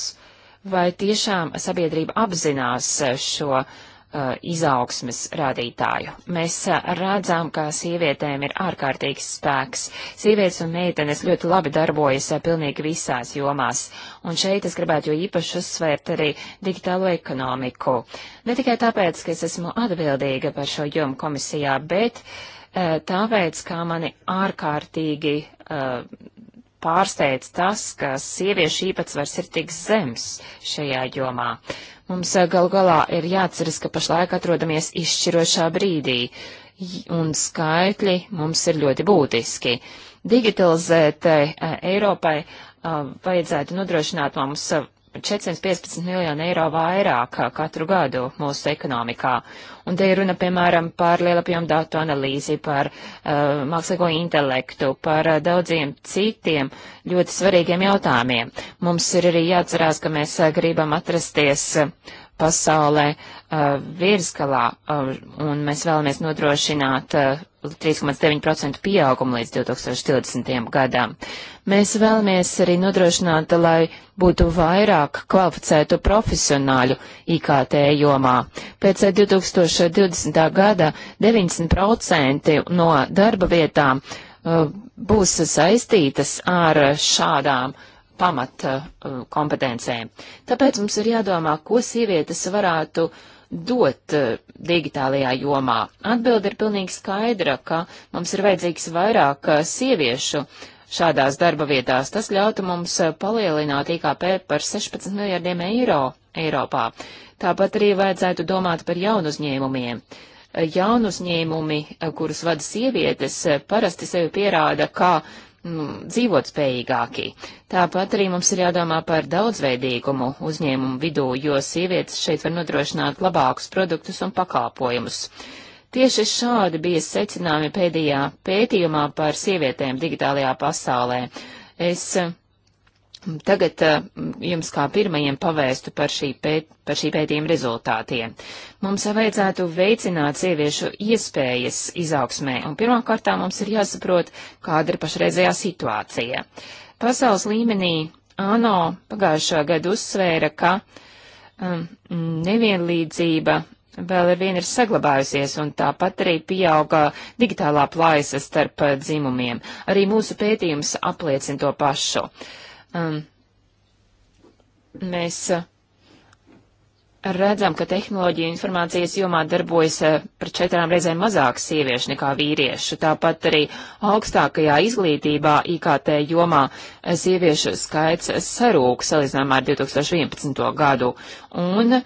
vai tiešām sabiedrība apzinās šo uh, Uh, izaugsmes rādītāju. Mēs uh, redzam, ka sievietēm ir ārkārtīgs spēks. Sievietes un meitenes ļoti labi darbojas uh, pilnīgi visās jomās. Un šeit es gribētu jo īpaši uzsvērt arī digitālo ekonomiku. Ne tikai tāpēc, ka es esmu atbildīga par šo jomu komisijā, bet tāpēc, kā mani ārkārtīgi uh, pārsteidz tas, ka sieviešu īpatsvars ir tik zems šajā jomā. Mums eh, gal galā ir jāatceras, ka pašlaik atrodamies izšķirošā brīdī, un skaitļi mums ir ļoti būtiski. Digitalizētai eh, Eiropai eh, vajadzētu nodrošināt mums 415 miljonu eiro vairāk uh, katru gadu mūsu ekonomikā. Un te ir runa, piemēram, par lielapjomu datu analīzi, par uh, mākslīgo intelektu, par uh, daudziem citiem ļoti svarīgiem jautājumiem. Mums ir arī jāatcerās, ka mēs uh, gribam atrasties uh, pasaulē uh, virsgalā, uh, un mēs vēlamies nodrošināt uh, 3,9% pieaugumu līdz 2020. gadam. Mēs vēlamies arī nodrošināt, lai būtu vairāk kvalificētu profesionāļu IKT jomā. Pēc 2020. Uh, gada 90% no darba vietām uh, būs saistītas ar šādām uh, pamat uh, kompetencēm. Tāpēc mums ir jādomā, ko sievietes varētu dot uh, digitālajā jomā. Atbilde ir pilnīgi skaidra, ka mums ir vajadzīgs vairāk uh, sieviešu šādās darba vietās. Tas ļautu mums palielināt IKP par 16 miljardiem eiro Eiropā. Tāpat arī vajadzētu domāt par jaunu uzņēmumiem. Jaunu uzņēmumi, kurus vada sievietes, parasti sevi pierāda kā uh, nu, dzīvot spējīgāki. Tāpat arī mums ir jādomā par daudzveidīgumu uzņēmumu vidū, jo sievietes šeit var nodrošināt labākus produktus un pakalpojumus. Tieši šādi bija secinājumi pēdējā pētījumā par sievietēm digitālajā pasaulē. Es Tagad uh, jums kā pirmajiem pavēstu par šī, pēt, par šī pētījuma rezultātiem. Mums vajadzētu veicināt sieviešu iespējas izaugsmē, un pirmkārtā mums ir jāsaprot, kāda ir pašreizējā situācija. Pasaules līmenī ANO pagājušā gada uzsvēra, ka um, nevienlīdzība vēl ar vienu ir saglabājusies, un tāpat arī pieauga digitālā plājas starp eh, dzimumiem. Arī mūsu pētījums apliecina to pašu. Uh, um, mēs uh, redzam, ka tehnoloģija informācijas jomā darbojas uh, par četrām reizēm mazāk sieviešu nekā vīriešu. Tāpat arī augstākajā izglītībā IKT jomā uh, sieviešu skaits sarūk salīdzinājumā ar 2011. gadu. Un uh,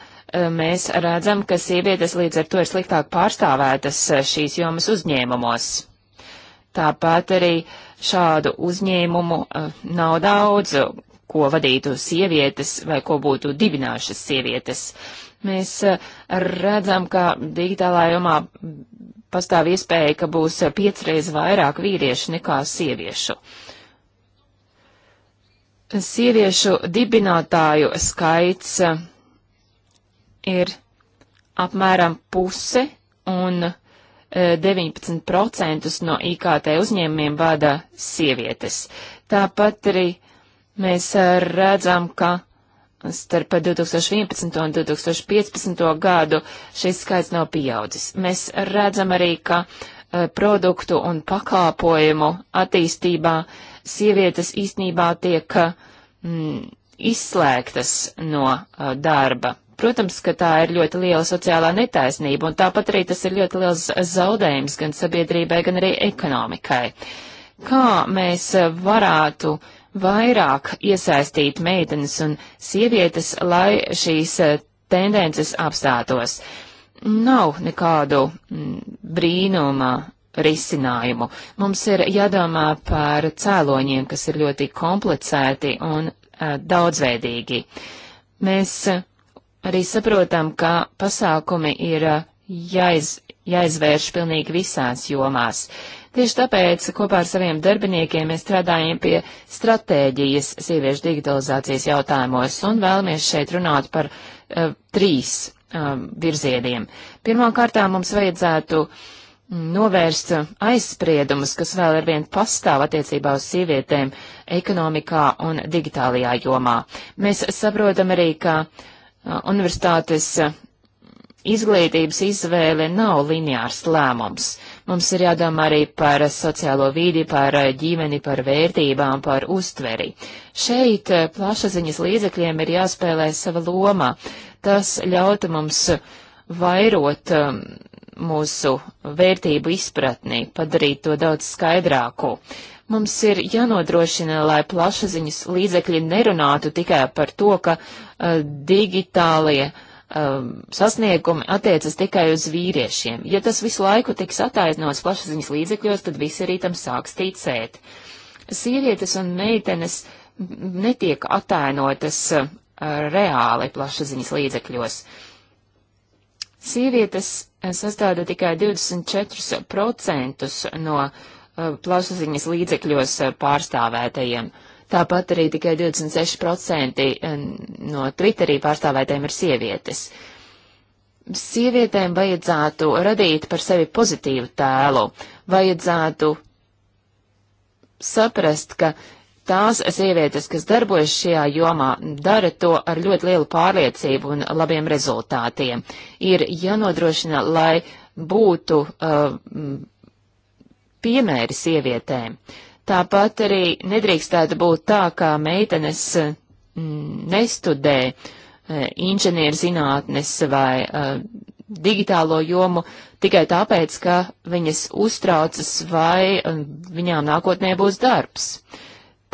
mēs redzam, ka sievietes līdz ar to ir sliktāk pārstāvētas šīs jomas uzņēmumos. Tāpat arī uh, šādu uzņēmumu eh, nav daudz, ko vadītu sievietes vai ko būtu dibinājušas sievietes. Mēs eh, redzam, ka digitālā jomā pastāv iespēja, ka būs piecreiz vairāk vīriešu nekā sieviešu. Sieviešu dibinātāju skaits eh, ir apmēram puse, un uh, 19% no IKT uzņēmumiem vada sievietes. Tāpat arī mēs redzam, ka starp 2011 un 2015 gadu šis skaits nav pieaudzis. Mēs redzam arī, ka eh, produktu un pakāpojumu attīstībā sievietes īstenībā tiek mm, izslēgtas no eh, darba Protams, ka tā ir ļoti liela sociālā netaisnība, un tāpat arī tas ir ļoti liels zaudējums gan sabiedrībai, gan arī ekonomikai. Kā mēs varētu vairāk iesaistīt meitenes un sievietes, lai šīs eh, tendences apstātos? Nav nekādu mm, brīnuma risinājumu. Mums ir jādomā par cēloņiem, kas ir ļoti komplicēti un a, eh, daudzveidīgi. Mēs a, arī saprotam, ka pasākumi ir uh, jāiz, jāizvērš pilnīgi visās jomās. Tieši tāpēc kopā ar saviem darbiniekiem mēs strādājam pie stratēģijas sieviešu digitalizācijas jautājumos un vēlamies šeit runāt par uh, trīs uh, virzieniem. Pirmkārt, mums vajadzētu novērst aizspriedumus, kas vēl ar vien pastāv attiecībā uz sievietēm ekonomikā un digitālajā jomā. Mēs saprotam arī, ka uh, universitātes izglītības izvēle nav lineārs lēmums. Mums ir jādomā arī par sociālo vīdi, par ģimeni, par vērtībām, par uztveri. Šeit plašsaziņas līdzekļiem ir jāspēlē sava loma. Tas ļautu mums vairot mūsu vērtību izpratni, padarīt to daudz skaidrāku. Mums ir jānodrošina, lai plašsaziņas līdzekļi nerunātu tikai par to, ka uh, digitālie uh, sasniegumi attiecas tikai uz vīriešiem. Ja tas visu laiku tiks attaisnots plašsaziņas līdzekļos, tad visi arī tam sāks ticēt. Sievietes un meitenes netiek attēnotas uh, eh, reāli plašsaziņas līdzekļos. Sievietes eh, sastāda tikai 24% no uh, Uh, plašsaziņas līdzekļos uh, pārstāvētajiem. Tāpat arī tikai 26% uh, no Twitterī pārstāvētajiem ir sievietes. Sievietēm vajadzētu radīt par sevi pozitīvu tēlu, vajadzētu saprast, ka tās sievietes, kas darbojas šajā jomā, dara to ar ļoti lielu pārliecību un labiem rezultātiem. Ir jānodrošina, lai būtu uh, piemēri sievietēm. Tāpat arī nedrīkstētu būt tā, kā meitenes eh, nestudē eh, inženierzinātnes vai eh, digitālo jomu tikai tāpēc, ka viņas uztraucas vai viņām nākotnē būs darbs.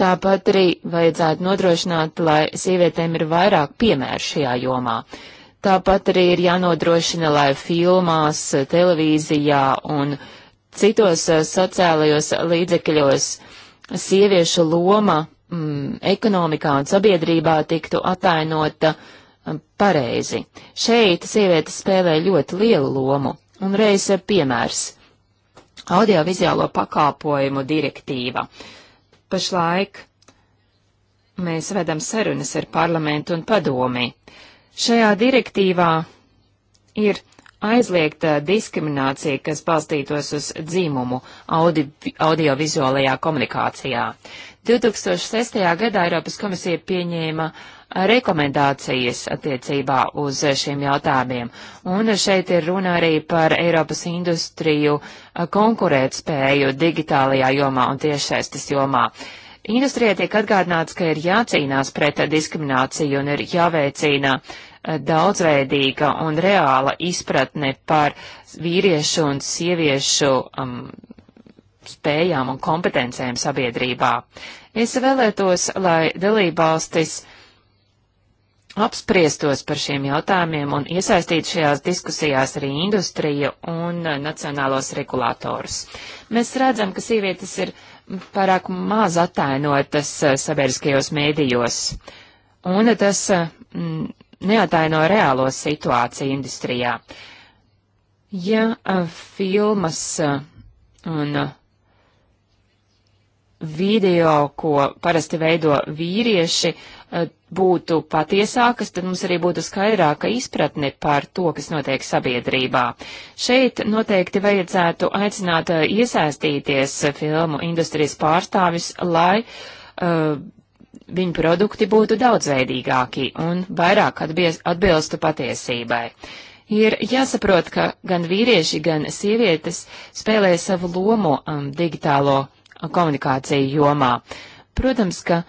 Tāpat arī vajadzētu nodrošināt, lai sievietēm ir vairāk piemēru šajā jomā. Tāpat arī ir jānodrošina, lai filmās, televīzijā un uh, citos uh, sociālajos līdzekļos sieviešu loma mm, ekonomikā un sabiedrībā tiktu atainota um, pareizi. Šeit sievietes spēlē ļoti lielu lomu. Un reiz uh, piemērs - audiovizuālo pakāpojumu direktīva. Pašlaik mēs vedam sarunas ar parlamentu un padomi. Šajā direktīvā ir aizliegt diskrimināciju, kas balstītos uz dzīmumu audi, audiovizuālajā komunikācijā. 2006. gadā Eiropas komisija pieņēma rekomendācijas attiecībā uz šiem jautājumiem. Un šeit ir runa arī par Eiropas industriju konkurētspēju digitālajā jomā un tiešsaistes jomā. Industrijai tiek atgādināts, ka ir jācīnās pret diskrimināciju un ir jāveicina uh, daudzveidīga un reāla izpratne par vīriešu un sieviešu um, spējām un kompetencēm sabiedrībā. Es vēlētos, lai dalībvalstis apspriestos par šiem jautājumiem un iesaistītu šajās diskusijās arī industriju un nacionālos regulātorus. Mēs redzam, ka sievietes ir pārāk maz atainotas uh, sabiedriskajos mēdījos, un tas mm, neataino reālo situāciju industrijā. Ja uh, filmas uh, un uh, video, ko parasti veido vīrieši, uh, būtu patiesākas, tad mums arī būtu skaidrāka izpratne par to, kas notiek sabiedrībā. Šeit noteikti vajadzētu aicināt iesaistīties filmu industrijas pārstāvis, lai uh, viņu produkti būtu daudzveidīgāki un vairāk atbilstu patiesībai. Ir jāsaprot, ka gan vīrieši, gan sievietes spēlē savu lomu um, digitālo komunikāciju jomā. Protams, ka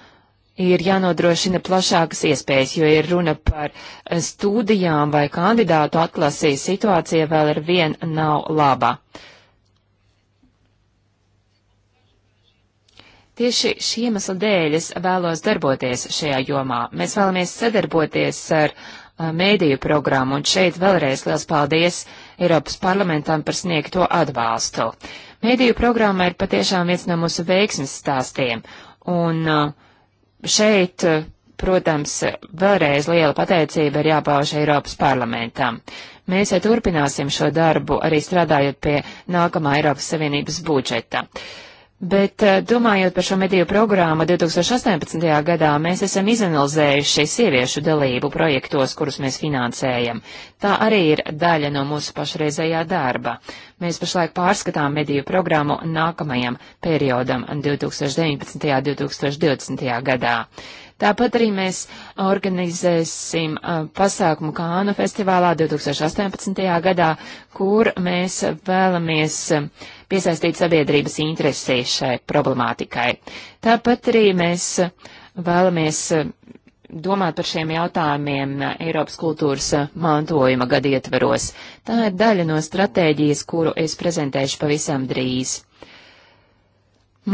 ir jānodrošina plašākas iespējas, jo ir runa par eh, studijām vai kandidātu atlasī situācija vēl ar vien nav laba. Uh, Tieši šī iemesla dēļ es vēlos darboties šajā jomā. Mēs vēlamies sadarboties ar uh, mēdīju programmu, un šeit vēlreiz liels paldies Eiropas parlamentam par sniegto atbalstu. Mēdīju programma ir patiešām viens no mūsu veiksmes stāstiem, un uh, šeit, uh, protams, vēlreiz liela pateicība ir jāpauž Eiropas parlamentam. Mēs turpināsim šo darbu arī strādājot pie nākamā Eiropas Savienības budžeta. Uh, Bet eh, domājot par šo mediju programmu 2018. gadā, mēs esam izanalizējuši sieviešu dalību projektos, kurus mēs finansējam. Tā arī ir daļa no mūsu pašreizējā darba. Mēs pašlaik pārskatām mediju programmu nākamajam periodam 2019. un 2020. gadā. Tāpat arī mēs organizēsim uh, pasākumu Kānu festivālā 2018. gadā, kur mēs vēlamies uh, piesaistīt sabiedrības interesē šai problemātikai. Tāpat arī mēs uh, vēlamies domāt par šiem jautājumiem Eiropas kultūras mantojuma gada ietveros. Tā ir daļa no stratēģijas, kuru es prezentēšu pavisam drīz.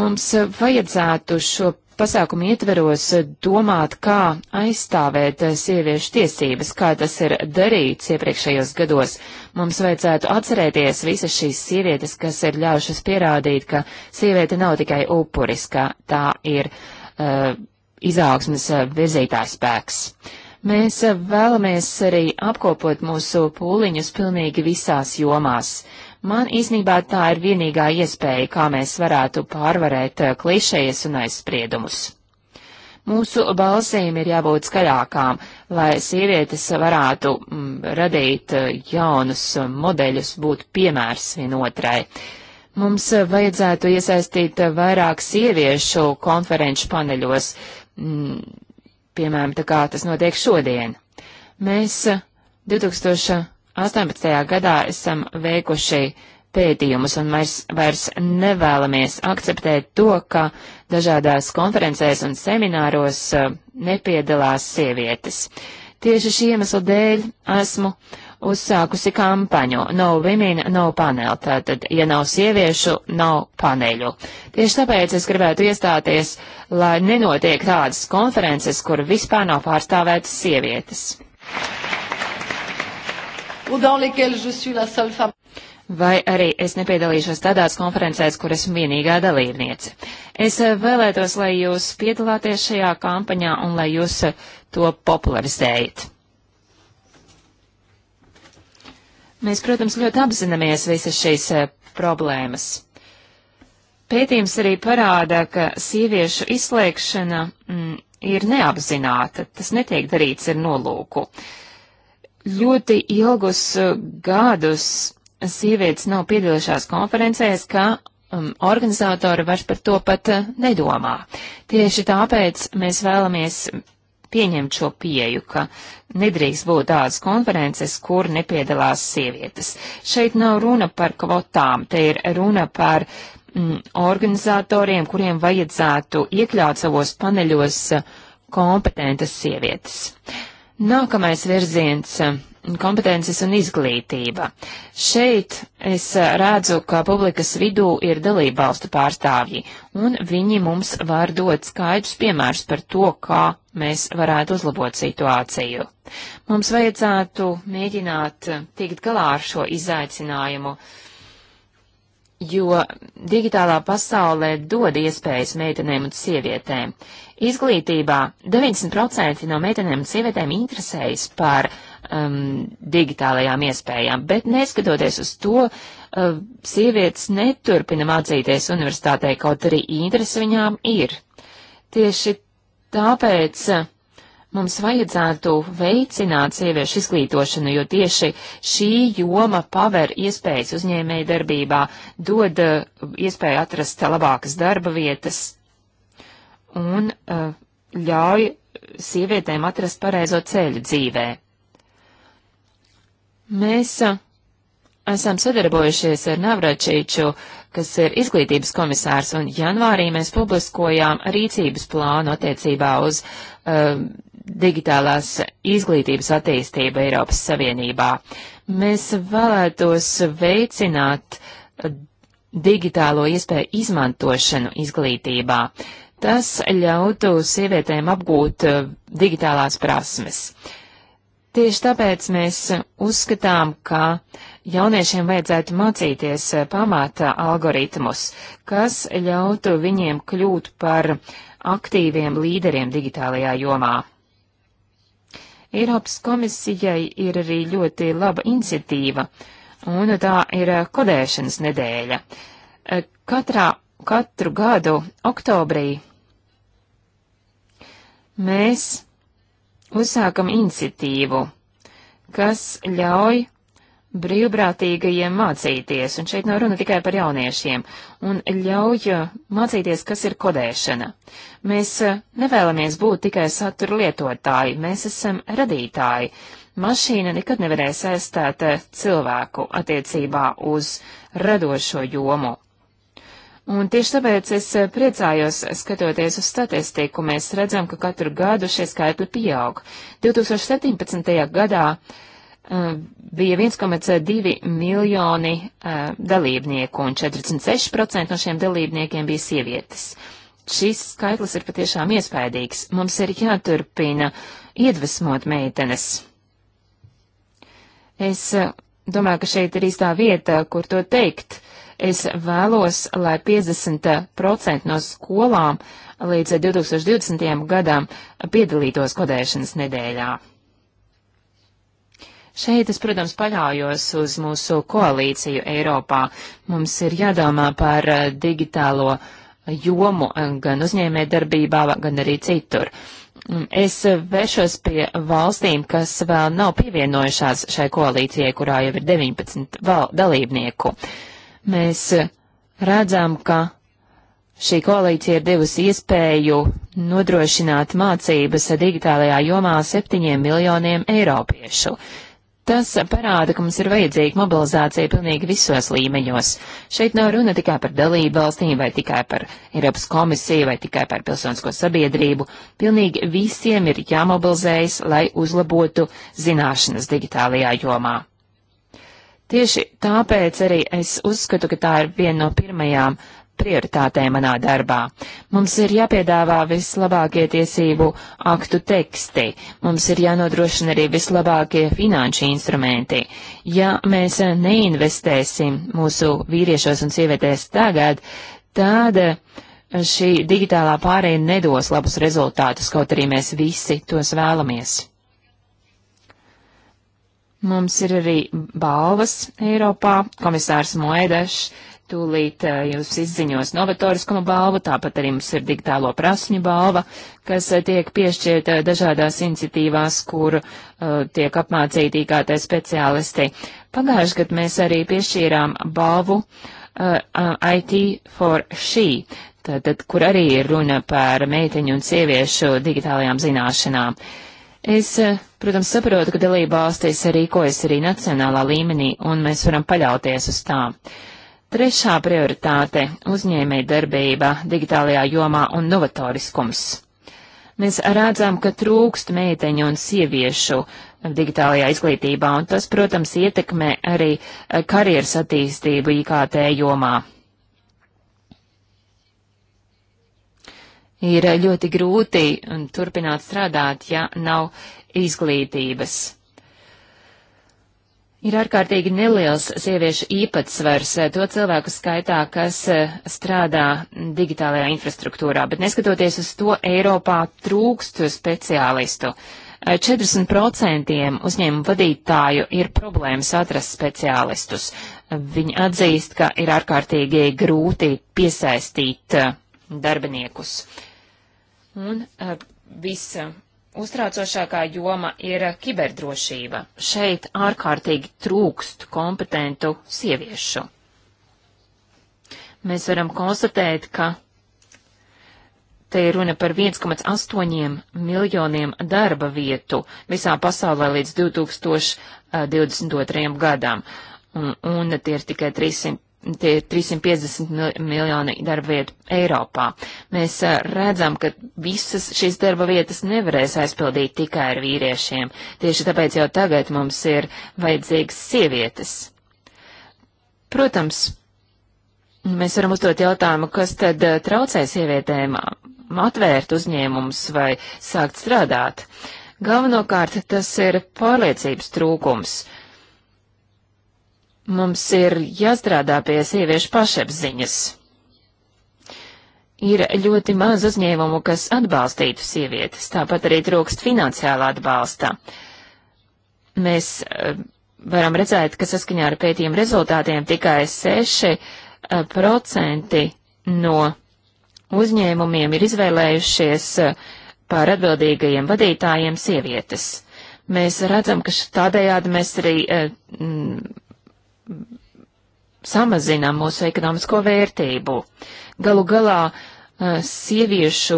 Mums vajadzētu šo pasākumu ietveros domāt, kā aizstāvēt sieviešu tiesības, kā tas ir darīts iepriekšējos gados. Mums vajadzētu atcerēties visas šīs sievietes, kas ir ļaušas pierādīt, ka sieviete nav tikai upuris, ka tā ir uh, izaugsmes uh, virzītājs spēks. Mēs uh, vēlamies arī apkopot mūsu pūliņus pilnīgi visās jomās. Uh, Man īsnībā tā ir vienīgā iespēja, kā mēs varētu pārvarēt eh, klišejas un aizspriedumus. Mūsu balsīm ir jābūt skaļākām, lai sievietes varētu m, mm, radīt eh, jaunus modeļus, būt piemērs vienotrai. Mums vajadzētu iesaistīt vairāk sieviešu konferenču paneļos, m, mm, piemēram, tā kā tas notiek šodien. Mēs 2000. Eh, 18. gadā esam veikuši pētījumus un mēs vairs nevēlamies akceptēt to, ka dažādās konferencēs un semināros uh, nepiedalās sievietes. Tieši šī iemesla dēļ esmu uzsākusi kampaņu No Women, No Panel, tātad, ja nav sieviešu, nav paneļu. Tieši tāpēc es gribētu iestāties, lai nenotiek tādas konferences, kur vispār nav pārstāvētas sievietes. Thank you dans lesquelles je suis la seule femme. Vai arī es nepiedalīšos tādās konferencēs, kur esmu vienīgā dalībniece. Es eh, vēlētos, lai jūs piedalāties šajā kampaņā un lai jūs eh, to popularizējat. Mēs, protams, ļoti apzināmies visas šīs eh, problēmas. Pētījums arī parāda, ka sieviešu izslēgšana mm, ir neapzināta, tas netiek darīts ar nolūku. Uh, ļoti ilgus uh, gadus sievietes nav piedalījušās konferencēs, ka um, organizatori vairs par to pat uh, nedomā. Tieši tāpēc mēs vēlamies pieņemt šo pieju, ka nedrīkst būt tādas konferences, kur nepiedalās sievietes. Šeit nav runa par kvotām, te ir runa par mm, organizatoriem, kuriem vajadzētu iekļaut savos paneļos uh, kompetentas sievietes. Uh, Nākamais virziens - kompetences un izglītība. Šeit es redzu, ka publikas vidū ir dalība valstu pārstāvji, un viņi mums var dot skaidrs piemērs par to, kā mēs varētu uzlabot situāciju. Mums vajadzētu mēģināt tikt galā ar šo izaicinājumu jo digitālā pasaulē dod iespējas meitenēm un sievietēm. Izglītībā 90% no meitenēm un sievietēm interesējas par um, digitālajām iespējām, bet neskatoties uz to, uh, sievietes neturpina mācīties universitātē, kaut arī interesi viņām ir. Tieši tāpēc uh, mums vajadzētu veicināt sieviešu izglītošanu, jo tieši šī joma paver iespējas uzņēmēja darbībā, dod uh, iespēju atrast labākas darba vietas un uh, ļauj sievietēm atrast pareizo ceļu dzīvē. Mēs uh, esam sadarbojušies ar Navračīču, kas ir izglītības komisārs, un janvārī mēs publiskojām rīcības plānu attiecībā uz uh, digitālās izglītības attīstību Eiropas Savienībā. Mēs vēlētos veicināt uh, digitālo iespēju izmantošanu izglītībā. Tas ļautu sievietēm apgūt eh, digitālās prasmes. Tieši tāpēc mēs uzskatām, ka jauniešiem vajadzētu mācīties eh, pamata algoritmus, kas ļautu viņiem kļūt par aktīviem līderiem digitālajā jomā. Eiropas komisijai ir arī ļoti laba iniciatīva, un tā ir eh, kodēšanas nedēļa. Katrā, katru gadu oktobrī mēs uzsākam iniciatīvu, kas ļauj brīvprātīgajiem mācīties, un šeit nav runa tikai par jauniešiem, un ļauj uh, mācīties, kas ir kodēšana. Mēs uh, nevēlamies būt tikai satura lietotāji, mēs esam radītāji. Mašīna nekad nevarēs aizstāt uh, cilvēku attiecībā uz radošo jomu. Un tieši tāpēc es eh, priecājos, skatoties uz statistiku, mēs redzam, ka katru gadu šie skaitļi pieaug. 2017. gadā uh, bija 1,2 miljoni uh, dalībnieku, un 46% no šiem dalībniekiem bija sievietes. Šis skaitlis ir patiešām iespaidīgs. Mums ir jāturpina iedvesmot meitenes. Es uh, domāju, ka šeit ir īstā vieta, kur to teikt Es vēlos, lai 50% no skolām līdz 2020. gadam piedalītos kodēšanas nedēļā. Šeit es, protams, paļaujos uz mūsu koalīciju Eiropā. Mums ir jādomā par eh, digitālo jomu eh, gan uzņēmē darbībā, gan arī citur. Mm, es vēršos pie valstīm, kas vēl nav pievienojušās šai koalīcijai, kurā jau ir 19 dalībnieku. Uh, Mēs redzam, ka šī koalīcija ir devusi iespēju nodrošināt mācības digitālajā jomā septiņiem miljoniem eiropiešu. Tas parāda, ka mums ir vajadzīga mobilizācija pilnīgi visos līmeņos. Šeit nav runa tikai par dalību valstīm, vai tikai par Eiropas komisiju, vai tikai par pilsonisko sabiedrību. Pilnīgi visiem ir jāmobilizējas, lai uzlabotu zināšanas digitālajā jomā. Tieši tāpēc arī es uzskatu, ka tā ir viena no pirmajām prioritātēm manā darbā. Mums ir jāpiedāvā vislabākie tiesību aktu teksti, mums ir jānodrošina arī vislabākie finanšu instrumenti. Ja mēs neinvestēsim mūsu vīriešos un sievietēs tagad, tad šī digitālā pārēja nedos labus rezultātus, kaut arī mēs visi tos vēlamies. Mums ir arī balvas Eiropā. Komisārs Moedašs tūlīt eh, jūs izziņos novatoriskumu balvu, tāpat arī mums ir digitālo prasņu balva, kas eh, tiek piešķirta dažādās iniciatīvās, kur uh, tiek apmācīti IKT speciālisti. Pagājuši gadu mēs arī piešķīrām balvu uh, IT for She, tātad, kur arī ir runa par meiteņu un sieviešu digitālajām zināšanām. Uh, Es, eh, protams, saprotu, ka dalība valstīs rīkojas arī nacionālā līmenī, un mēs varam paļauties uz tām. Trešā prioritāte - uzņēmēja darbība digitālajā jomā un novatoriskums. Mēs redzam, ka trūkst meiteņu un sieviešu eh, digitālajā izglītībā, un tas, protams, ietekmē arī eh, karjeras attīstību IKT jomā. ir ļoti grūti um, turpināt strādāt, ja nav izglītības. Ir ārkārtīgi neliels sieviešu īpatsvars eh, to cilvēku skaitā, kas eh, strādā digitālajā infrastruktūrā, bet neskatoties uz to, Eiropā trūkst speciālistu. 40% eh, uzņēmumu vadītāju ir problēmas atrast speciālistus. Viņi atzīst, ka ir ārkārtīgi grūti piesaistīt darbiniekus. Un uh, visa uztraucošākā joma ir eh, kiberdrošība. Šeit ārkārtīgi trūkst kompetentu sieviešu. Mēs varam konstatēt, ka te ir runa par 1,8 miljoniem darba vietu visā pasaulē līdz 2022. gadam, un, un tie ir tikai 300 tie ir 350 miljoni darba vietu Eiropā. Mēs eh, redzam, ka visas šīs darba vietas nevarēs aizpildīt tikai ar vīriešiem. Tieši tāpēc jau tagad mums ir vajadzīgas sievietes. Protams, mēs varam uzdot jautājumu, kas tad eh, traucē sievietēm atvērt uzņēmumus vai sākt strādāt. Galvenokārt tas ir pārliecības trūkums Mums ir jāstrādā pie sieviešu pašapziņas. Ir ļoti maz uzņēmumu, kas atbalstītu sievietes, tāpat arī trūkst finansiāla atbalsta. Mēs eh, varam redzēt, ka saskaņā ar pētījumu rezultātiem tikai 6% eh, no uzņēmumiem ir izvēlējušies eh, par atbildīgajiem vadītājiem sievietes. Mēs redzam, ka tādējādi mēs arī mm, samazina mūsu ekonomisko vērtību. Galu galā eh, sieviešu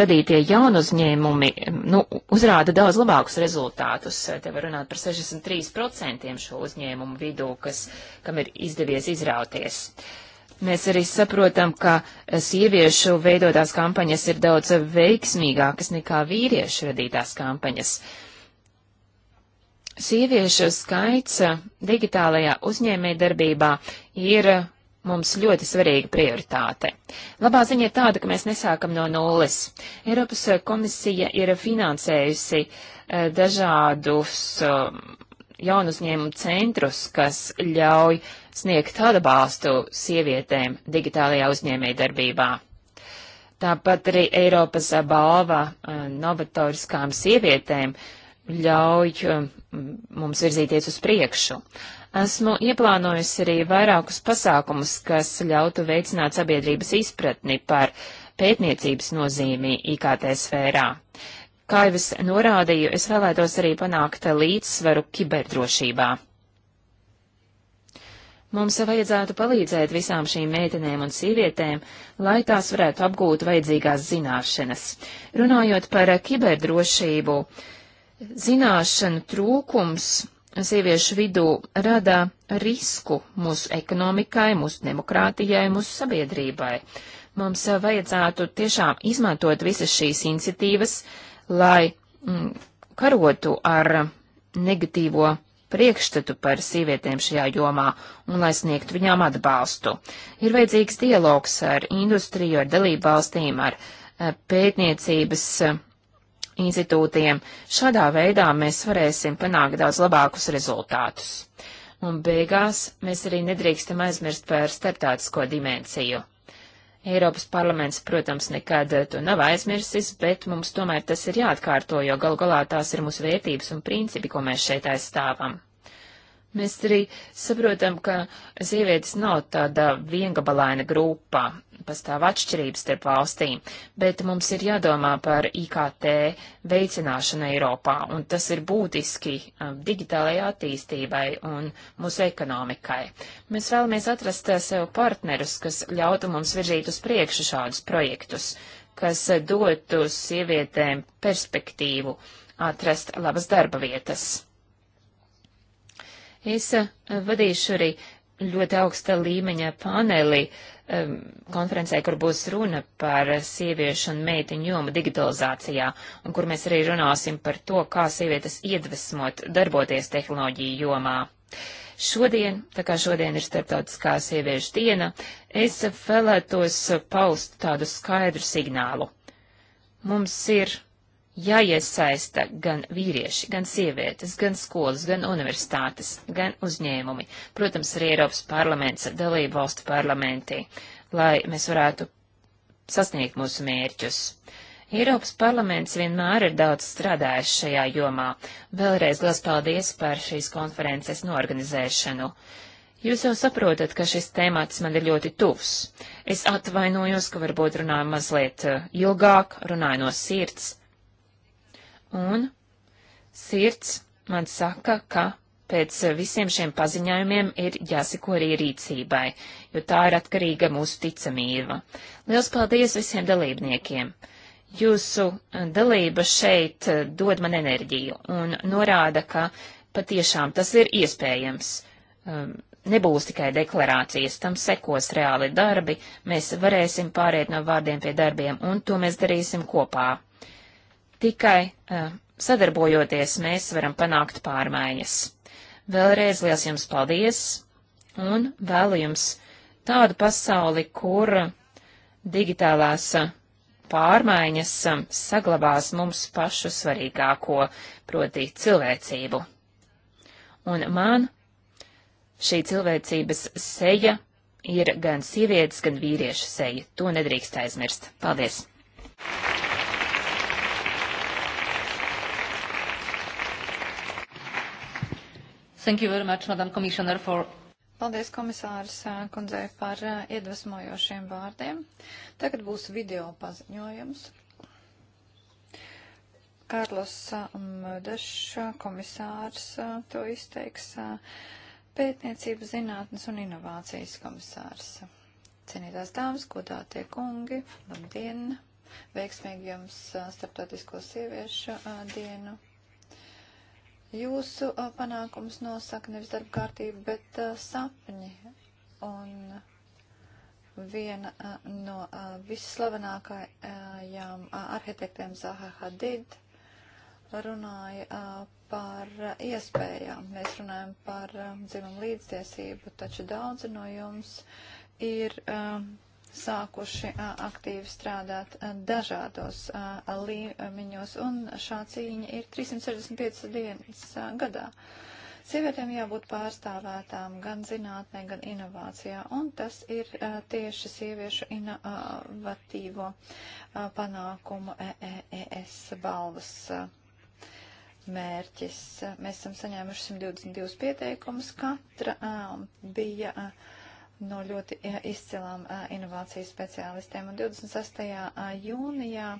radītie jaunuzņēmumi nu, uzrāda daudz labākus rezultātus. Te var runāt par 63% šo uzņēmumu vidū, kas, kam ir izdevies izrauties. Mēs arī saprotam, ka sieviešu veidotās kampaņas ir daudz veiksmīgākas nekā vīriešu radītās kampaņas. Uh, Sieviešu skaits eh, digitālajā uzņēmējdarbībā ir eh, mums ļoti svarīga prioritāte. Labā ziņa ir tāda, ka mēs nesākam no nulles. Eiropas eh, komisija ir finansējusi dažādus jaunu uzņēmumu centrus, kas ļauj sniegt atbalstu sievietēm digitālajā uzņēmējdarbībā. Tāpat arī Eiropas balva novatoriskām sievietēm uh, ļauj um, mums virzīties uz priekšu. Esmu ieplānojusi arī vairākus pasākumus, kas ļautu veicināt sabiedrības izpratni par pētniecības nozīmi IKT sfērā. Kā jau es norādīju, es vēlētos arī panākt līdzsvaru kiberdrošībā. Mums vajadzētu palīdzēt visām šīm meitenēm un sievietēm, lai tās varētu apgūt vajadzīgās zināšanas. Runājot par kiberdrošību, uh, zināšanu trūkums sieviešu vidū rada risku mūsu ekonomikai, mūsu demokrātijai, mūsu sabiedrībai. Mums vajadzētu tiešām izmantot visas šīs iniciatīvas, lai mm, karotu ar negatīvo priekšstatu par sievietēm šajā jomā un lai sniegtu viņām atbalstu. Ir vajadzīgs dialogs ar industriju, ar dalību valstīm, ar eh, pētniecības institūtiem. Šādā veidā mēs varēsim panākt daudz labākus rezultātus. Un beigās mēs arī nedrīkstam aizmirst par starptautisko dimensiju. Eiropas parlaments, protams, nekad to nav aizmirsis, bet mums tomēr tas ir jāatkārto, jo gal galā tās ir mūsu vērtības un principi, ko mēs šeit aizstāvam. Mēs arī saprotam, ka sievietes nav tāda viengabalaina grupa, pastāv atšķirības starp valstīm, bet mums ir jādomā par IKT veicināšanu Eiropā, un tas ir būtiski um, digitālajai attīstībai un mūsu ekonomikai. Mēs vēlamies atrast uh, sev partnerus, kas ļautu mums virzīt uz priekšu šādus projektus, kas uh, dotu sievietēm perspektīvu atrast labas darba vietas. Es eh, vadīšu arī ļoti augsta līmeņa paneli um, konferencē, kur būs runa par sieviešu un meitiņu jomu digitalizācijā, un kur mēs arī runāsim par to, kā sievietes iedvesmot darboties tehnoloģiju jomā. Šodien, tā kā šodien ir starptautiskā sieviešu diena, es vēlētos paust tādu skaidru signālu. Mums ir jāiesaista gan vīrieši, gan sievietes, gan skolas, gan universitātes, gan uzņēmumi, protams, arī Eiropas parlaments, dalību valstu parlamenti, lai mēs varētu sasniegt mūsu mērķus. Eiropas parlaments vienmēr ir daudz strādājis šajā jomā. Vēlreiz liels paldies par šīs konferences norganizēšanu. Jūs jau saprotat, ka šis temats man ir ļoti tuvs. Es atvainojos, ka varbūt runāju mazliet eh, ilgāk, runāju no sirds, un sirds man saka, ka pēc visiem šiem paziņojumiem ir jāseko arī rīcībai, jo tā ir atkarīga mūsu ticamība. Liels paldies visiem dalībniekiem! Jūsu dalība šeit dod man enerģiju un norāda, ka patiešām tas ir iespējams. Um, nebūs tikai deklarācijas, tam sekos reāli darbi, mēs varēsim pāriet no vārdiem pie darbiem, un to mēs darīsim kopā. Tikai uh, sadarbojoties mēs varam panākt pārmaiņas. Vēlreiz liels jums paldies un vēlu jums tādu pasauli, kur digitālās eh, pārmaiņas eh, saglabās mums pašu svarīgāko, proti cilvēcību. Un man šī cilvēcības seja ir gan sievietes, gan vīriešu seja. To nedrīkst aizmirst. Paldies! Thank you. Thank you very much, Madam Commissioner, for. Paldies komisārs eh, kundzei par eh, iedvesmojošiem vārdiem. Tagad būs video paziņojums. Kārlos eh, Mudešs, komisārs, to izteiks pētniecības zinātnes un inovācijas komisārs. Cienītās dāmas, godātie kungi, labdien! Veiksmīgi jums starptautisko sieviešu dienu! Jūsu panākums nosaka nevis darba kārtība, bet sapņi. Un viena no visslavenākajām arhitektēm Zaha Hadid runāja par iespējām. Mēs runājam par dzimumu līdztiesību, taču daudzi no jums ir. Uh, sākuši aktīvi strādāt dažādos līmeņos, un šā cīņa ir 365 dienas gadā. Sievietēm jābūt pārstāvētām gan zinātnē, gan inovācijā, un tas ir uh, tieši sieviešu inovatīvo uh, panākumu EES balvas uh, mērķis. Mēs esam saņēmuši 122 pieteikumus, katra bija. Uh, no ļoti e, izcilām e, inovāciju speciālistiem. Un 26. E, jūnijā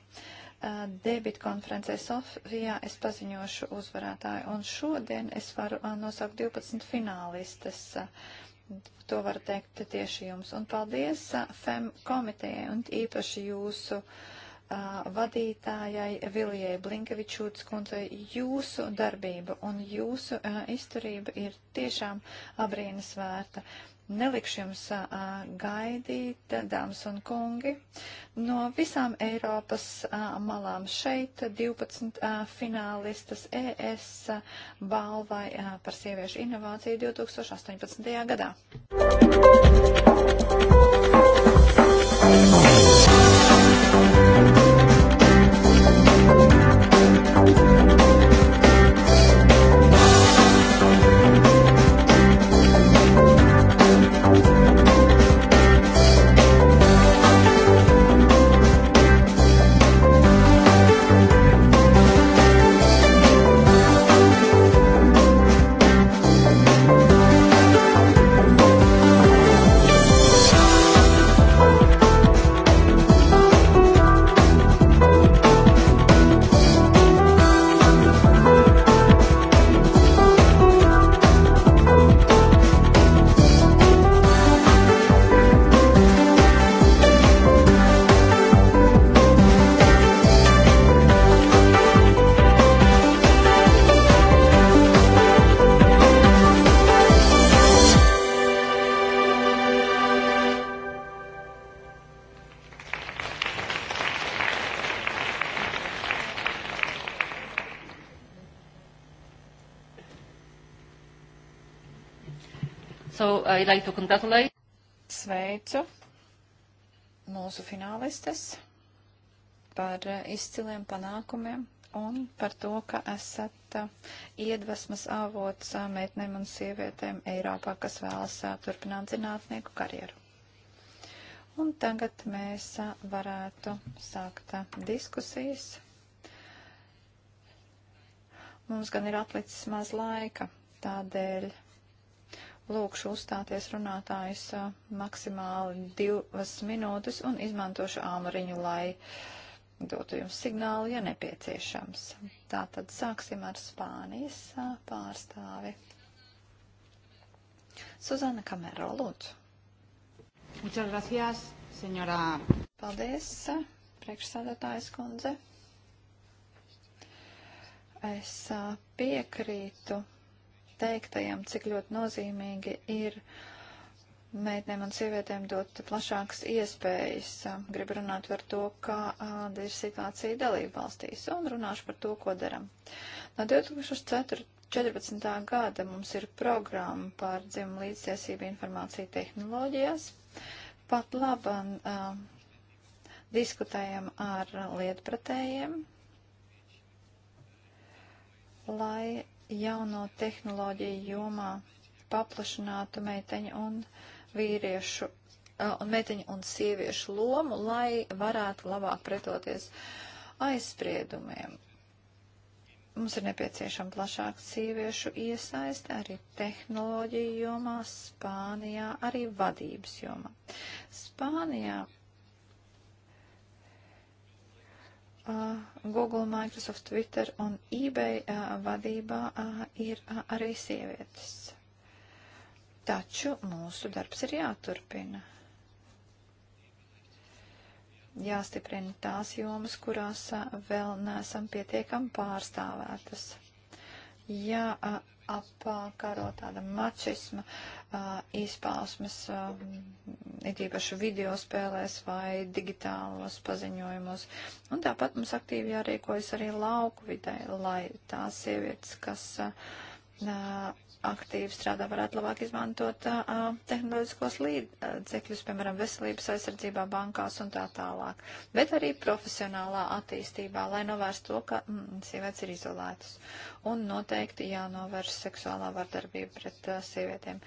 debita konferencē Sofijā es paziņošu uzvarētāju. Un šodien es varu nosaukt 12 finālistes. To var teikt tieši jums. Un paldies FEM komitejai un īpaši jūsu vadītājai Vilijai Blinkevičūtas kundzei jūsu darbība un jūsu uh, izturība ir tiešām abrīnas vērta. Nelikšu jums uh, gaidīt, dāmas un kungi, no visām Eiropas uh, malām šeit 12 uh, finālistas ES balvai uh, par sieviešu inovāciju 2018. gadā. I'd like to congratulate. Sveicu mūsu finālistes par eh, izciliem panākumiem un par to, ka esat eh, iedvesmas avots eh, meitnēm un sievietēm Eiropā, kas vēlas turpināt zinātnieku karjeru. Un tagad mēs varētu sākt diskusijas. Mums gan ir atlicis maz laika, tādēļ lūkšu uzstāties runātājs maksimāli divas minūtes un izmantošu āmariņu, lai dotu jums signālu, ja nepieciešams. Tā tad sāksim ar Spānijas pārstāvi. Suzana Kamero, lūdzu. Muchas gracias, señora. Paldies, priekšsādātājs kundze. Es piekrītu teiktajam, cik ļoti nozīmīgi ir meitnēm un sievietēm dot plašākas iespējas. Gribu runāt par to, kāda ir situācija dalību valstīs, un runāšu par to, ko daram. No 2014. gada mums ir programma par dzimumu līdztiesību informāciju tehnoloģijās. Pat laban uh, diskutējam ar lietpratējiem, lai jauno tehnoloģiju jomā paplašinātu meiteņu un vīriešu, un meiteņu un sieviešu lomu, lai varētu labāk pretoties aizspriedumiem. Mums ir nepieciešama plašāka sieviešu iesaiste arī tehnoloģiju jomā, Spānijā, arī vadības jomā. Spānijā Google, Microsoft, Twitter un eBay vadībā ir arī sievietes. Taču mūsu darbs ir jāturpina. Jāstiprina tās jomas, kurās vēl neesam pietiekami pārstāvētas. Jā, apkaro tāda mačisma uh, izpausmes, it īpaši video spēlēs vai digitālos paziņojumos. Un tāpat mums aktīvi jārīkojas arī lauku vidē, lai tās sievietes, kas aktīvi strādā, varētu labāk izmantot uh, tehnoloģiskos līdzekļus, piemēram, veselības aizsardzībā, bankās un tā tālāk. Bet arī profesionālā attīstībā, lai novērstu to, ka mm, sievietes ir izolētas. Un noteikti jānovērš seksuālā vardarbība pret uh, sievietēm.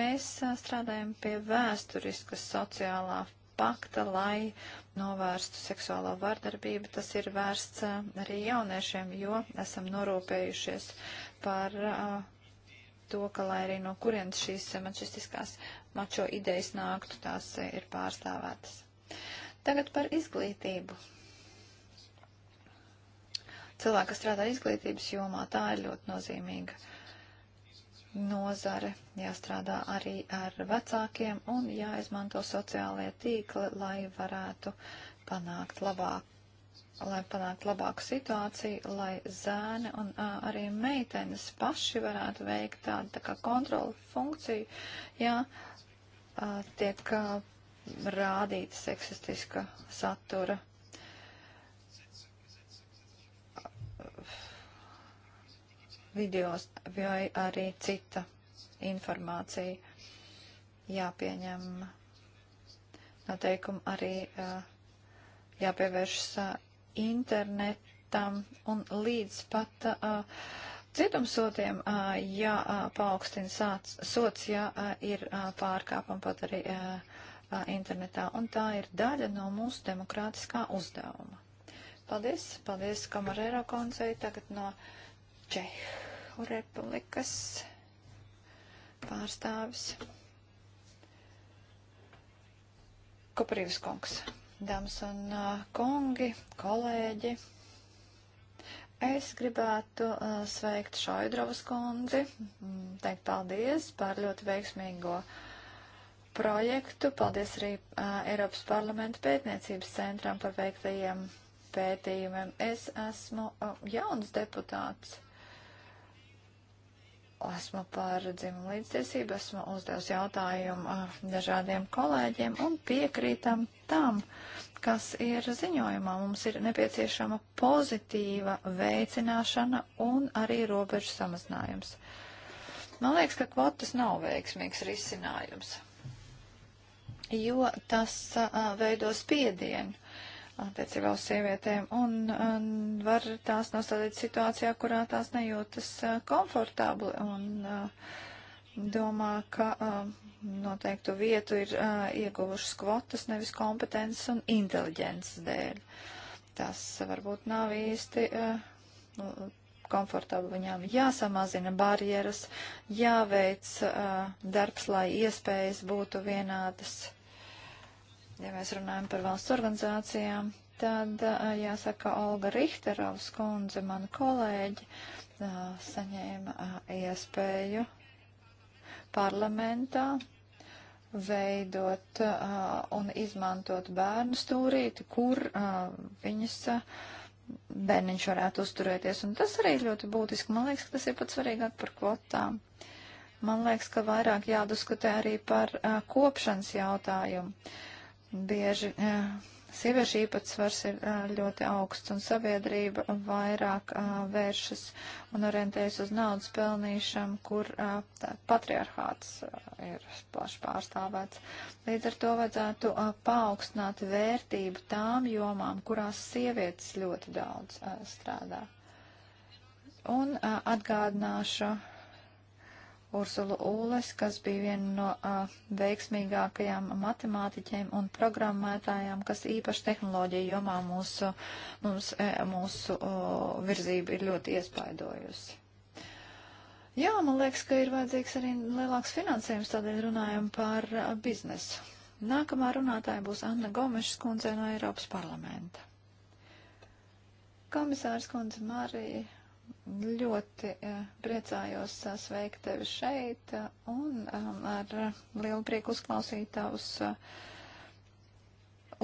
Mēs uh, strādājam pie vēsturiskas sociālā pakta, lai novērstu seksuālo vardarbību. Tas ir vērsts arī jauniešiem, jo esam norūpējušies par uh, to, ka lai arī no kurienes šīs mačistiskās mačo idejas nāktu, tās e, ir pārstāvētas. Tagad par izglītību. Cilvēki, kas strādā izglītības jomā, tā ir ļoti nozīmīga nozare, jāstrādā arī ar vecākiem un jāizmanto sociālajie tīkli, lai varētu panākt labāk lai panāktu labāku situāciju, lai zēni un a, arī meitenes paši varētu veikt tādu tā kā kontrolu funkciju, ja a, tiek a, rādīta seksistiska satura. videos vai arī cita informācija jāpieņem noteikumi arī uh, jāpievēršas internetam un līdz pat uh, cietumsodiem uh, ja uh, paaugstina sāc, sots, ja uh, ir uh, pārkāpumi pat arī uh, uh, internetā. Un tā ir daļa no mūsu demokrātiskā uzdevuma. Paldies, paldies Kamarēro koncei, tagad no Čehu republikas pārstāvis. Koprīvas kungs dāmas un kungi, kolēģi. Es gribētu uh, sveikt Šaidrovas kundzi, teikt paldies par ļoti veiksmīgo projektu. Paldies arī uh, Eiropas parlamenta pētniecības centram par veiktajiem pētījumiem. Es esmu uh, jauns deputāts esmu par dzimumu līdztiesību, esmu uzdevusi jautājumu ah, dažādiem kolēģiem un piekrītam tam, kas ir ziņojumā. Mums ir nepieciešama pozitīva veicināšana un arī robežu samazinājums. Man liekas, ka kvotas nav veiksmīgs risinājums, jo tas a, ah, veido spiedienu attiecībā uz sievietēm, un, un var tās nostādīt situācijā, kurā tās nejūtas uh, komfortabli un uh, domā, ka uh, noteiktu vietu ir uh, ieguvušas kvotas, nevis kompetences un inteliģences dēļ. Tas varbūt nav īsti uh, komfortabli viņām. Jāsamazina barjeras, jāveic uh, darbs, lai iespējas būtu vienādas ja mēs runājam par valsts organizācijām, tad jāsaka Olga Rihterovs kundze, mana kolēģi, saņēma iespēju parlamentā veidot uh, un izmantot bērnu stūrīti, kur uh, viņas uh, bērniņš varētu uzturēties. Un tas arī ļoti būtiski. Man liekas, ka tas ir pat svarīgāk par kvotām. Man liekas, ka vairāk jādiskutē arī par uh, kopšanas jautājumu. Bieži sieviešu īpatsvars ir ļoti augsts un sabiedrība vairāk vēršas un orientējas uz naudas pelnīšanu, kur tā, patriarchāts ir plaši pārstāvēts. Līdz ar to vajadzētu paaugstināt vērtību tām jomām, kurās sievietes ļoti daudz strādā. Un atgādināšu Ursula Ūles, kas bija viena no uh, veiksmīgākajām matemātiķiem un programmētājām, kas īpaši tehnoloģija jomā mūsu, mums, e, mūsu uh, virzību ir ļoti iespaidojusi. Jā, man liekas, ka ir vajadzīgs arī lielāks finansējums, tādēļ runājam par uh, biznesu. Nākamā runātāja būs Anna Gomeša skundze no Eiropas parlamenta. Komisārs kundze Marija Ļoti eh, priecājos eh, sveikt tevi šeit eh, un ar lielu prieku uzklausīt tavus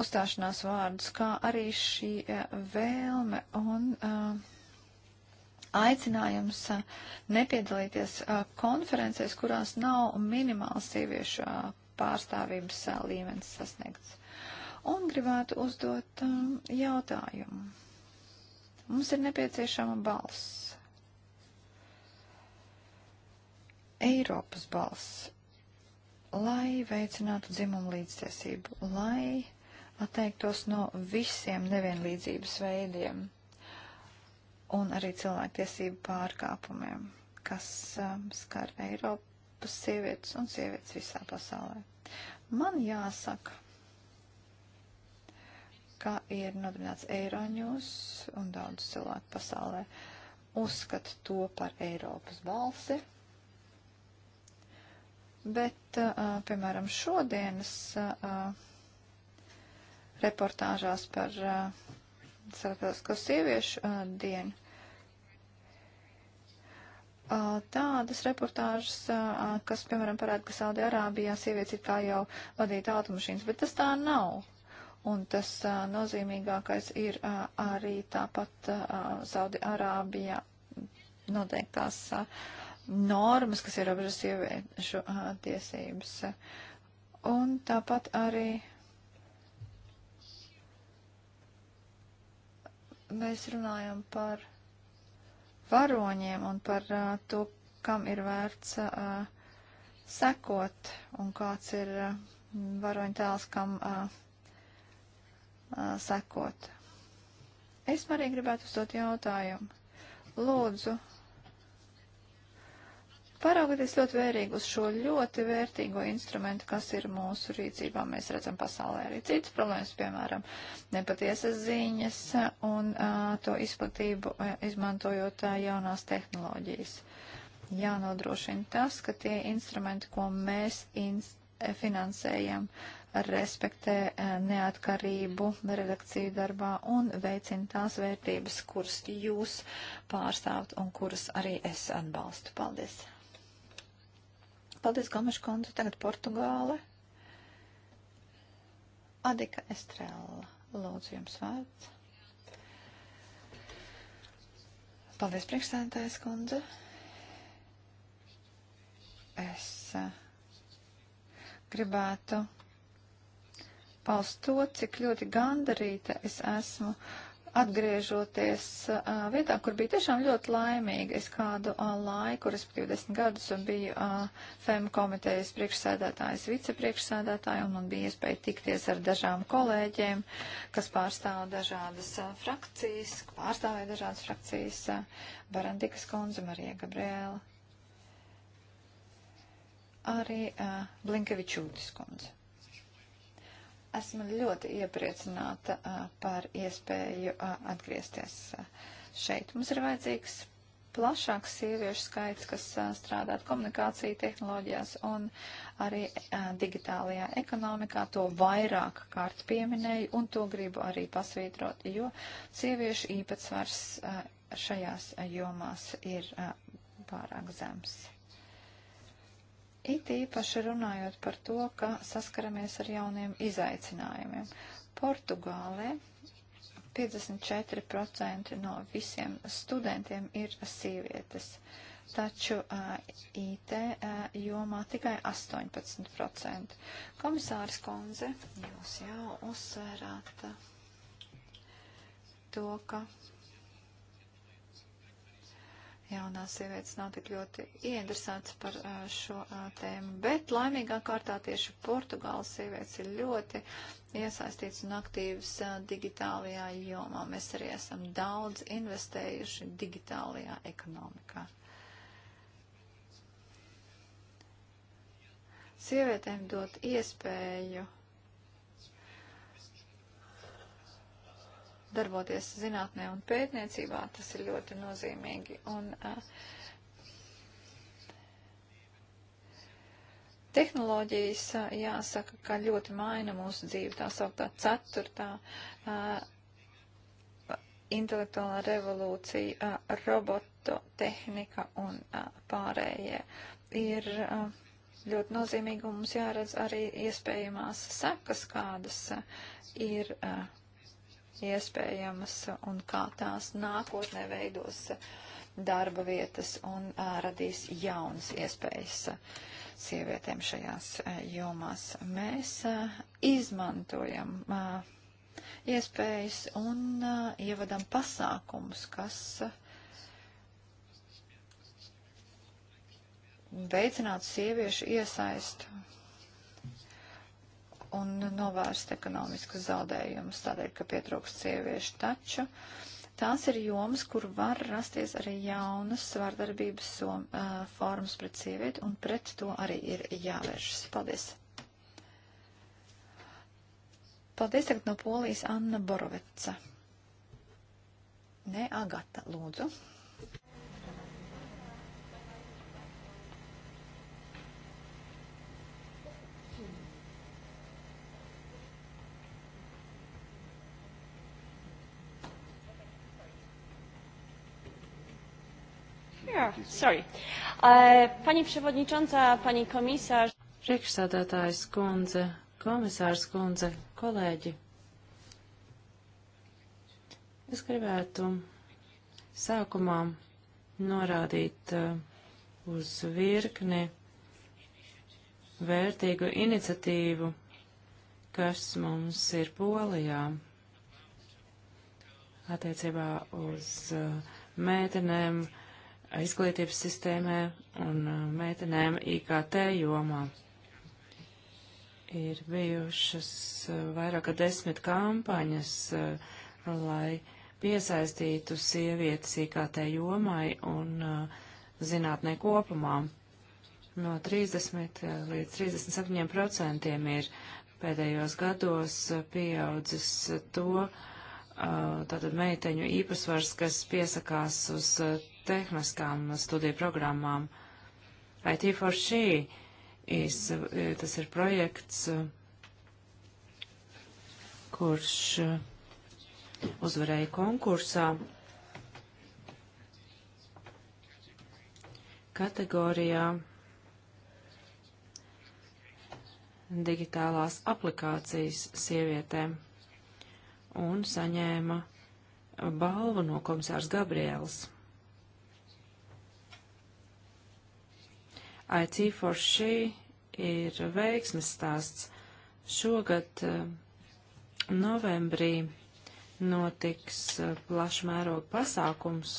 uzstāšanās vārdus, kā arī šī vēlme un aicinājums nepiedalīties konferencēs, kurās nav minimāls sieviešu pārstāvības līmenis sasniegts. Un gribētu uzdot jautājumu Mums ir nepieciešama balss. Eiropas balss, lai veicinātu dzimumu līdztiesību, lai atteiktos no visiem nevienlīdzības veidiem un arī cilvēktiesību pārkāpumiem, kas um, skar Eiropas sievietes un sievietes visā pasaulē. Man jāsaka, ka ir nodibināts Eiroņus un daudz cilvēku pasaulē uzskata to par Eiropas balsi. Bet, uh, uh piemēram, šodienas uh, uh, reportāžās par uh, starptautisko sieviešu uh, dienu uh, tādas reportāžas, kas, piemēram, parāda, ka Saudi Arābijā sievietes ir kā jau vadīta automašīnas, bet tas tā nav. Un tas a, nozīmīgākais ir a, arī tāpat Saudi-Arābijā noteiktās a, normas, kas ir apžas sieviešu tiesības. Un tāpat arī mēs runājam par varoņiem un par to, kam ir vērts sekot un kāds ir varoņtēls, kam. A, uh, sekot. Es arī gribētu uzdot jautājumu. Lūdzu, paraugieties ļoti vērīgi uz šo ļoti vērtīgo instrumentu, kas ir mūsu rīcībā. Mēs redzam pasaulē arī citas problēmas, piemēram, nepatiesas ziņas un uh, to izplatību uh, izmantojot uh, jaunās tehnoloģijas. Jānodrošina tas, ka tie instrumenti, ko mēs inst finansējam, respektē eh, neatkarību redakciju darbā un veicina tās vērtības, kuras jūs pārstāvat un kuras arī es atbalstu. Paldies! Paldies, Gomeša kundze. Tagad Portugāle. Adika Estrella. Lūdzu, jums vārds. Paldies, priekšstādātājs kundze. Es eh, gribētu paust to, cik ļoti gandarīta es esmu atgriežoties uh, vietā, kur bija tiešām ļoti laimīga. Es kādu uh, laiku, respektīvi desmit gadus, biju uh, FEM komitejas priekšsēdētājs, vicepriekšsēdētāja, un man bija iespēja tikties ar dažām kolēģiem, kas pārstāv dažādas uh, frakcijas, pārstāvēja dažādas frakcijas, uh, Barandikas konze, Marija Gabriela, arī uh, Blinkevičūtis konze. Esmu ļoti iepriecināta par iespēju atgriezties šeit. Mums ir vajadzīgs plašāks sieviešu skaits, kas strādāt komunikāciju tehnoloģijās un arī digitālajā ekonomikā. To vairāk kārt pieminēju un to gribu arī pasvītrot, jo sieviešu īpatsvars šajās jomās ir pārāk zems. It īpaši runājot par to, ka saskaramies ar jauniem izaicinājumiem. Portugālē 54% no visiem studentiem ir sievietes, taču uh, IT uh, jomā tikai 18%. Komisārs Konze, jūs jau uzsvērāt uh, to, ka jaunās sievietes nav tik ļoti ieinteresētas par šo tēmu, bet laimīgā kārtā tieši Portugāles sievietes ir ļoti iesaistīts un aktīvs digitālajā jomā. Mēs arī esam daudz investējuši digitālajā ekonomikā. Sievietēm dot iespēju darboties zinātnē un pētniecībā, tas ir ļoti nozīmīgi. Un, uh, tehnoloģijas, uh, jāsaka, ka ļoti maina mūsu dzīvi, tā sauktā ceturtā uh, intelektuālā revolūcija, robotu tehnika un pārējie ir ļoti nozīmīgi, un mums jāredz arī iespējamās sekas, kādas ir uh, iespējamas un kā tās nākotnē veidos darba vietas un a, radīs jaunas iespējas sievietēm šajās a, jomās. Mēs a, izmantojam iespējas un ievadam pasākumus, kas veicinātu sieviešu iesaistu un novērst ekonomiskus zaudējumus, tādēļ, ka pietrūkst sieviešu. Taču tās ir jomas, kur var rasties arī jaunas svārdarbības uh, formas pret sievieti, un pret to arī ir jāvēršas. Paldies! Paldies tagad no Polijas Anna Boroveca. Nē, Agata, lūdzu. Sorry. Uh, pani Przewodnicząca, Pani Komisārs. Priekšsādātājs kundze, komisārs kundze, kolēģi. Es gribētu sākumā norādīt uh, uz virkni vērtīgu iniciatīvu, kas mums ir Polijā attiecībā uz uh, mētenēm, uh, izglītības sistēmē un uh, meitenēm IKT jomā. Ir bijušas uh, vairāk kā desmit kampaņas, uh, lai piesaistītu sievietes IKT jomai un zinātnē kopumā. No 30 līdz 37 procentiem ir pēdējos gados pieaudzis to, uh, tātad meiteņu īpašsvars, kas piesakās uz tehniskām studiju programmām. IT for She, is, tas ir projekts, kurš uzvarēja konkursā kategorijā digitālās aplikācijas sievietēm un saņēma balvu no komisārs Gabriels. IT for She ir veiksmes stāsts. Šogad eh, novembrī notiks eh, plašmēroga pasākums,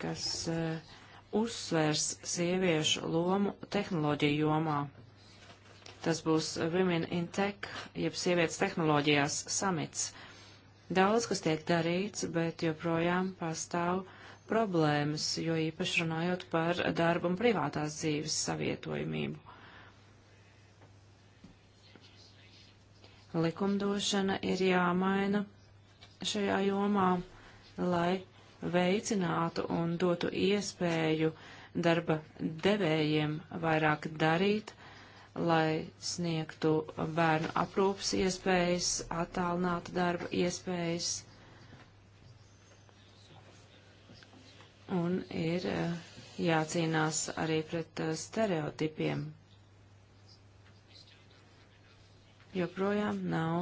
kas eh, uzsvērs sieviešu lomu tehnoloģiju jomā. Tas būs Women in Tech, jeb sievietes tehnoloģijās samits. Daudz, kas tiek darīts, bet joprojām pastāv problēmas, jo īpaši runājot par darbu un privātās dzīves savietojumību. Likumdošana ir jāmaina šajā jomā, lai veicinātu un dotu iespēju darba devējiem vairāk darīt, uh, lai sniegtu bērnu aprūpas iespējas, attālināta darba iespējas. Un ir eh, jācīnās arī pret eh, stereotipiem. Joprojām nav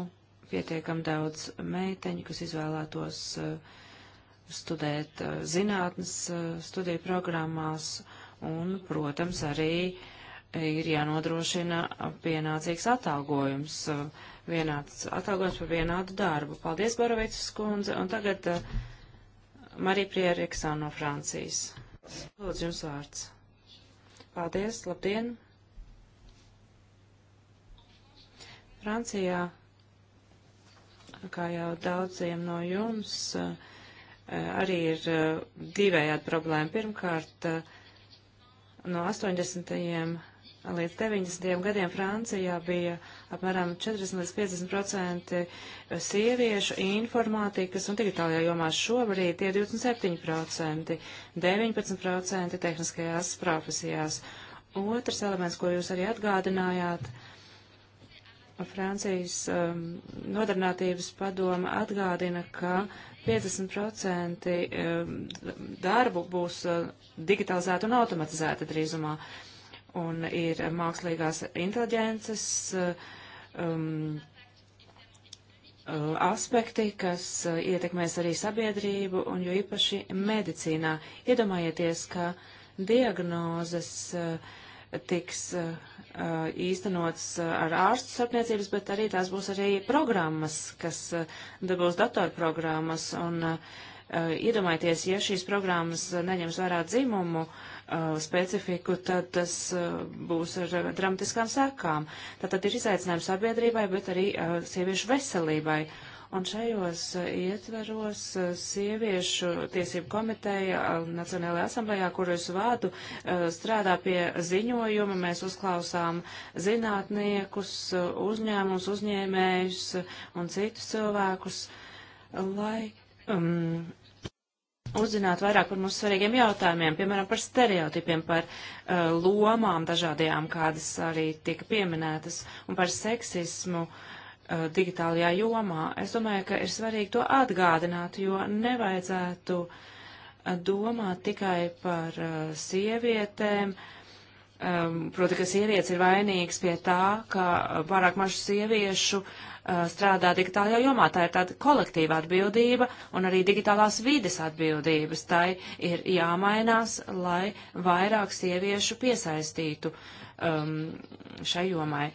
pietiekam daudz meiteņu, kas izvēlētos eh, studēt zinātnes studiju programmās un, protams, arī uh, ir jānodrošina pienācīgs atalgojums, eh, vienāds atalgojums par vienādu darbu. Paldies, Barovicas kundze, un tagad uh, Marija Prieriksā no Francijas. Lūdzu, jums vārds. Paldies, labdien! Francijā, kā jau daudziem no jums, uh, arī ir uh, divējādi problēma. Pirmkārt, no 80. Līdz 90. gadiem Francijā bija apmēram 40 līdz 50% sieviešu informātikas un digitālajā jomā šobrīd ir 27%, 19% tehniskajās profesijās. Otrs elements, ko jūs arī atgādinājāt, Francijas um, nodarbinātības padoma atgādina, ka 50% um, darbu būs uh, digitalizēta un automatizēta drīzumā. Uh, un ir mākslīgās inteliģences um, uh, aspekti, kas uh, ietekmēs arī sabiedrību un jo īpaši medicīnā. Iedomājieties, ka diagnozes uh, tiks uh, īstenots uh, ar ārstu starpniecības, bet arī tās būs arī programmas, kas uh, būs datorprogrammas. Un uh, iedomājieties, ja šīs programmas neņems vērā dzimumu, uh, uh, specifiku, tad tas uh, būs ar uh, dramatiskām sekām. Tātad ir izaicinājums sabiedrībai, bet arī uh, sieviešu veselībai. Un šajos uh, ietveros uh, sieviešu tiesību komiteja uh, Nacionālajā asamblējā, kuru es vādu, uh, strādā pie ziņojuma. Mēs uzklausām zinātniekus, uh, uzņēmums, uzņēmējus uh, un citus cilvēkus, lai um, uzzināt vairāk par mūsu svarīgiem jautājumiem, piemēram, par stereotipiem, par uh, lomām dažādajām, kādas arī tika pieminētas, un par seksismu uh, digitālajā jomā. Es domāju, ka ir svarīgi to atgādināt, jo nevajadzētu uh, domāt tikai par uh, sievietēm. Um, proti, ka sievietes ir vainīgas pie tā, ka uh, pārāk mažu sieviešu uh, Uh, strādā digitālajā jomā. Tā ir tāda kolektīva atbildība un arī digitālās vides atbildības. Tai ir jāmainās, lai vairāk sieviešu piesaistītu um, šai jomai.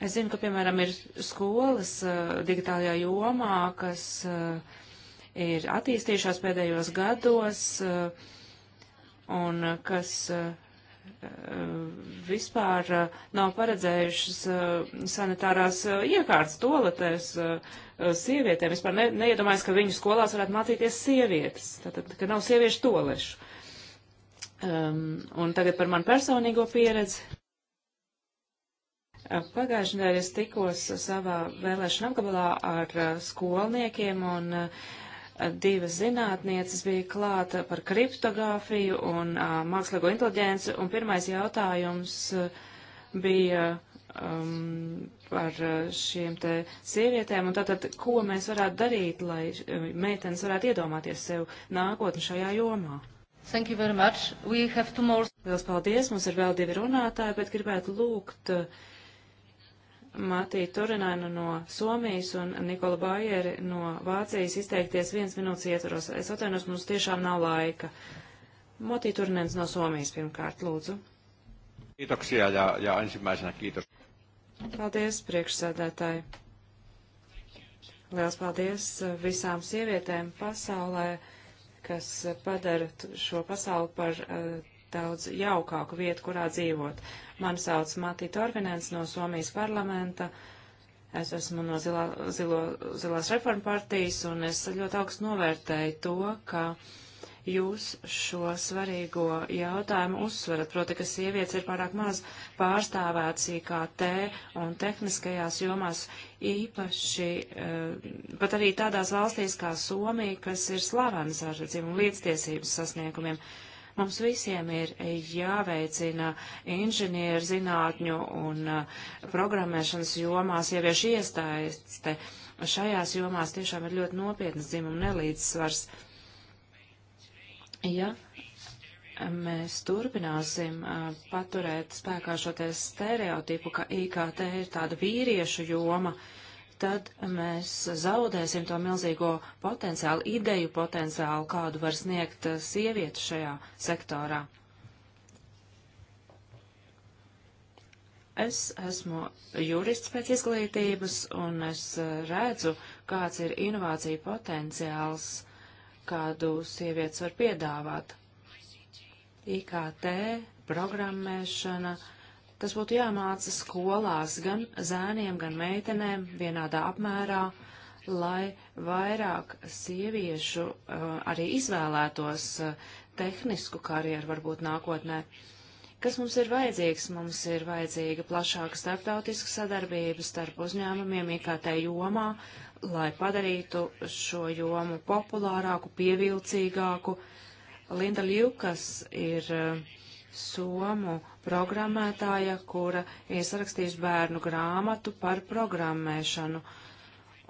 Es zinu, ka, piemēram, ir skolas uh, digitālajā jomā, kas uh, ir attīstījušās pēdējos gados. Uh, un uh, kas uh, Eh, vispār eh, nav paredzējušas eh, sanitārās iekārtas toaletēs sievietēm. Vispār ne, neiedomājas, ka viņu skolās varētu mācīties sievietes, tātad, ka nav sieviešu toalešu. Um, un tagad par manu personīgo pieredzi. Pagājušajā nedēļā es tikos savā vēlēšana apgabalā ar skolniekiem un uh, divas zinātnieces bija klāta par kriptogrāfiju un uh, mākslīgo inteliģenci, un pirmais jautājums uh, bija um, par šiem te sievietēm, un tātad, ko mēs varētu darīt, lai meitenes varētu iedomāties sev nākotni šajā jomā. Thank you very much. We have two more. Liels paldies, mums ir vēl divi runātāji, bet gribētu lūgt uh, Matija Turinaina no Somijas un Nikola Baieri no Vācijas izteikties viens minūtes ietvaros. Es atvainos, mums tiešām nav laika. Matija Turinains no Somijas pirmkārt, lūdzu. Kiitoksia ja, ja ensimmäisenä kiitos. Paldies, priekšsēdētāji. Liels paldies visām sievietēm pasaulē, kas padara šo pasauli par uh, daudz jaukāku vietu, kurā dzīvot. Mani sauc Matī Torvinens no Somijas parlamenta. Es esmu no zilā, zilo, Zilās reforma partijas, un es ļoti augstu novērtēju to, ka jūs šo svarīgo jautājumu uzsverat, proti, ka sievietes ir pārāk maz pārstāvēts IKT un tehniskajās jomās, īpaši uh, pat arī tādās valstīs kā Somija, kas ir slavenas ar dzimumu līdztiesības sasniegumiem. Uh, Mums visiem ir jāveicina inženieru zinātņu un uh, programmēšanas jomās ieviešu iesaiste. Šajās jomās tiešām ir ļoti nopietnas dzimuma nelīdzsvars. Ja mēs turpināsim uh, paturēt spēkā šo stereotipu, ka IKT ir tāda vīriešu joma, uh, tad mēs zaudēsim to milzīgo potenciālu, ideju potenciālu, kādu var sniegt sievietu šajā sektorā. Es esmu jurists pēc izglītības, un es redzu, kāds ir inovācija potenciāls, kādu sievietes var piedāvāt. IKT, programmēšana, uh, kas būtu jāmāca skolās gan zēniem, gan meitenēm vienādā apmērā, lai vairāk sieviešu uh, arī izvēlētos uh, tehnisku karjeru varbūt nākotnē. Kas mums ir vajadzīgs? Mums ir vajadzīga plašāka starptautiska sadarbība starp uzņēmumiem IKT jomā, lai padarītu šo jomu populārāku, pievilcīgāku. Linda Ljukas ir uh, Somu programmētāja, kura iesarakstīs bērnu grāmatu par programmēšanu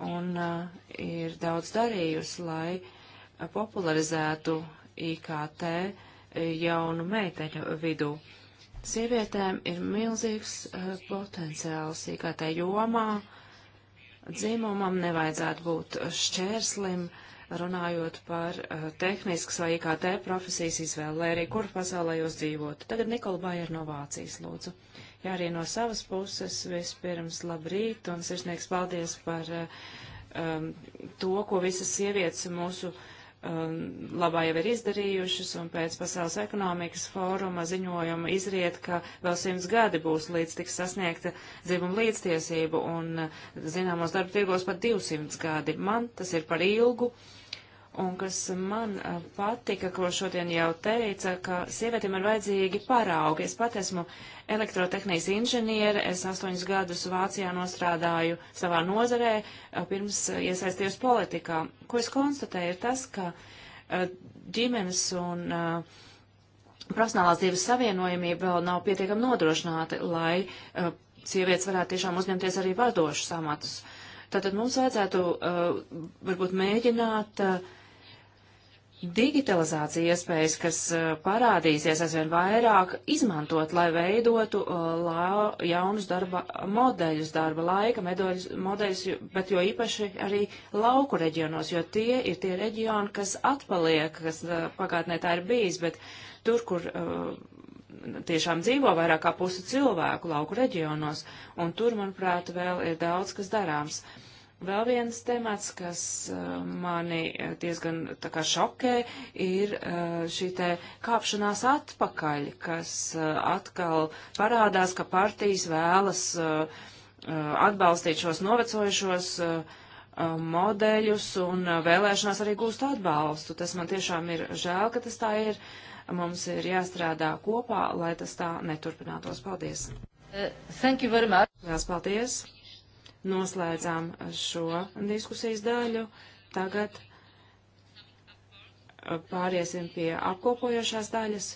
un uh, ir daudz darījusi, lai uh, popularizētu IKT uh, jaunu meiteņu vidū. Sievietēm ir milzīgs uh, potenciāls IKT jomā, dzimumam nevajadzētu būt šķērslim, uh, runājot par uh, tehniskas vai IKT profesijas izvēli, lai arī kur pasaulē jūs dzīvotu. Tagad Nikola Bajer no Vācijas, lūdzu. Jā, arī no savas puses vispirms labrīt un sirsnieks paldies par uh, um, to, ko visas sievietes mūsu um, labā jau ir izdarījušas, un pēc Pasaules ekonomikas fóruma ziņojuma izriet, ka vēl simts gadi būs līdz tiks sasniegta dzimuma līdztiesība, un eh, zināmos darba tirgos pat 200 gadi. Man tas ir par ilgu. Uh, un kas man patika, ko šodien jau teica, ka sievietēm ir vajadzīgi paraugi. Es pat esmu elektrotehnijas inženiere, es astoņus gadus Vācijā nostrādāju savā nozarē, pirms iesaistījos politikā. Ko es konstatēju, ir tas, ka ģimenes un profesionālās dzīves savienojamība vēl nav pietiekami nodrošināta, lai sievietes varētu tiešām uzņemties arī vadošus amatus. Tātad mums vajadzētu uh, varbūt mēģināt uh, digitalizācija iespējas, kas uh, parādīsies aizvien vairāk, izmantot, lai veidotu uh, la, jaunus darba modeļus, darba laika medoļus, modeļus, bet jo īpaši arī lauku reģionos, jo tie ir tie reģioni, kas atpaliek, kas uh, pagātnē tā ir bijis, bet tur, kur tiešām dzīvo vairāk kā pusi cilvēku lauku reģionos, un tur, manuprāt, vēl ir daudz, kas darāms. Uh, Vēl viens temats, kas eh, mani eh, diezgan tā kā šokē, ir eh, šī te kāpšanās atpakaļ, kas atkal parādās, ka partijas vēlas atbalstīt šos novecojušos modeļus un vēlēšanās arī gūst atbalstu. Tas man tiešām ir žēl, ka tas tā ir. Mums ir jāstrādā kopā, lai tas tā neturpinātos. Paldies! Uh, thank you very much! Lielas paldies! noslēdzām šo diskusijas daļu. Tagad uh, pāriesim pie apkopojošās daļas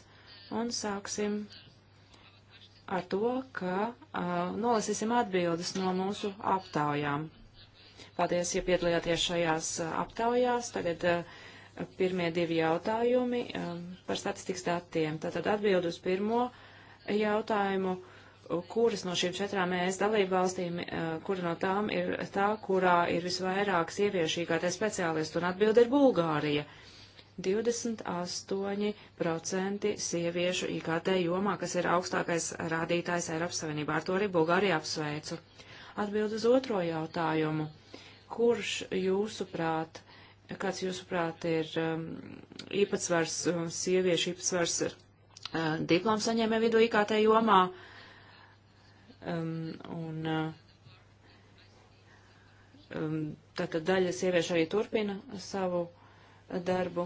un sāksim ar to, ka uh, nolasīsim atbildes no mūsu aptaujām. Paldies, ja piedalījāties šajās uh, aptaujās. Tagad uh, pirmie divi jautājumi um, par statistikas datiem. Tātad atbild uz pirmo jautājumu kuras no šīm četrām ES dalībvalstīm, eh, kura no tām ir tā, kurā ir visvairāk sieviešu IKT speciālistu, un atbilde ir Bulgārija. 28% sieviešu IKT jomā, kas ir augstākais rādītājs Eiropas Savienībā. Ar to arī Bulgāriju apsveicu. Atbild uz otro jautājumu. Kurš jūsuprāt, kāds jūsuprāt ir um, īpatsvars, um, sieviešu īpatsvars uh, diplomu saņēmē vidu IKT jomā? Uh, Um, un, uh, um, tātad daļa sieviešu arī turpina savu darbu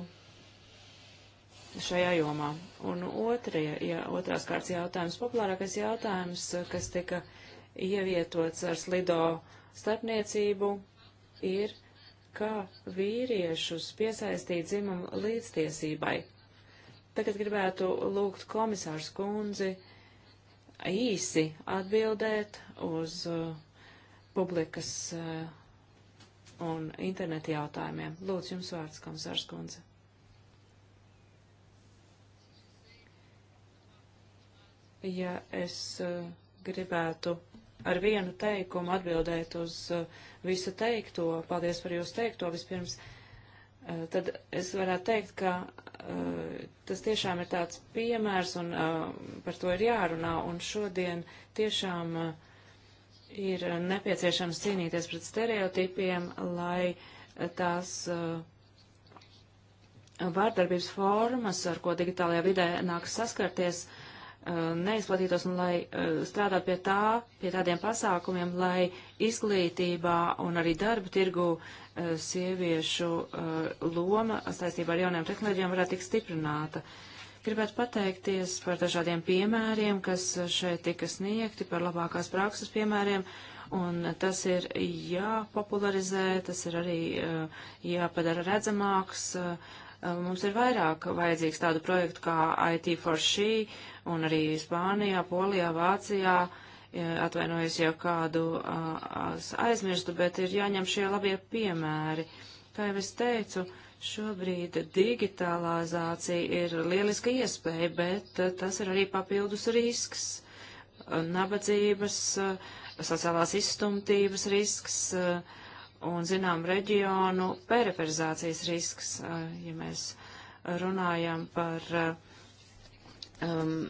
šajā jomā. Un otrie, ja, otrās kārtas jautājums, populārākais jautājums, kas tika ievietots ar slido starpniecību, ir, kā vīriešus piesaistīt dzimumu līdztiesībai. Tagad gribētu lūgt komisārs kundzi uh, īsi atbildēt uz uh, publikas uh, un interneta jautājumiem. Lūdzu, jums vārds, komisārs Kunze. Ja es uh, gribētu ar vienu teikumu atbildēt uz uh, visu teikto, paldies par jūsu teikto vispirms, uh, tad es varētu teikt, ka Eh, tas tiešām ir tāds piemērs, un eh, par to ir jārunā, un šodien tiešām eh, ir nepieciešams cīnīties pret stereotipiem, lai tās vārdarbības formas, ar ko digitālajā vidē nāk saskarties, uh, Uh, neizplatītos un lai uh, strādātu pie tā, pie tādiem pasākumiem, lai izglītībā un arī darba tirgu uh, sieviešu loma saistībā ar jaunajām tehnoloģijām varētu tikt stiprināta. Gribētu pateikties par dažādiem piemēriem, kas šeit tika sniegti, par labākās prakses piemēriem, un tas ir jāpopularizē, tas ir arī jāpadara redzamāks. Mums ir vairāk vajadzīgs tādu projektu kā IT for She, un arī Spānijā, Polijā, Vācijā. Atvainojos, ja kādu aizmirstu, bet ir jāņem šie labie piemēri. Kā jau es teicu, Šobrīd digitalizācija ir lieliska iespēja, bet tas ir arī papildus risks, nabadzības, sociālās izstumtības risks un, zinām, reģionu periferizācijas risks, ja mēs runājam par uh, um,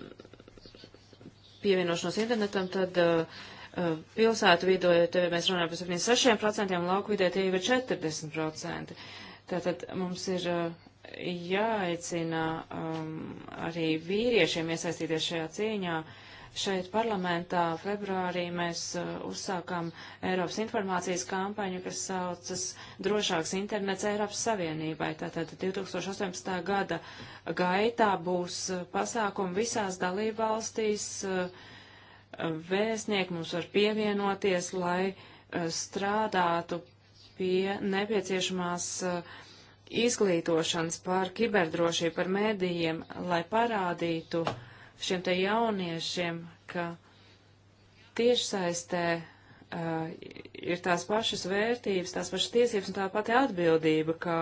pievienošanos internetam, tad uh, uh pilsētu vidū, ja mēs runājam par 76%, lauku vidē tie jau ir 40%. Tātad mums ir uh, jāaicina um, arī vīriešiem iesaistīties šajā cīņā. Uh, Šeit parlamentā februārī mēs uh, uzsākām Eiropas informācijas kampaņu, kas saucas Drošāks internets Eiropas Savienībai. Tātad 2018. gada gaitā būs uh, pasākumi visās dalībvalstīs. Uh, vēstnieki mums var pievienoties, lai strādātu pie nepieciešamās izglītošanas par kiberdrošību, par mēdījiem, lai parādītu uh, šiem te jauniešiem, ka tiešsaistē uh, ir tās pašas vērtības, tās pašas tiesības un tā pati atbildība, kā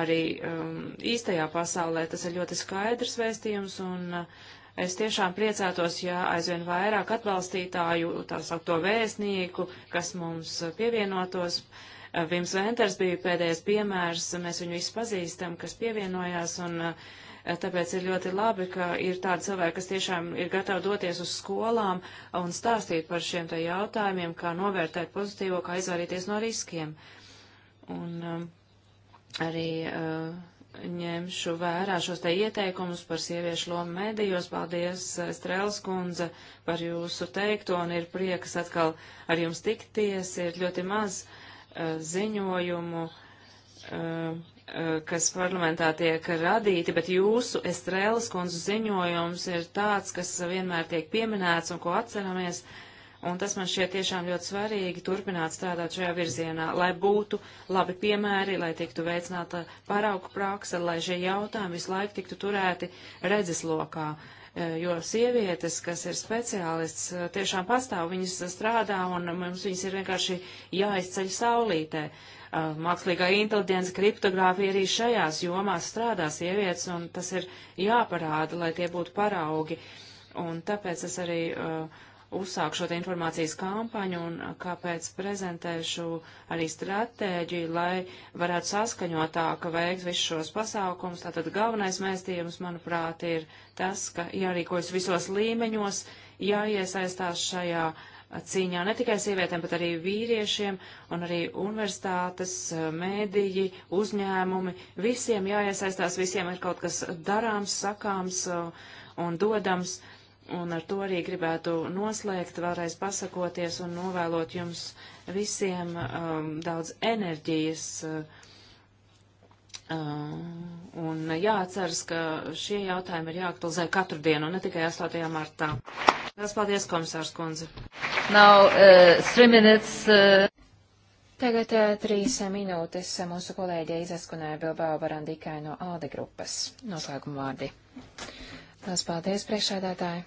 arī um, īstajā pasaulē. Tas ir ļoti skaidrs vēstījums un uh, es tiešām priecātos, ja aizvien vairāk atbalstītāju, tā saukt to vēstnieku, kas mums pievienotos. Vims Venters bija pēdējais piemērs, mēs viņu visi pazīstam, kas pievienojās un uh, Eh, tāpēc ir ļoti labi, ka ir tādi cilvēki, kas tiešām ir gatavi doties uz skolām un stāstīt par šiem te jautājumiem, kā novērtēt pozitīvo, kā izvairīties no riskiem. Un um, arī uh, ņemšu vērā šos te ieteikumus par sieviešu lomu medijos. Paldies, eh, Strēls kundze, par jūsu teikto, un ir prieks atkal ar jums tikties. Ir ļoti maz uh, ziņojumu. Uh, Eh, kas parlamentā tiek radīti, bet jūsu Estrēlas kundzes ziņojums ir tāds, kas vienmēr tiek pieminēts un ko atceramies, un tas man šķiet tiešām ļoti svarīgi turpināt strādāt šajā virzienā, lai būtu labi piemēri, lai tiktu veicināta parauku praksa, lai šie jautājumi visu laiku tiktu turēti redzeslokā. Eh, jo sievietes, kas ir speciālists, eh, tiešām pastāv, viņas strādā un mums viņas ir vienkārši jāizceļ saulītē. Uh, Eh, mākslīgā inteligence, kriptogrāfija arī šajās jomās strādā sievietes, un tas ir jāparāda, lai tie būtu paraugi. Un tāpēc es arī uh, eh, uzsākšu šo informācijas kampaņu un eh, kāpēc prezentēšu arī stratēģiju, lai varētu saskaņotāk veikt visus šos pasākums. Tātad galvenais mēstījums, manuprāt, ir tas, ka jārīkojas visos līmeņos, jāiesaistās šajā uh, cīņā ne tikai sievietēm, bet arī vīriešiem, un arī universitātes, eh, mēdīji, uzņēmumi. Visiem jāiesaistās, visiem ir kaut kas darāms, sakāms eh, un dodams, un ar to arī gribētu noslēgt, vēlreiz pasakoties un novēlot jums visiem um, daudz enerģijas. Um, un jāatceras, ka šie jautājumi ir jāaktualizē katru dienu, ne tikai 8. martā. Lielas paldies, komisārs kundze. Now, uh, three minutes. Uh... Tagad uh, trīs uh, minūtes uh, mūsu kolēģe izaskunēja Bilbao Barandikai no ALDE grupas. Noslēguma vārdi. Lielas paldies, priekšādātāji.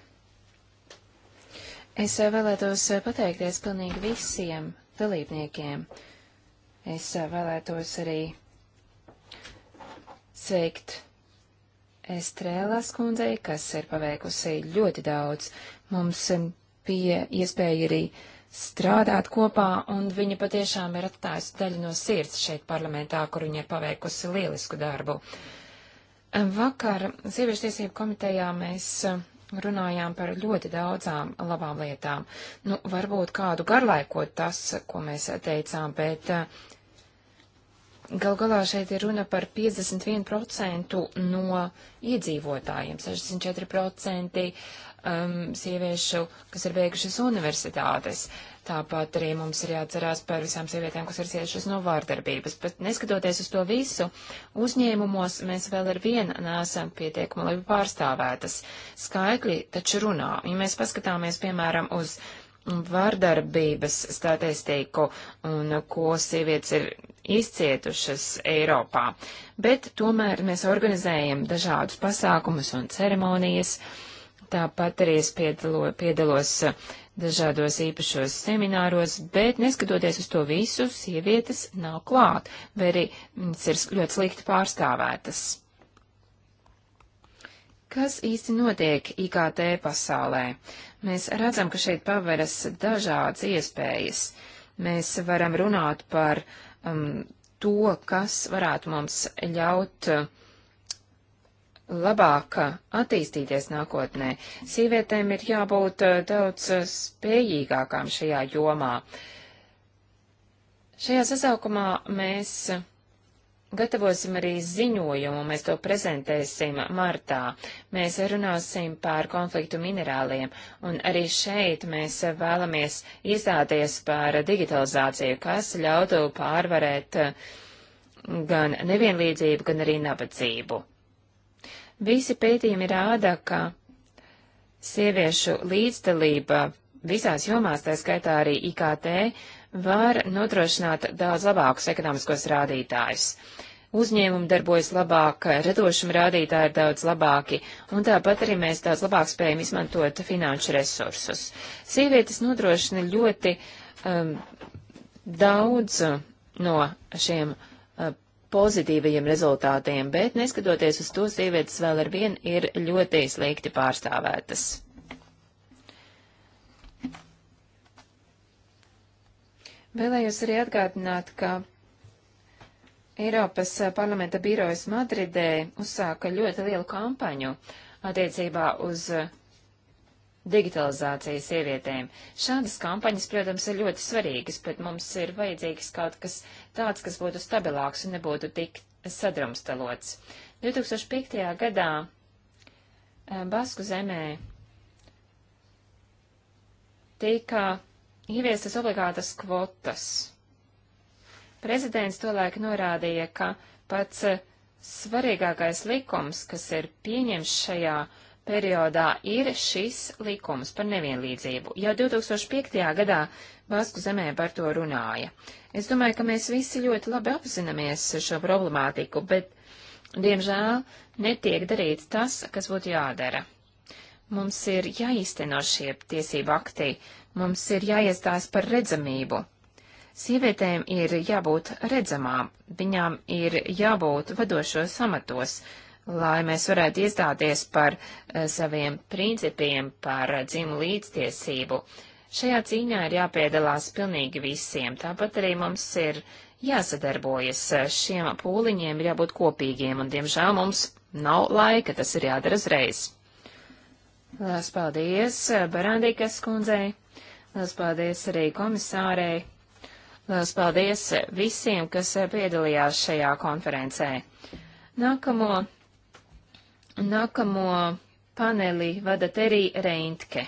Es uh, vēlētos uh, pateikties pilnīgi visiem dalībniekiem. Es uh, vēlētos arī sveikt Estrēlas kundzei, kas ir paveikusi ļoti daudz. Mums bija iespēja arī strādāt kopā, un viņa patiešām ir atstājusi daļu no sirds šeit parlamentā, kur viņa ir paveikusi lielisku darbu. Vakar Sieviešu tiesību komitejā mēs runājām par ļoti daudzām labām lietām. Nu, varbūt kādu garlaikot tas, ko mēs teicām, bet gal galā šeit ir runa par 51% no iedzīvotājiem, 64% um, sieviešu, kas ir beigušas universitātes. Tāpat arī mums ir jāatcerās par visām sievietēm, kas ir cietušas no vārdarbības. Bet neskatoties uz to visu, uzņēmumos mēs vēl ar vienu nesam pietiekami labi pārstāvētas. Skaitļi taču runā. Ja mēs paskatāmies, piemēram, uz vārdarbības statistiku un ko sievietes ir izcietušas Eiropā, bet tomēr mēs organizējam dažādus pasākumus un ceremonijas. Uh, Tāpat arī es piedalo, piedalos eh, dažādos īpašos semināros, bet neskatoties uz to visu, sievietes nav klāt, vai arī viņas ir ļoti slikti pārstāvētas. Kas īsti notiek IKT pasaulē? Mēs redzam, ka šeit paveras dažādas iespējas. Mēs varam runāt par um, to, kas varētu mums ļaut uh, labāk attīstīties nākotnē. Sīvietēm ir jābūt eh, daudz eh, spējīgākām šajā jomā. Šajā sasaukumā mēs gatavosim arī ziņojumu, mēs to prezentēsim martā. Mēs runāsim par konfliktu minerāliem, un arī šeit mēs vēlamies iestāties par digitalizāciju, kas ļautu pārvarēt eh, gan nevienlīdzību, gan arī nabadzību. Visi pētījumi rāda, ka sieviešu līdzdalība visās jomās, tā skaitā arī IKT, var nodrošināt daudz labākus ekonomiskos rādītājus. Uzņēmumi darbojas labāk, radošuma rādītāji ir daudz labāki, un tāpat arī mēs daudz labāk spējam izmantot finanšu resursus. Sievietes nodrošina ļoti um, daudz no šiem uh, pozitīvajiem rezultātiem, bet neskatoties uz to, sievietes vēl ar vien ir ļoti slikti pārstāvētas. Vēlējos arī atgādināt, ka Eiropas parlamenta birojas Madridē uzsāka ļoti lielu kampaņu attiecībā uz digitalizācija sievietēm. Šādas kampaņas, protams, ir ļoti svarīgas, bet mums ir vajadzīgs kaut kas tāds, kas būtu stabilāks un nebūtu tik sadrumstalots. 2005. gadā eh, Basku zemē tika ieviestas obligātas kvotas. Prezidents tolaik norādīja, ka pats eh, svarīgākais likums, kas ir pieņemts šajā uh, periodā ir šis likums par nevienlīdzību. Jau 2005. gadā Basku zemē par to runāja. Es domāju, ka mēs visi ļoti labi apzināmies šo problemātiku, bet, diemžēl, netiek darīts tas, kas būtu jādara. Mums ir jāīsteno šie tiesību akti, mums ir jāiestās par redzamību. Sievietēm ir jābūt redzamām, viņām ir jābūt vadošos amatos, lai mēs varētu iestāties par eh, saviem principiem par eh, dzimu līdztiesību. Šajā cīņā ir jāpiedalās pilnīgi visiem, tāpat arī mums ir jāsadarbojas. Eh, šiem pūliņiem ir jābūt kopīgiem, un, diemžēl, mums nav laika, tas ir jādara uzreiz. Lielas paldies Barandīkas kundzei, lielas paldies arī komisārei, lielas paldies visiem, kas piedalījās šajā konferencē. Nākamo Nākamo paneli vada Terija Reintke.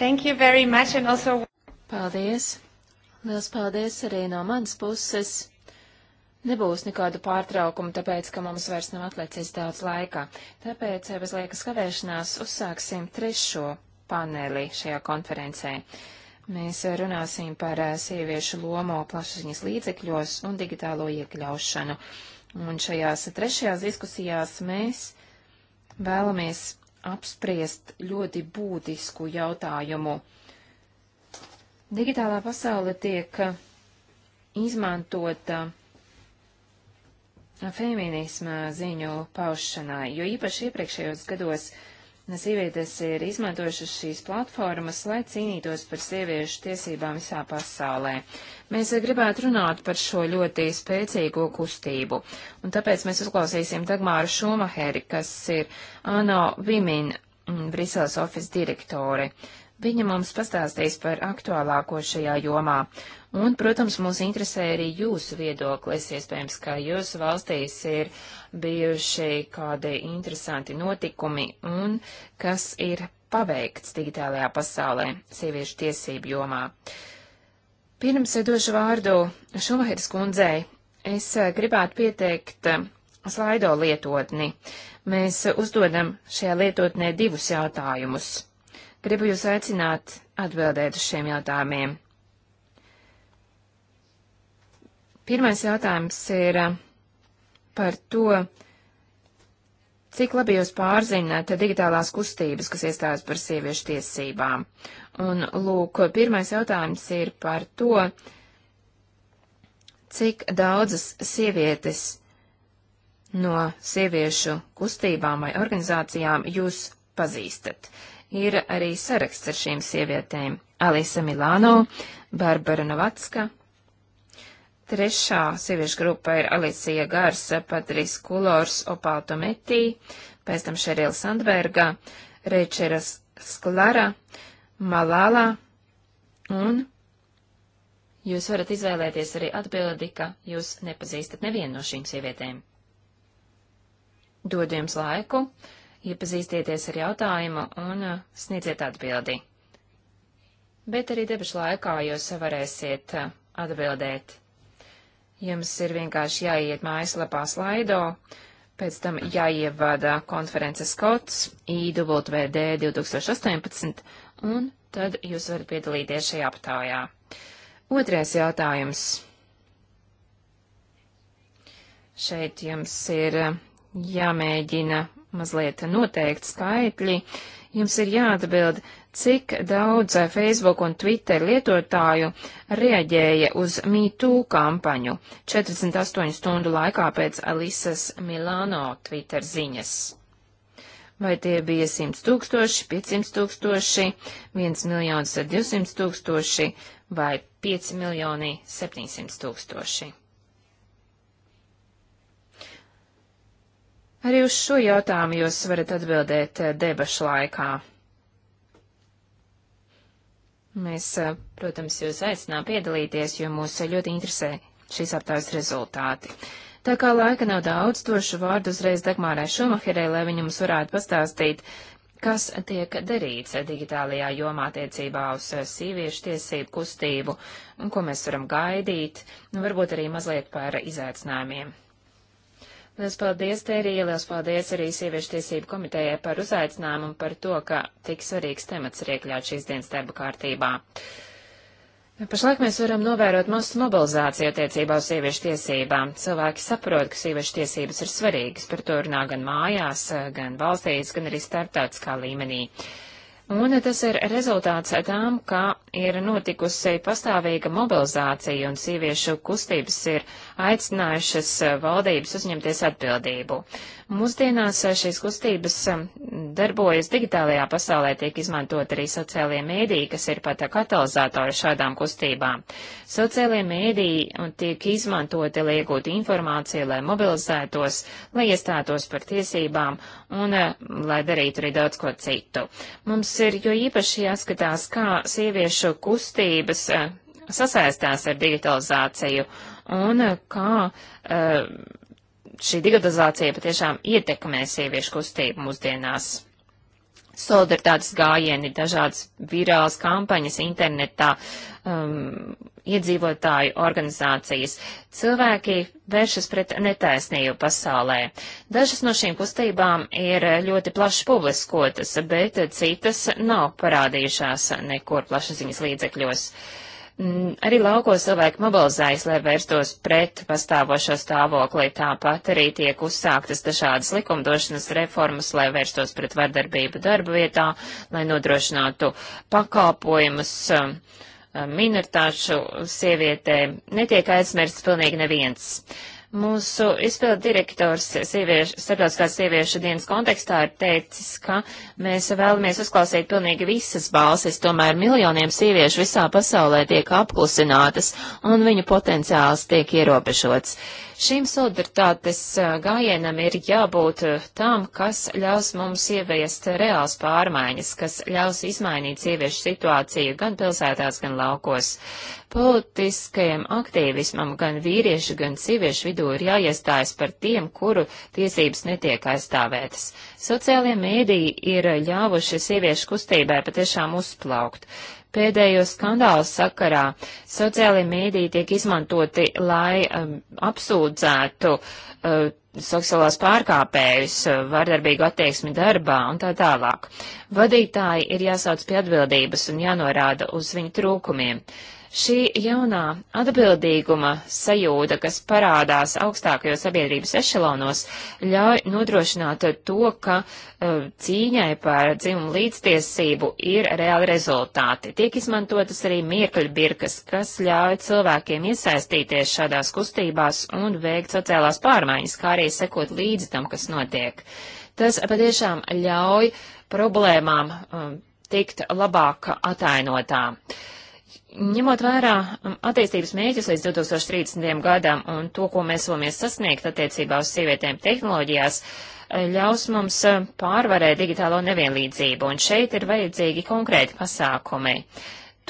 Thank you very much and also. Paldies. Liels paldies arī no manas puses. Nebūs nekādu pārtraukumu, tāpēc, ka mums vairs nav atlicis daudz laika. Tāpēc, eh, bez liekas kavēšanās, uzsāksim trešo paneli šajā konferencē. Mēs eh, runāsim par eh, sieviešu lomu plašsaziņas līdzekļos un digitālo iekļaušanu. Un šajās trešajās diskusijās mēs vēlamies apspriest ļoti būtisku jautājumu. Digitālā pasaule tiek izmantota feminisma ziņu paušanai, jo īpaši iepriekšējos gados uh, Sievietes ir izmantojušas šīs platformas, lai cīnītos par sieviešu tiesībām visā pasaulē. Mēs gribētu runāt par šo ļoti spēcīgo kustību, un tāpēc mēs uzklausīsim Dagmāru Šumaheri, kas ir ANO Vimin mm, Briseles office direktori. Uh, Viņa mums pastāstīs par aktuālāko šajā jomā. Un, protams, mūs interesē arī jūsu viedoklis. Iespējams, ka jūsu valstīs ir bijuši kādi interesanti notikumi un kas ir paveikts digitālajā pasaulē sieviešu tiesību jomā. Pirms došu vārdu Šulahēras kundzei, es eh, gribētu pieteikt eh, slaido lietotni. Mēs uzdodam šajā lietotnē divus jautājumus. Gribu jūs aicināt atbildēt uz šiem jautājumiem. Pirmais jautājums ir uh, par to, cik labi jūs pārzināt digitālās kustības, kas iestājas par sieviešu tiesībām. Un, lūk, pirmais jautājums ir par to, cik daudzas sievietes no sieviešu kustībām vai organizācijām jūs pazīstat ir arī saraksts ar šīm sievietēm - Alisa Milāno, Barbara Novacka. Trešā sieviešu grupa ir Alicija Garsa, Patris Kulors, Opalto Metī, pēc tam Šerila Sandberga, Rečeras Sklara, Malālā un Jūs varat izvēlēties arī atbildi, ka jūs nepazīstat nevienu no šīm sievietēm. Dodu jums laiku iepazīstieties ar jautājumu un uh, sniedziet atbildi. Bet arī debašu laikā jūs varēsiet uh, atbildēt. Jums ir vienkārši jāiet mājaslapā slaido, pēc tam jāievada konferences kods IWD 2018, un tad jūs varat piedalīties šajā aptājā. Otrais jautājums. Šeit jums ir uh, jāmēģina mazliet noteikti skaitļi, jums ir jāatbild, cik daudz Facebook un Twitter lietotāju reaģēja uz MeToo kampaņu 48 stundu laikā pēc Alisas Milano Twitter ziņas. Vai tie bija 100 tūkstoši, 500 tūkstoši, 1 miljonus 200 tūkstoši vai 5 miljoni 700 tūkstoši? Arī uz šo jautājumu jūs varat atbildēt eh, debašu laikā. Mēs, eh, protams, jūs aicinām piedalīties, jo mūs ļoti interesē šīs aptājas rezultāti. Tā kā laika nav daudz, došu vārdu uzreiz Dagmārai Šumacherei, lai viņa mums varētu pastāstīt, kas tiek darīts digitālajā jomā attiecībā uz eh, sīviešu tiesību kustību, un ko mēs varam gaidīt, un nu, varbūt arī mazliet par izaicinājumiem. Lielas paldies, Tērija, lielas paldies arī Sieviešu tiesību komitejai par uzaicinājumu un par to, ka tik svarīgs temats ir iekļauts šīs dienas darba kārtībā. Pašlaik mēs varam novērot masu mobilizāciju attiecībā uz sieviešu tiesībām. Cilvēki saprot, ka sieviešu tiesības ir svarīgas, par to runā gan mājās, gan valstīs, gan arī starptautiskā līmenī. Uh, Un tas ir rezultāts tām, ka ir notikusi pastāvīga mobilizācija un sieviešu kustības ir aicinājušas valdības uzņemties atbildību. Mūsdienās šīs kustības darbojas digitālajā pasaulē, tiek izmantot arī sociālie mēdīji, kas ir pat katalizatori šādām kustībām. Sociālie mēdīji tiek izmantoti, lai iegūtu informāciju, lai mobilizētos, lai iestātos par tiesībām un lai darītu arī daudz ko citu. Mums ir jo īpaši jāskatās, kā sieviešu kustības eh, sasaistās ar digitalizāciju un eh, kā eh, šī digitalizācija patiešām ietekmē sieviešu kustību mūsdienās solidaritātes gājieni, dažādas virālas kampaņas internetā, um, iedzīvotāju organizācijas. Cilvēki vēršas pret netaisnību pasaulē. Dažas no šīm kustībām ir ļoti plaši publiskotas, bet citas nav parādījušās nekur plašsaziņas līdzekļos. Uh, Mm, arī laukos cilvēki mobilizējas, lai vērstos pret pastāvošo stāvokli, tāpat arī tiek uzsāktas dažādas likumdošanas reformas, lai vērstos pret vardarbību darba vietā, lai nodrošinātu pakalpojumus um, um, minoritāšu sievietēm. Netiek aizmirsts pilnīgi neviens. Uh, Mūsu izpildu direktors sieviešu, starptautiskās sieviešu dienas kontekstā ir teicis, ka mēs vēlamies uzklausīt pilnīgi visas balsis, tomēr miljoniem sieviešu visā pasaulē tiek apklusinātas un viņu potenciāls tiek ierobežots. Uh, Šīm solidaritātes gājienam ir jābūt tam, kas ļaus mums ieviest reāls pārmaiņas, kas ļaus izmainīt sieviešu situāciju gan pilsētās, gan laukos. Politiskajam aktīvismam gan vīriešu, gan sieviešu vidū ir jāiestājas par tiem, kuru tiesības netiek aizstāvētas. Sociālie mēdī ir ļāvuši sieviešu kustībai patiešām uzplaukt pēdējo skandālu sakarā. Sociālajie mēdīji tiek izmantoti, lai um, apsūdzētu uh, seksuālās pārkāpējus, uh, vardarbīgu attieksmi darbā un tā tālāk. Vadītāji ir jāsauc pie atbildības un jānorāda uz viņu trūkumiem. Uh, Šī jaunā atbildīguma sajūta, kas parādās augstākajos sabiedrības ešelonos, ļauj nodrošināt to, ka uh, cīņai par dzimumu līdztiesību ir reāli rezultāti. Tiek izmantotas arī mirkļbirkas, kas ļauj cilvēkiem iesaistīties šādās kustībās un veikt sociālās pārmaiņas, kā arī sekot līdzi tam, kas notiek. Tas patiešām ļauj problēmām um, tikt labāk atainotām. Uh, Ņemot vērā um, attīstības mēģus līdz 2030. gadam un to, ko mēs vēlamies sasniegt attiecībā uz sievietēm tehnoloģijās, eh, ļaus mums eh, pārvarēt digitālo nevienlīdzību, un šeit ir vajadzīgi konkrēti pasākumi.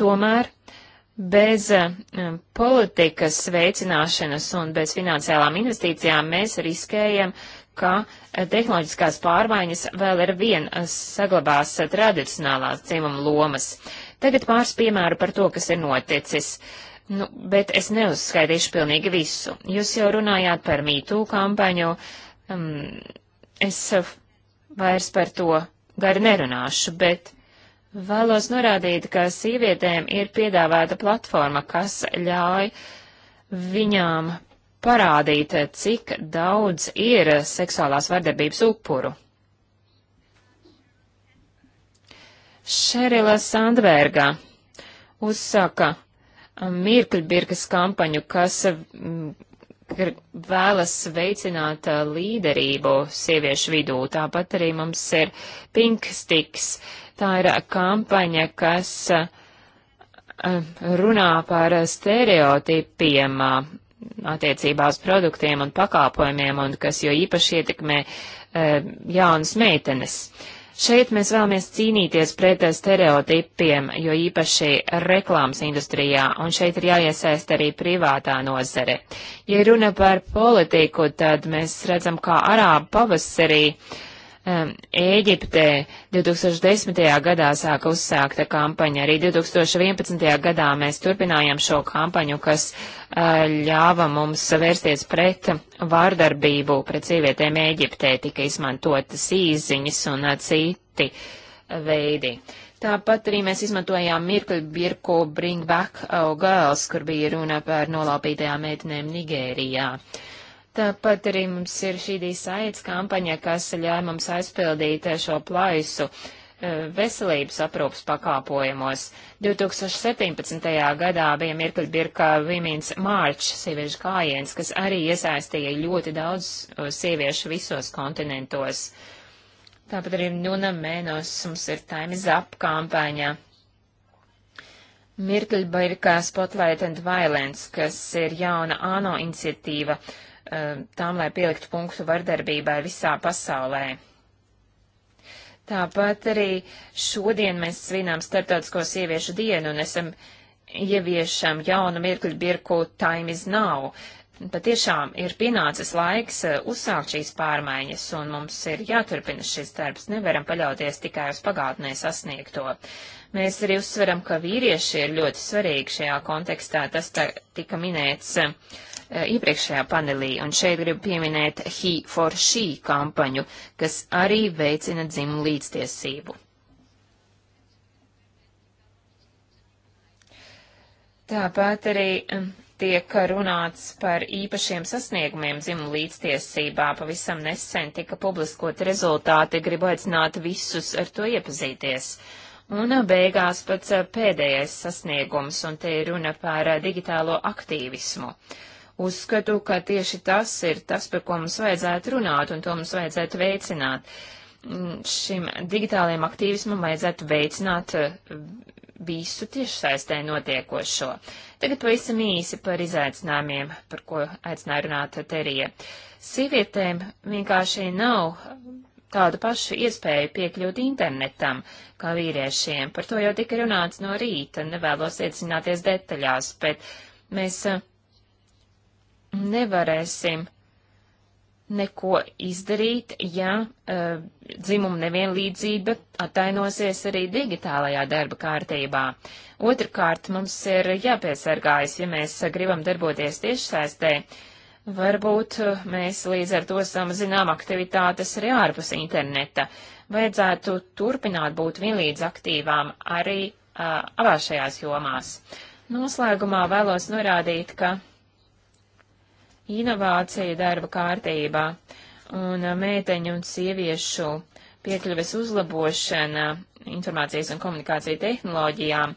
Tomēr bez eh, politikas veicināšanas un bez finansiālām investīcijām mēs riskējam, ka tehnoloģiskās pārmaiņas vēl ar vien saglabās tradicionālās dzimuma lomas. Tagad pāris piemēru par to, kas ir noticis. Nu, bet es neuzskaidīšu pilnīgi visu. Jūs jau runājāt par mītū kampaņu. Um, es vairs par to gari nerunāšu, bet vēlos norādīt, ka sievietēm ir piedāvāta platforma, kas ļauj viņām parādīt, cik daudz ir seksuālās vardarbības upuru. Šerila Sandberga uzsāka um, Mirkļbirkas kampaņu, kas mm, vēlas veicināt uh, līderību sieviešu vidū. Tāpat arī mums ir Pink Sticks. Tā ir kampaņa, kas uh, um, runā par stereotipiem uh, attiecībā uz produktiem un pakāpojumiem, un kas jo īpaši ietekmē jaunas meitenes. Uh, Šeit mēs vēlamies cīnīties pret stereotipiem, jo īpaši reklāmas industrijā, un šeit ir jāiesaist arī privātā nozare. Ja runa par politiku, tad mēs redzam, kā arāba pavasarī uh, Ēģiptē 2010. gadā sāka uzsākta kampaņa, arī 2011. gadā mēs turpinājām šo kampaņu, kas eh, ļāva mums vērsties pret vārdarbību, pret sievietēm Ēģiptē, tika izmantotas īziņas un eh, citi veidi. Tāpat arī mēs izmantojām Mirkli Birko Bring Back eh, Girls, kur bija runa par nolaupītajām meitenēm Nigērijā. Uh, Tāpat arī mums ir šī dīsaites kampaņa, kas ļauj mums aizpildīt eh, šo plaisu eh, veselības aprūpas pakāpojumos. 2017. gadā bija Mirkļbirka Vimins Mārčs sieviešu kājiens, kas arī iesaistīja ļoti daudz eh, sieviešu visos kontinentos. Tāpat arī Nuna Mēnos mums ir Time is Up kampaņa. Mirkļbirka Spotlight and Violence, kas ir jauna ANO iniciatīva Eh, tām, lai pieliktu punktu vardarbībai visā pasaulē. Tāpat arī šodien mēs svinām Startautisko sieviešu dienu un esam ieviešam jaunu mirkļu birku Time is Now. Patiešām ir pienācis laiks eh, uzsākt šīs pārmaiņas, un mums ir jāturpina šis darbs. Nevaram paļauties tikai uz pagātnē sasniegto. Mēs arī uzsveram, ka vīrieši ir ļoti svarīgi šajā kontekstā. Tas tika minēts uh, Eh, iepriekšējā panelī, un šeit gribu pieminēt He for She kampaņu, kas arī veicina dzimumu līdztiesību. Tāpat arī mm, tiek runāts par īpašiem sasniegumiem dzimumu līdztiesībā. Pavisam nesen tika publiskoti rezultāti, gribu aicināt visus ar to iepazīties. Un eh, beigās pats eh, pēdējais sasniegums, un te ir runa par digitālo aktīvismu. Uh, Uzskatu, ka tieši tas ir tas, par ko mums vajadzētu runāt un to mums vajadzētu veicināt. Mm, šim digitālajiem aktīvismam vajadzētu veicināt eh, visu tiešsaistē notiekošo. Tagad pavisam īsi par izaicinājumiem, par ko aicināja runāt Terija. Sievietēm vienkārši nav tādu pašu iespēju piekļūt internetam kā vīriešiem. Par to jau tika runāts no rīta, nevēlos iedzināties detaļās, bet mēs a, eh, nevarēsim neko izdarīt, ja uh, dzimuma nevienlīdzība atainosies arī digitālajā darba kārtībā. Otrakārt, mums ir jāpiesargājas, ja mēs gribam darboties tiešsaistē, varbūt e, mēs līdz ar to samazinām aktivitātes arī ārpus interneta. Vajadzētu turpināt būt vienlīdz aktīvām arī uh, abās šajās jomās. Noslēgumā vēlos norādīt, ka inovācija darba kārtībā un uh, mēteņu un sieviešu piekļuves uzlabošana informācijas un komunikāciju tehnoloģijām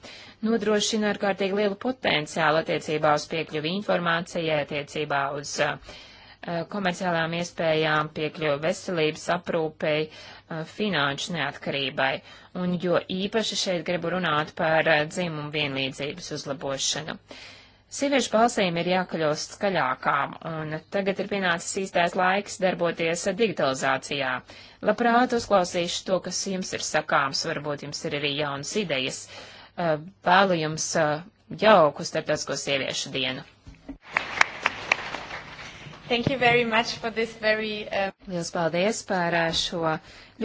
nodrošina ar kārtīgi lielu potenciālu attiecībā uz piekļuvi informācijai, attiecībā uz uh, uh, komerciālām iespējām, piekļuvi veselības aprūpei, uh, finanšu neatkarībai. Un jo īpaši šeit gribu runāt par uh, dzimumu vienlīdzības uzlabošanu. Uh, Sieviešu balsīm ir jākļūst skaļākām, un tagad ir pienācis īstais laiks darboties digitalizācijā. Labprāt uzklausīšu to, kas jums ir sakāms, varbūt jums ir arī jaunas idejas. Eh, vēlu jums eh, jauku starptautisko sieviešu dienu! Thank you very much for this very. Uh... Liels paldies par šo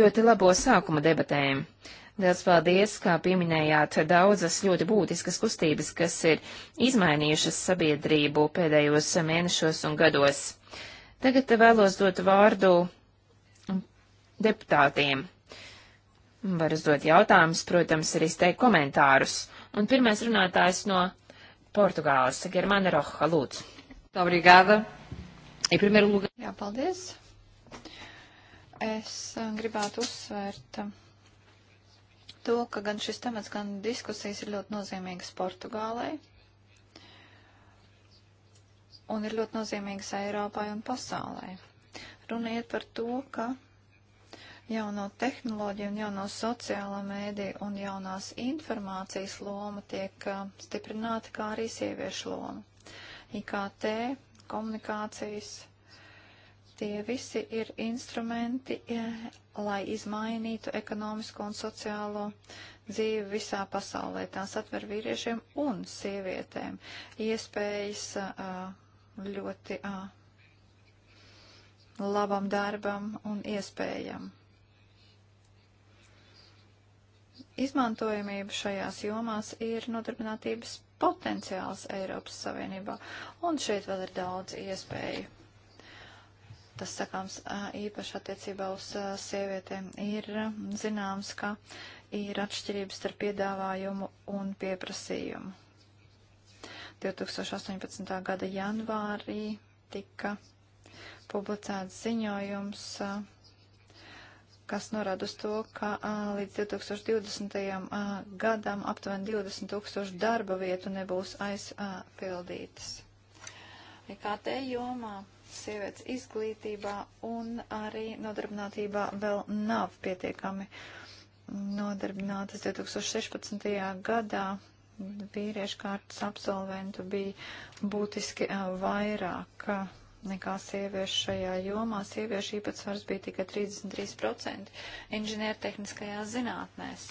ļoti labo sākuma debatēm. Liels paldies, kā pieminējāt daudzas ļoti būtiskas kustības, kas ir izmainījušas sabiedrību pēdējos mēnešos un gados. Tagad vēlos dot vārdu deputātiem. Var uzdot jautājumus, protams, arī izteikt komentārus. Un pirmais runātājs no Portugāles, Germāna Roha, lūdzu. Obrigada. E primeiro lugar. Jā, paldies. Es eh, gribētu uzsvērt. Uh, to, ka gan šis temats, gan diskusijas ir ļoti nozīmīgas Portugālei un ir ļoti nozīmīgas Eiropai un pasaulē. Runa iet par to, ka jauno tehnoloģiju un jauno sociālo mēdīju un jaunās informācijas loma tiek uh, stiprināta, kā arī sieviešu loma. IKT, komunikācijas Tie visi ir instrumenti, lai izmainītu ekonomisko un sociālo dzīvi visā pasaulē. Tās atver vīriešiem un sievietēm iespējas ļoti labam darbam un iespējam. Izmantojamība šajās jomās ir nodarbinātības potenciāls Eiropas Savienībā, un šeit vēl ir daudz iespēju tas sakāms īpaši attiecībā uz sievietēm, ir zināms, ka ir atšķirības starp piedāvājumu un pieprasījumu. 2018. gada janvārī tika publicēts ziņojums, kas norāda uz to, ka a, līdz 2020. A, gadam aptuveni 20 tūkstoši darba vietu nebūs aizpildītas. IKT e jomā sievietes izglītībā un arī nodarbinātībā vēl nav pietiekami nodarbinātas. 2016. gadā vīriešu kārtas absolventu bija būtiski vairāk nekā sieviešu šajā jomā. Sieviešu īpatsvars bija tikai 33% inženiertehniskajās zinātnēs.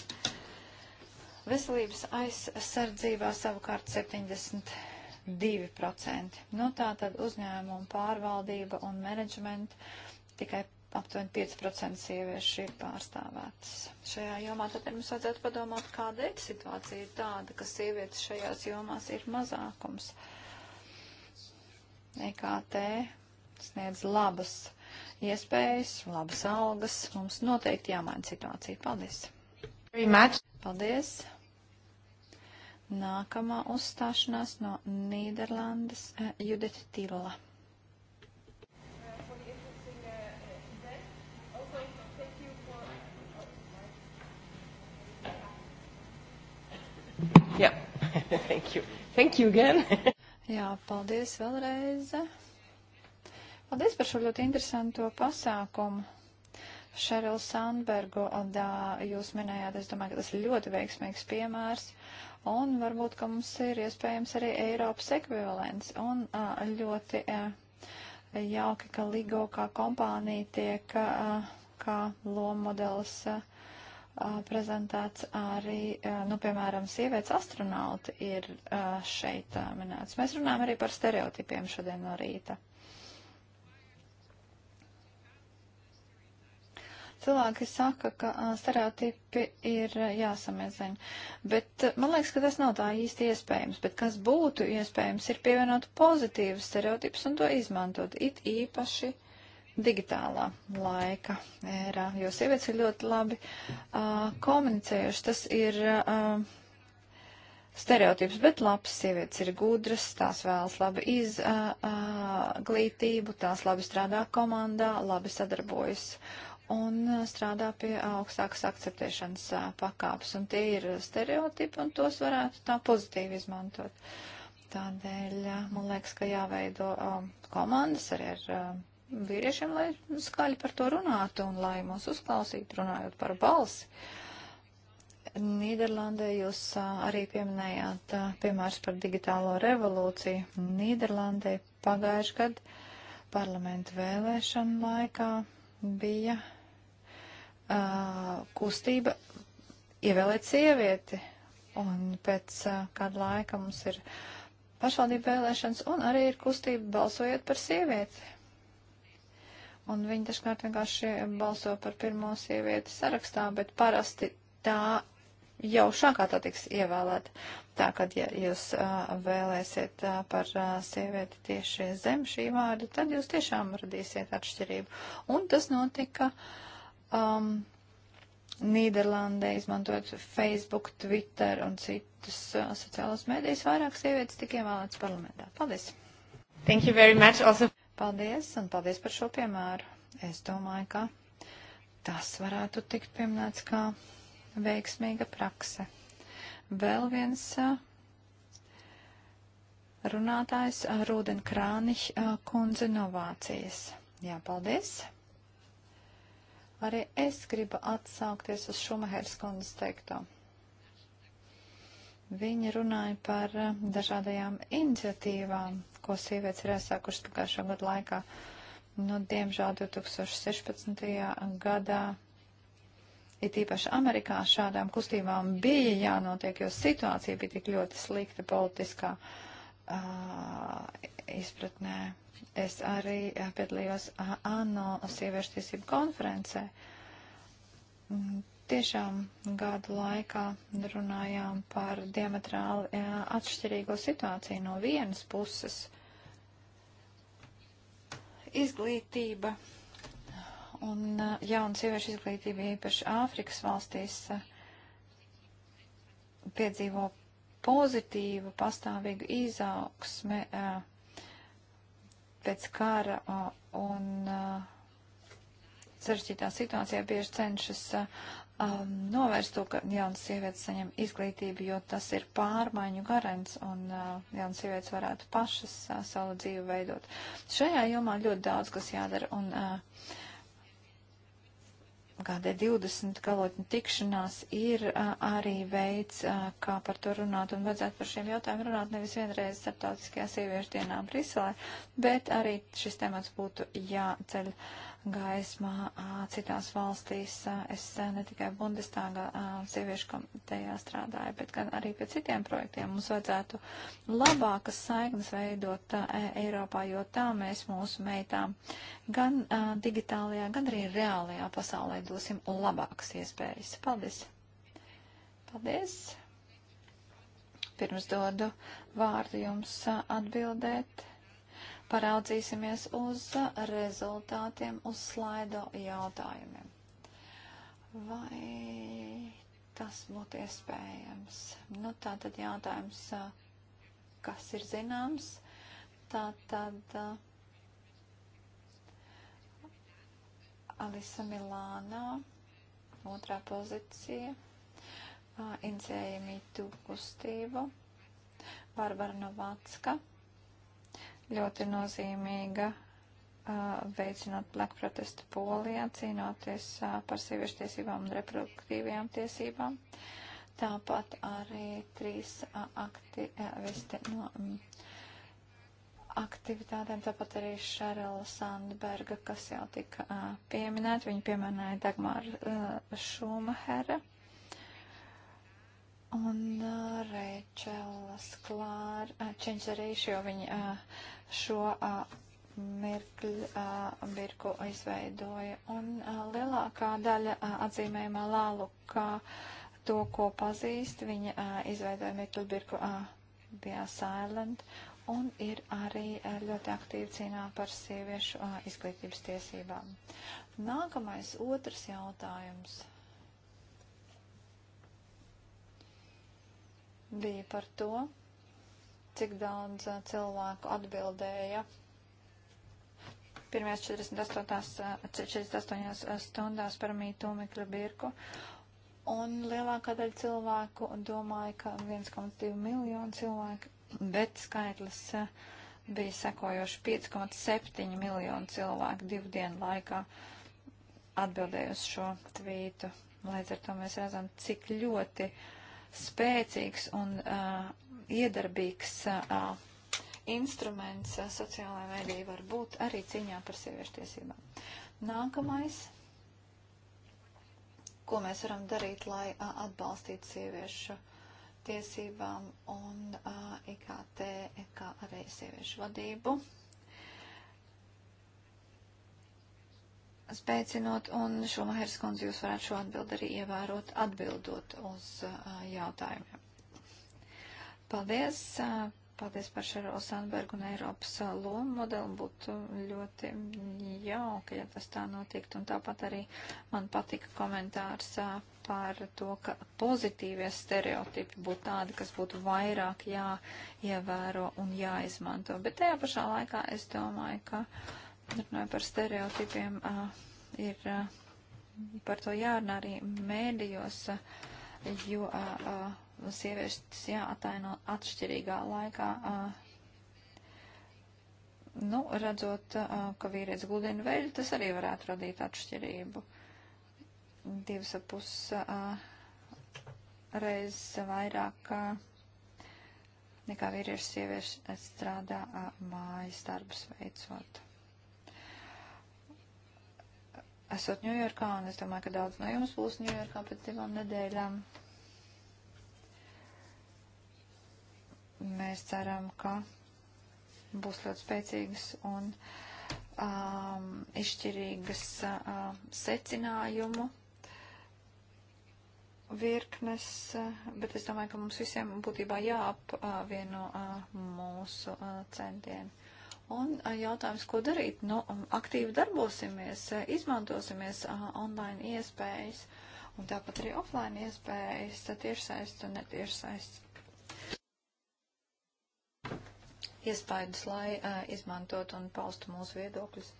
Veselības aizsardzībā savukārt 70 2%. Nu, tā tad uzņēmuma pārvaldība un menedžment tikai aptuveni 5% sieviešu ir pārstāvētas. Šajā jomā tad ir mums vajadzētu padomāt, kādēļ situācija ir tāda, ka sievietes šajās jomās ir mazākums. EKT sniedz labas iespējas, labas algas. Mums noteikti jāmaina situācija. Paldies! Paldies! Nākamā uzstāšanās no Nīderlandes eh, Judita Tilla. Jā, yeah. (laughs) thank you. Thank you again. (laughs) Jā, paldies vēlreiz. Paldies par šo ļoti interesanto pasākumu. Šerilu Sandbergu, un dā, jūs minējāt, es domāju, ka tas ir ļoti veiksmīgs piemērs. Uh, Un varbūt, ka mums ir iespējams arī Eiropas ekvivalents. Un uh, ļoti uh, jauki, ka LIGO kā kompānija tiek uh, kā loma modelis. Uh, prezentēts arī, nu, piemēram, sievietes astronauti ir šeit minēts. Mēs runājam arī par stereotipiem šodien no rīta. Cilvēki saka, ka stereotipi ir jāsamazina, bet man liekas, ka tas nav tā īsti iespējams, bet kas būtu iespējams, ir pievienot pozitīvus stereotipus un to izmantot, it īpaši digitālā laika ērā, jo sievietes ir ļoti labi uh, komunicējušas, tas ir. Uh, stereotips, bet labs sievietes ir gudras, tās vēlas labi izglītību, tās labi strādā komandā, labi sadarbojas un uh, strādā pie uh, augstākas akceptēšanas uh, pakāpes. Un tie ir stereotipi, un tos varētu tā pozitīvi izmantot. Tādēļ man liekas, ka jāveido um, komandas arī ar vīriešiem, lai skaļi par to runātu un lai mūs uzklausītu, runājot par balsi. Nīderlandē jūs arī pieminējāt piemērs par digitālo revolūciju. Nīderlandē pagājuši gadu parlamentu vēlēšanu laikā bija uh, kustība ievēlēt sievieti. Un pēc uh, kāda laika mums ir pašvaldība vēlēšanas, un arī ir kustība balsojot par sievieti. Un viņi dažkārt vienkārši balso par pirmo sievieti sarakstā, bet parasti tā jau šākā tā tiks ievēlēta. Tā kad, ja jūs uh, vēlēsiet uh, par uh, sievieti tieši zem šī vārda, tad jūs tiešām radīsiet atšķirību. Un tas notika uh, um, Nīderlandē, izmantojot Facebook, Twitter un citus uh, sociālos mēdījus, vairāk sievietes tika ievēlētas parlamentā. Paldies! Thank you very much also. Paldies, un paldies par šo piemēru. Es domāju, ka tas varētu tikt pieminēts kā veiksmīga prakse. Vēl viens uh, runātājs uh, Rūden Krāniņš uh, kundze no Vācijas. Jā, paldies! Arī es gribu atsaukties uz Šumahēras kundzes teikto. Viņa runāja par eh, dažādajām iniciatīvām, ko sievietes ir aizsākušas pagājušā gada laikā. Nu, diemžēl 2016. gadā, it īpaši Amerikā, šādām kustībām bija jānotiek, jo situācija bija tik ļoti slikta politiskā uh, izpratnē. Es arī eh, piedalījos eh, ANO sieviešu tiesību konferencē. Mm, tiešām gadu laikā runājām par diametrāli eh, atšķirīgo situāciju no vienas puses. Izglītība un jauna sieviešu izglītība īpaši Āfrikas valstīs piedzīvo pozitīvu pastāvīgu izaugsmi. Uh, pēc kara un sarežģītā situācijā bieži cenšas um, novērst to, ka jaunas sievietes saņem izglītību, jo tas ir pārmaiņu garants un uh, jaunas sievietes varētu pašas uh, savu dzīvi veidot. Šajā jomā ļoti daudz kas jādara un uh, GD20 galotņu tikšanās ir a, arī veids, a, kā par to runāt un vajadzētu par šiem jautājumiem runāt nevis vienreiz starptautiskajā sieviešu dienā Briselē, bet arī šis temats būtu jāceļ. Ja gaismā citās valstīs. Es ne tikai Bundestāgā sieviešu komitejā strādāju, bet gan arī pie citiem projektiem. Mums vajadzētu labākas saiknes veidot e, Eiropā, jo tā mēs mūsu meitām gan digitālajā, gan arī reālajā pasaulē dosim labākas iespējas. Paldies! Paldies! Pirms dodu vārdu jums atbildēt Paraudzīsimies uz rezultātiem, uz slaido jautājumiem. Vai tas būtu iespējams? Nu, tā tad jautājums, kas ir zināms, tā tad Alisa Milānā, otrā pozīcija, iniciējami tu kustību, Barbara Novacka ļoti nozīmīga veicinot black protestu polijā, cīnoties par sieviešu tiesībām un reproduktīvajām tiesībām. Tāpat arī trīs aktivisti no mm, aktivitātēm, tāpat arī Šerela Sandberga, kas jau tika pieminēta, viņa pieminēja Dagmāra Šumahera un Rēčelas Klāra Čenčerīši, jo viņa uh, šo mirkļu birku izveidoja. Un lielākā daļa atzīmējumā lālu, kā to, ko pazīst, viņa izveidoja mirkļu birku Bias Island un ir arī ļoti aktīvi cīnā par sieviešu izglītības tiesībām. Nākamais otrs jautājums bija par to, cik daudz eh, cilvēku atbildēja. Pirmajās 48, 48 eh, eh, stundās par mītu Mikļu Birku. Un lielākā daļa cilvēku domāja, ka 1,2 miljonu cilvēku, bet skaitlis bija sekojoši 5,7 miljonu cilvēku divu dienu laikā atbildējusi šo tvītu. Līdz ar to mēs redzam, cik ļoti spēcīgs un uh, iedarbīgs instruments sociālajai mēdīji var būt arī cīņā par sieviešu tiesībām. Nākamais, ko mēs varam darīt, lai atbalstītu sieviešu tiesībām un IKT, kā arī sieviešu vadību. spēcinot, un Šumahers kundze jūs varētu šo atbildi arī ievērot atbildot uz uh, jautājumiem. Paldies! Paldies par Šero Sandbergu un Eiropas lomu modeli. Būtu ļoti jauki, ja tas tā notiktu. Un tāpat arī man patika komentārs par to, ka pozitīvie stereotipi būtu tādi, kas būtu vairāk jāievēro un jāizmanto. Bet tajā pašā laikā es domāju, ka runāju par stereotipiem, ir par to jārunā arī mēdījos, jo. A, a, sievietes jāataino atšķirīgā laikā. Nu, redzot, ka vīrietis gludina veļu, tas arī varētu radīt atšķirību. Divas ap pus reizes vairāk nekā vīrieši sievieši strādā mājas darbus veicot esot Ņujorkā, un es domāju, ka daudz no jums būs Ņujorkā pēc divām nedēļām. mēs ceram, ka būs ļoti spēcīgas un um, izšķirīgas uh, secinājumu virknes, uh, bet es domāju, ka mums visiem būtībā jāapvieno uh, mūsu uh, centieni. Un uh, jautājums, ko darīt? Nu, um, aktīvi darbosimies, uh, izmantosimies uh, online iespējas un tāpat arī offline iespējas, tiešsaist un netiešsaist. iespaidus, lai uh, izmantot un paustu mūsu viedokļus.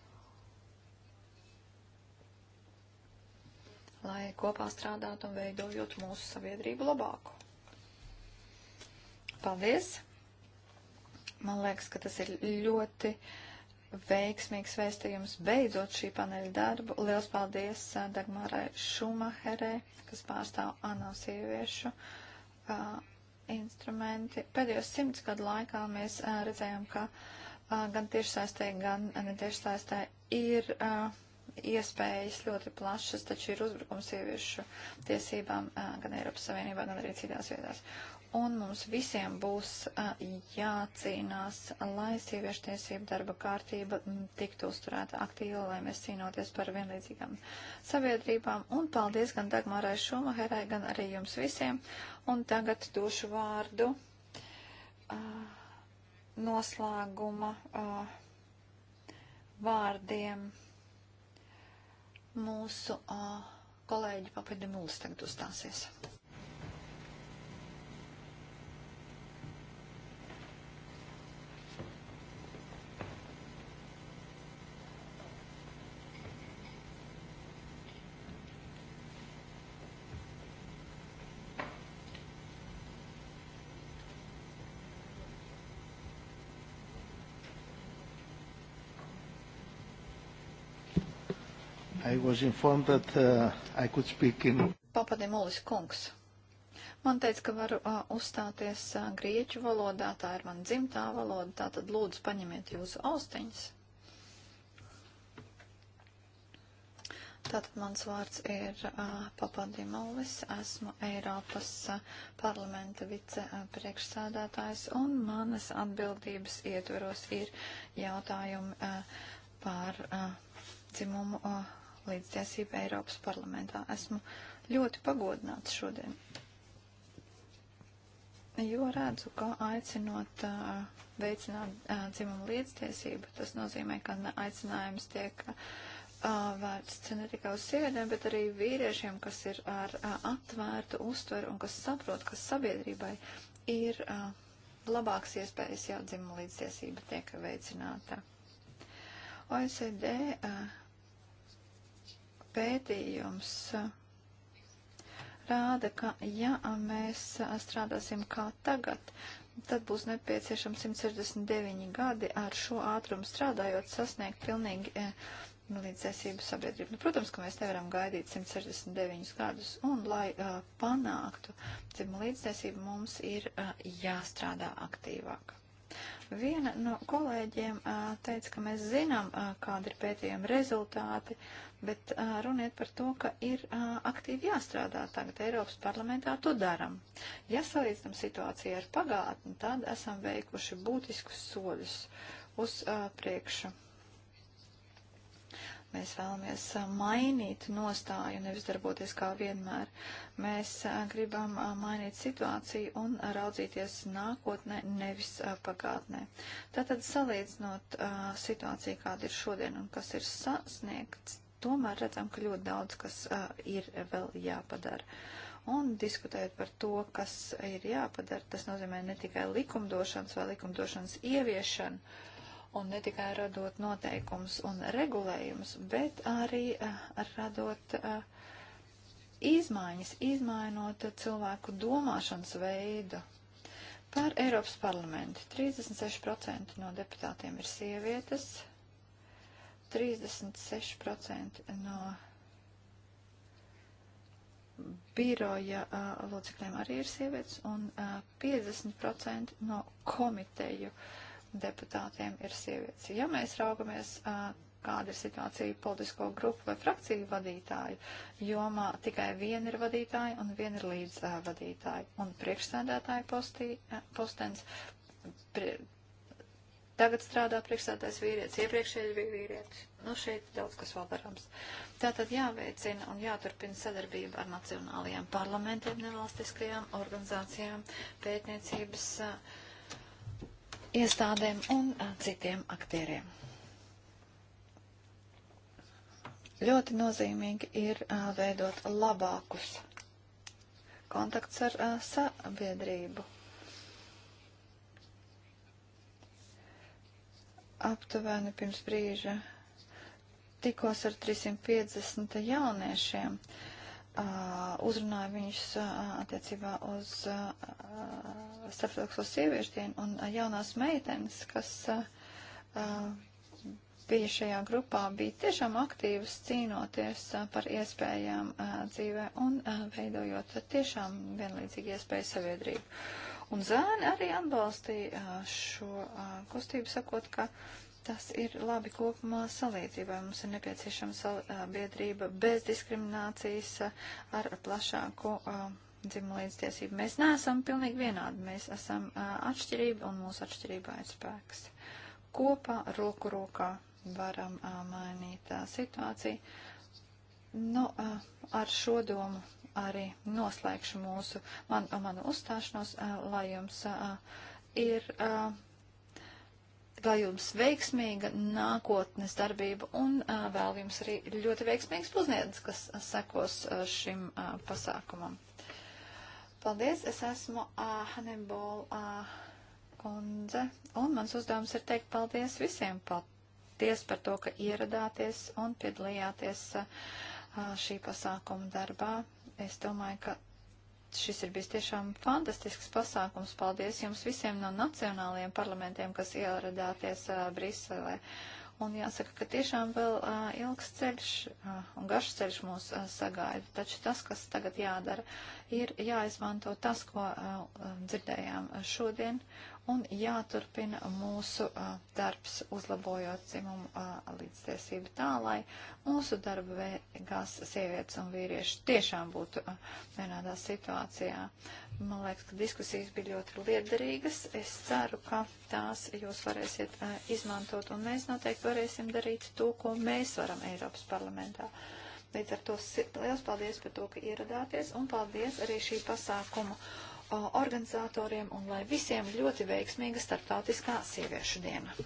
Lai kopā strādātu un veidojot mūsu sabiedrību labāku. Paldies! Man liekas, ka tas ir ļoti veiksmīgs vēstījums beidzot šī paneļa darbu. Liels paldies Dagmarai Šumaherē, kas pārstāv ANO sieviešu. Uh, instrumenti. Pēdējos simts gadu laikā mēs a, redzējām, ka a, gan tiešsaistē, gan netiešsaistē ir a, iespējas ļoti plašas, taču ir uzbrukums sieviešu tiesībām gan Eiropas Savienībā, gan arī citās vietās un mums visiem būs jācīnās, lai sieviešu tiesību darba kārtība tiktu uzturēta aktīva, lai mēs cīnoties par vienlīdzīgām sabiedrībām. Un paldies gan Dagmarai Šumaherai, gan arī jums visiem. Un tagad došu vārdu noslēguma vārdiem mūsu kolēģi papildi mūlis tagad uzstāsies. was informed that uh, I could speak in... Papadimulis kungs. Man teica, ka varu uh, uzstāties uh, grieķu valodā, tā ir man dzimtā valoda, tā tad lūdzu paņemiet jūsu austiņas. Tātad mans vārds ir uh, Papadimulis, esmu Eiropas uh, parlamenta vice uh, priekšsādātājs un manas atbildības ietveros ir jautājumi uh, par uh, dzimumu. Uh, līdztiesība Eiropas parlamentā. Esmu ļoti pagodināts šodien, jo redzu, ka aicinot veicināt dzimumu līdztiesību, tas nozīmē, ka aicinājums tiek vērsts ne tikai uz sievietēm, bet arī vīriešiem, kas ir ar atvērtu uztveru un kas saprot, ka sabiedrībai ir labāks iespējas jau dzimuma līdztiesība tiek veicināta. OECD pētījums uh, rāda, ka ja mēs uh, strādāsim kā tagad, tad būs nepieciešams 169 gadi ar šo ātrumu strādājot sasniegt pilnīgi eh, nu, līdzēsību sabiedrību. Nu, protams, ka mēs nevaram gaidīt 169 gadus, un lai uh, panāktu dzimumu līdzēsību, mums ir uh, jāstrādā aktīvāk. Viena no kolēģiem uh, teica, ka mēs zinām, uh, kāda ir pētījuma rezultāti, uh, Bet uh, runiet par to, ka ir uh, aktīvi jāstrādā tagad Eiropas parlamentā, to daram. Ja salīdzinām situāciju ar pagātni, tad esam veikuši būtiskus soļus uz uh, priekšu. Mēs vēlamies uh, mainīt nostāju, nevis darboties kā vienmēr. Mēs uh, gribam uh, mainīt situāciju un raudzīties nākotnē, nevis pagātnē. Tātad salīdzinot situāciju, kāda ir šodien un kas ir sasniegts, tomēr redzam, ka ļoti daudz kas uh, ir vēl jāpadara. Un diskutējot par to, kas ir jāpadara, tas nozīmē ne tikai likumdošanas vai likumdošanas ieviešanu, un ne tikai radot noteikums un regulējums, bet arī uh, radot uh, izmaiņas, izmainot cilvēku domāšanas veidu. Par Eiropas parlamentu 36% no deputātiem ir sievietes, 36% no biroja uh, locekļiem arī ir sievietes, un uh, 50% no komiteju deputātiem ir sievietes. Ja mēs raugamies, uh, kāda ir situācija politisko grupu vai frakciju vadītāju, jomā tikai viena ir vadītāja un viena ir līdzvadītāja, un priekšsēdētāja postī, postens pri, tagad strādā priekšsēdājs vīrietis, iepriekšēji bija vīrietis. Nu, šeit daudz kas vēl darams. Tātad jāveicina un jāturpina sadarbība ar nacionālajiem parlamentiem, nevalstiskajām organizācijām, pētniecības iestādēm un citiem aktieriem. Ļoti nozīmīgi ir veidot labākus kontakts ar sabiedrību aptuveni pirms brīža tikos ar 350 jauniešiem. Uh, uzrunāju viņus uh, attiecībā uz uh, starptautisko sieviešu dienu un uh, jaunās meitenes, kas uh, uh, bija šajā grupā, bija tiešām aktīvas cīnoties uh, par iespējām uh, dzīvē un uh, veidojot uh, tiešām vienlīdzīgi iespēju sabiedrību. Uh, Un zēni arī atbalstīja šo kustību, sakot, ka tas ir labi kopumā salīdzībai. Mums ir nepieciešama sabiedrība bez diskriminācijas ar plašāku dzimumu līdztiesību. Mēs neesam pilnīgi vienādi, mēs esam atšķirība un mūsu atšķirībā ir spēks. Kopā, roku rokā varam mainīt situāciju. Nu, ar šo domu arī noslēgšu mūsu man, manu uzstāšanos, lai jums ir, lai jums veiksmīga nākotnes darbība un vēl jums arī ļoti veiksmīgs pusdienas, kas sekos šim pasākumam. Paldies, es esmu Hanebol kundze, un mans uzdevums ir teikt paldies visiem. Paldies par to, ka ieradāties un piedalījāties šī pasākuma darbā. Es domāju, ka šis ir bijis tiešām fantastisks pasākums. Paldies jums visiem no nacionālajiem parlamentiem, kas ieradāties uh, Briselē. Un jāsaka, ka tiešām vēl uh, ilgs ceļš uh, un garš ceļš mūs uh, sagaida. Taču tas, kas tagad jādara, ir jāizmanto tas, ko uh, dzirdējām šodien, un jāturpina mūsu a, darbs, uzlabojot dzimumu līdztiesību tā, lai mūsu darba beigās sievietes un vīrieši tiešām būtu a, vienādā situācijā. Man liekas, ka diskusijas bija ļoti liederīgas. Es ceru, ka tās jūs varēsiet a, izmantot, un mēs noteikti varēsim darīt to, ko mēs varam Eiropas parlamentā. Līdz ar to liels paldies par to, ka ieradāties, un paldies arī šī pasākuma organizatoriem un lai visiem ļoti veiksmīga starptautiskā sieviešu diena.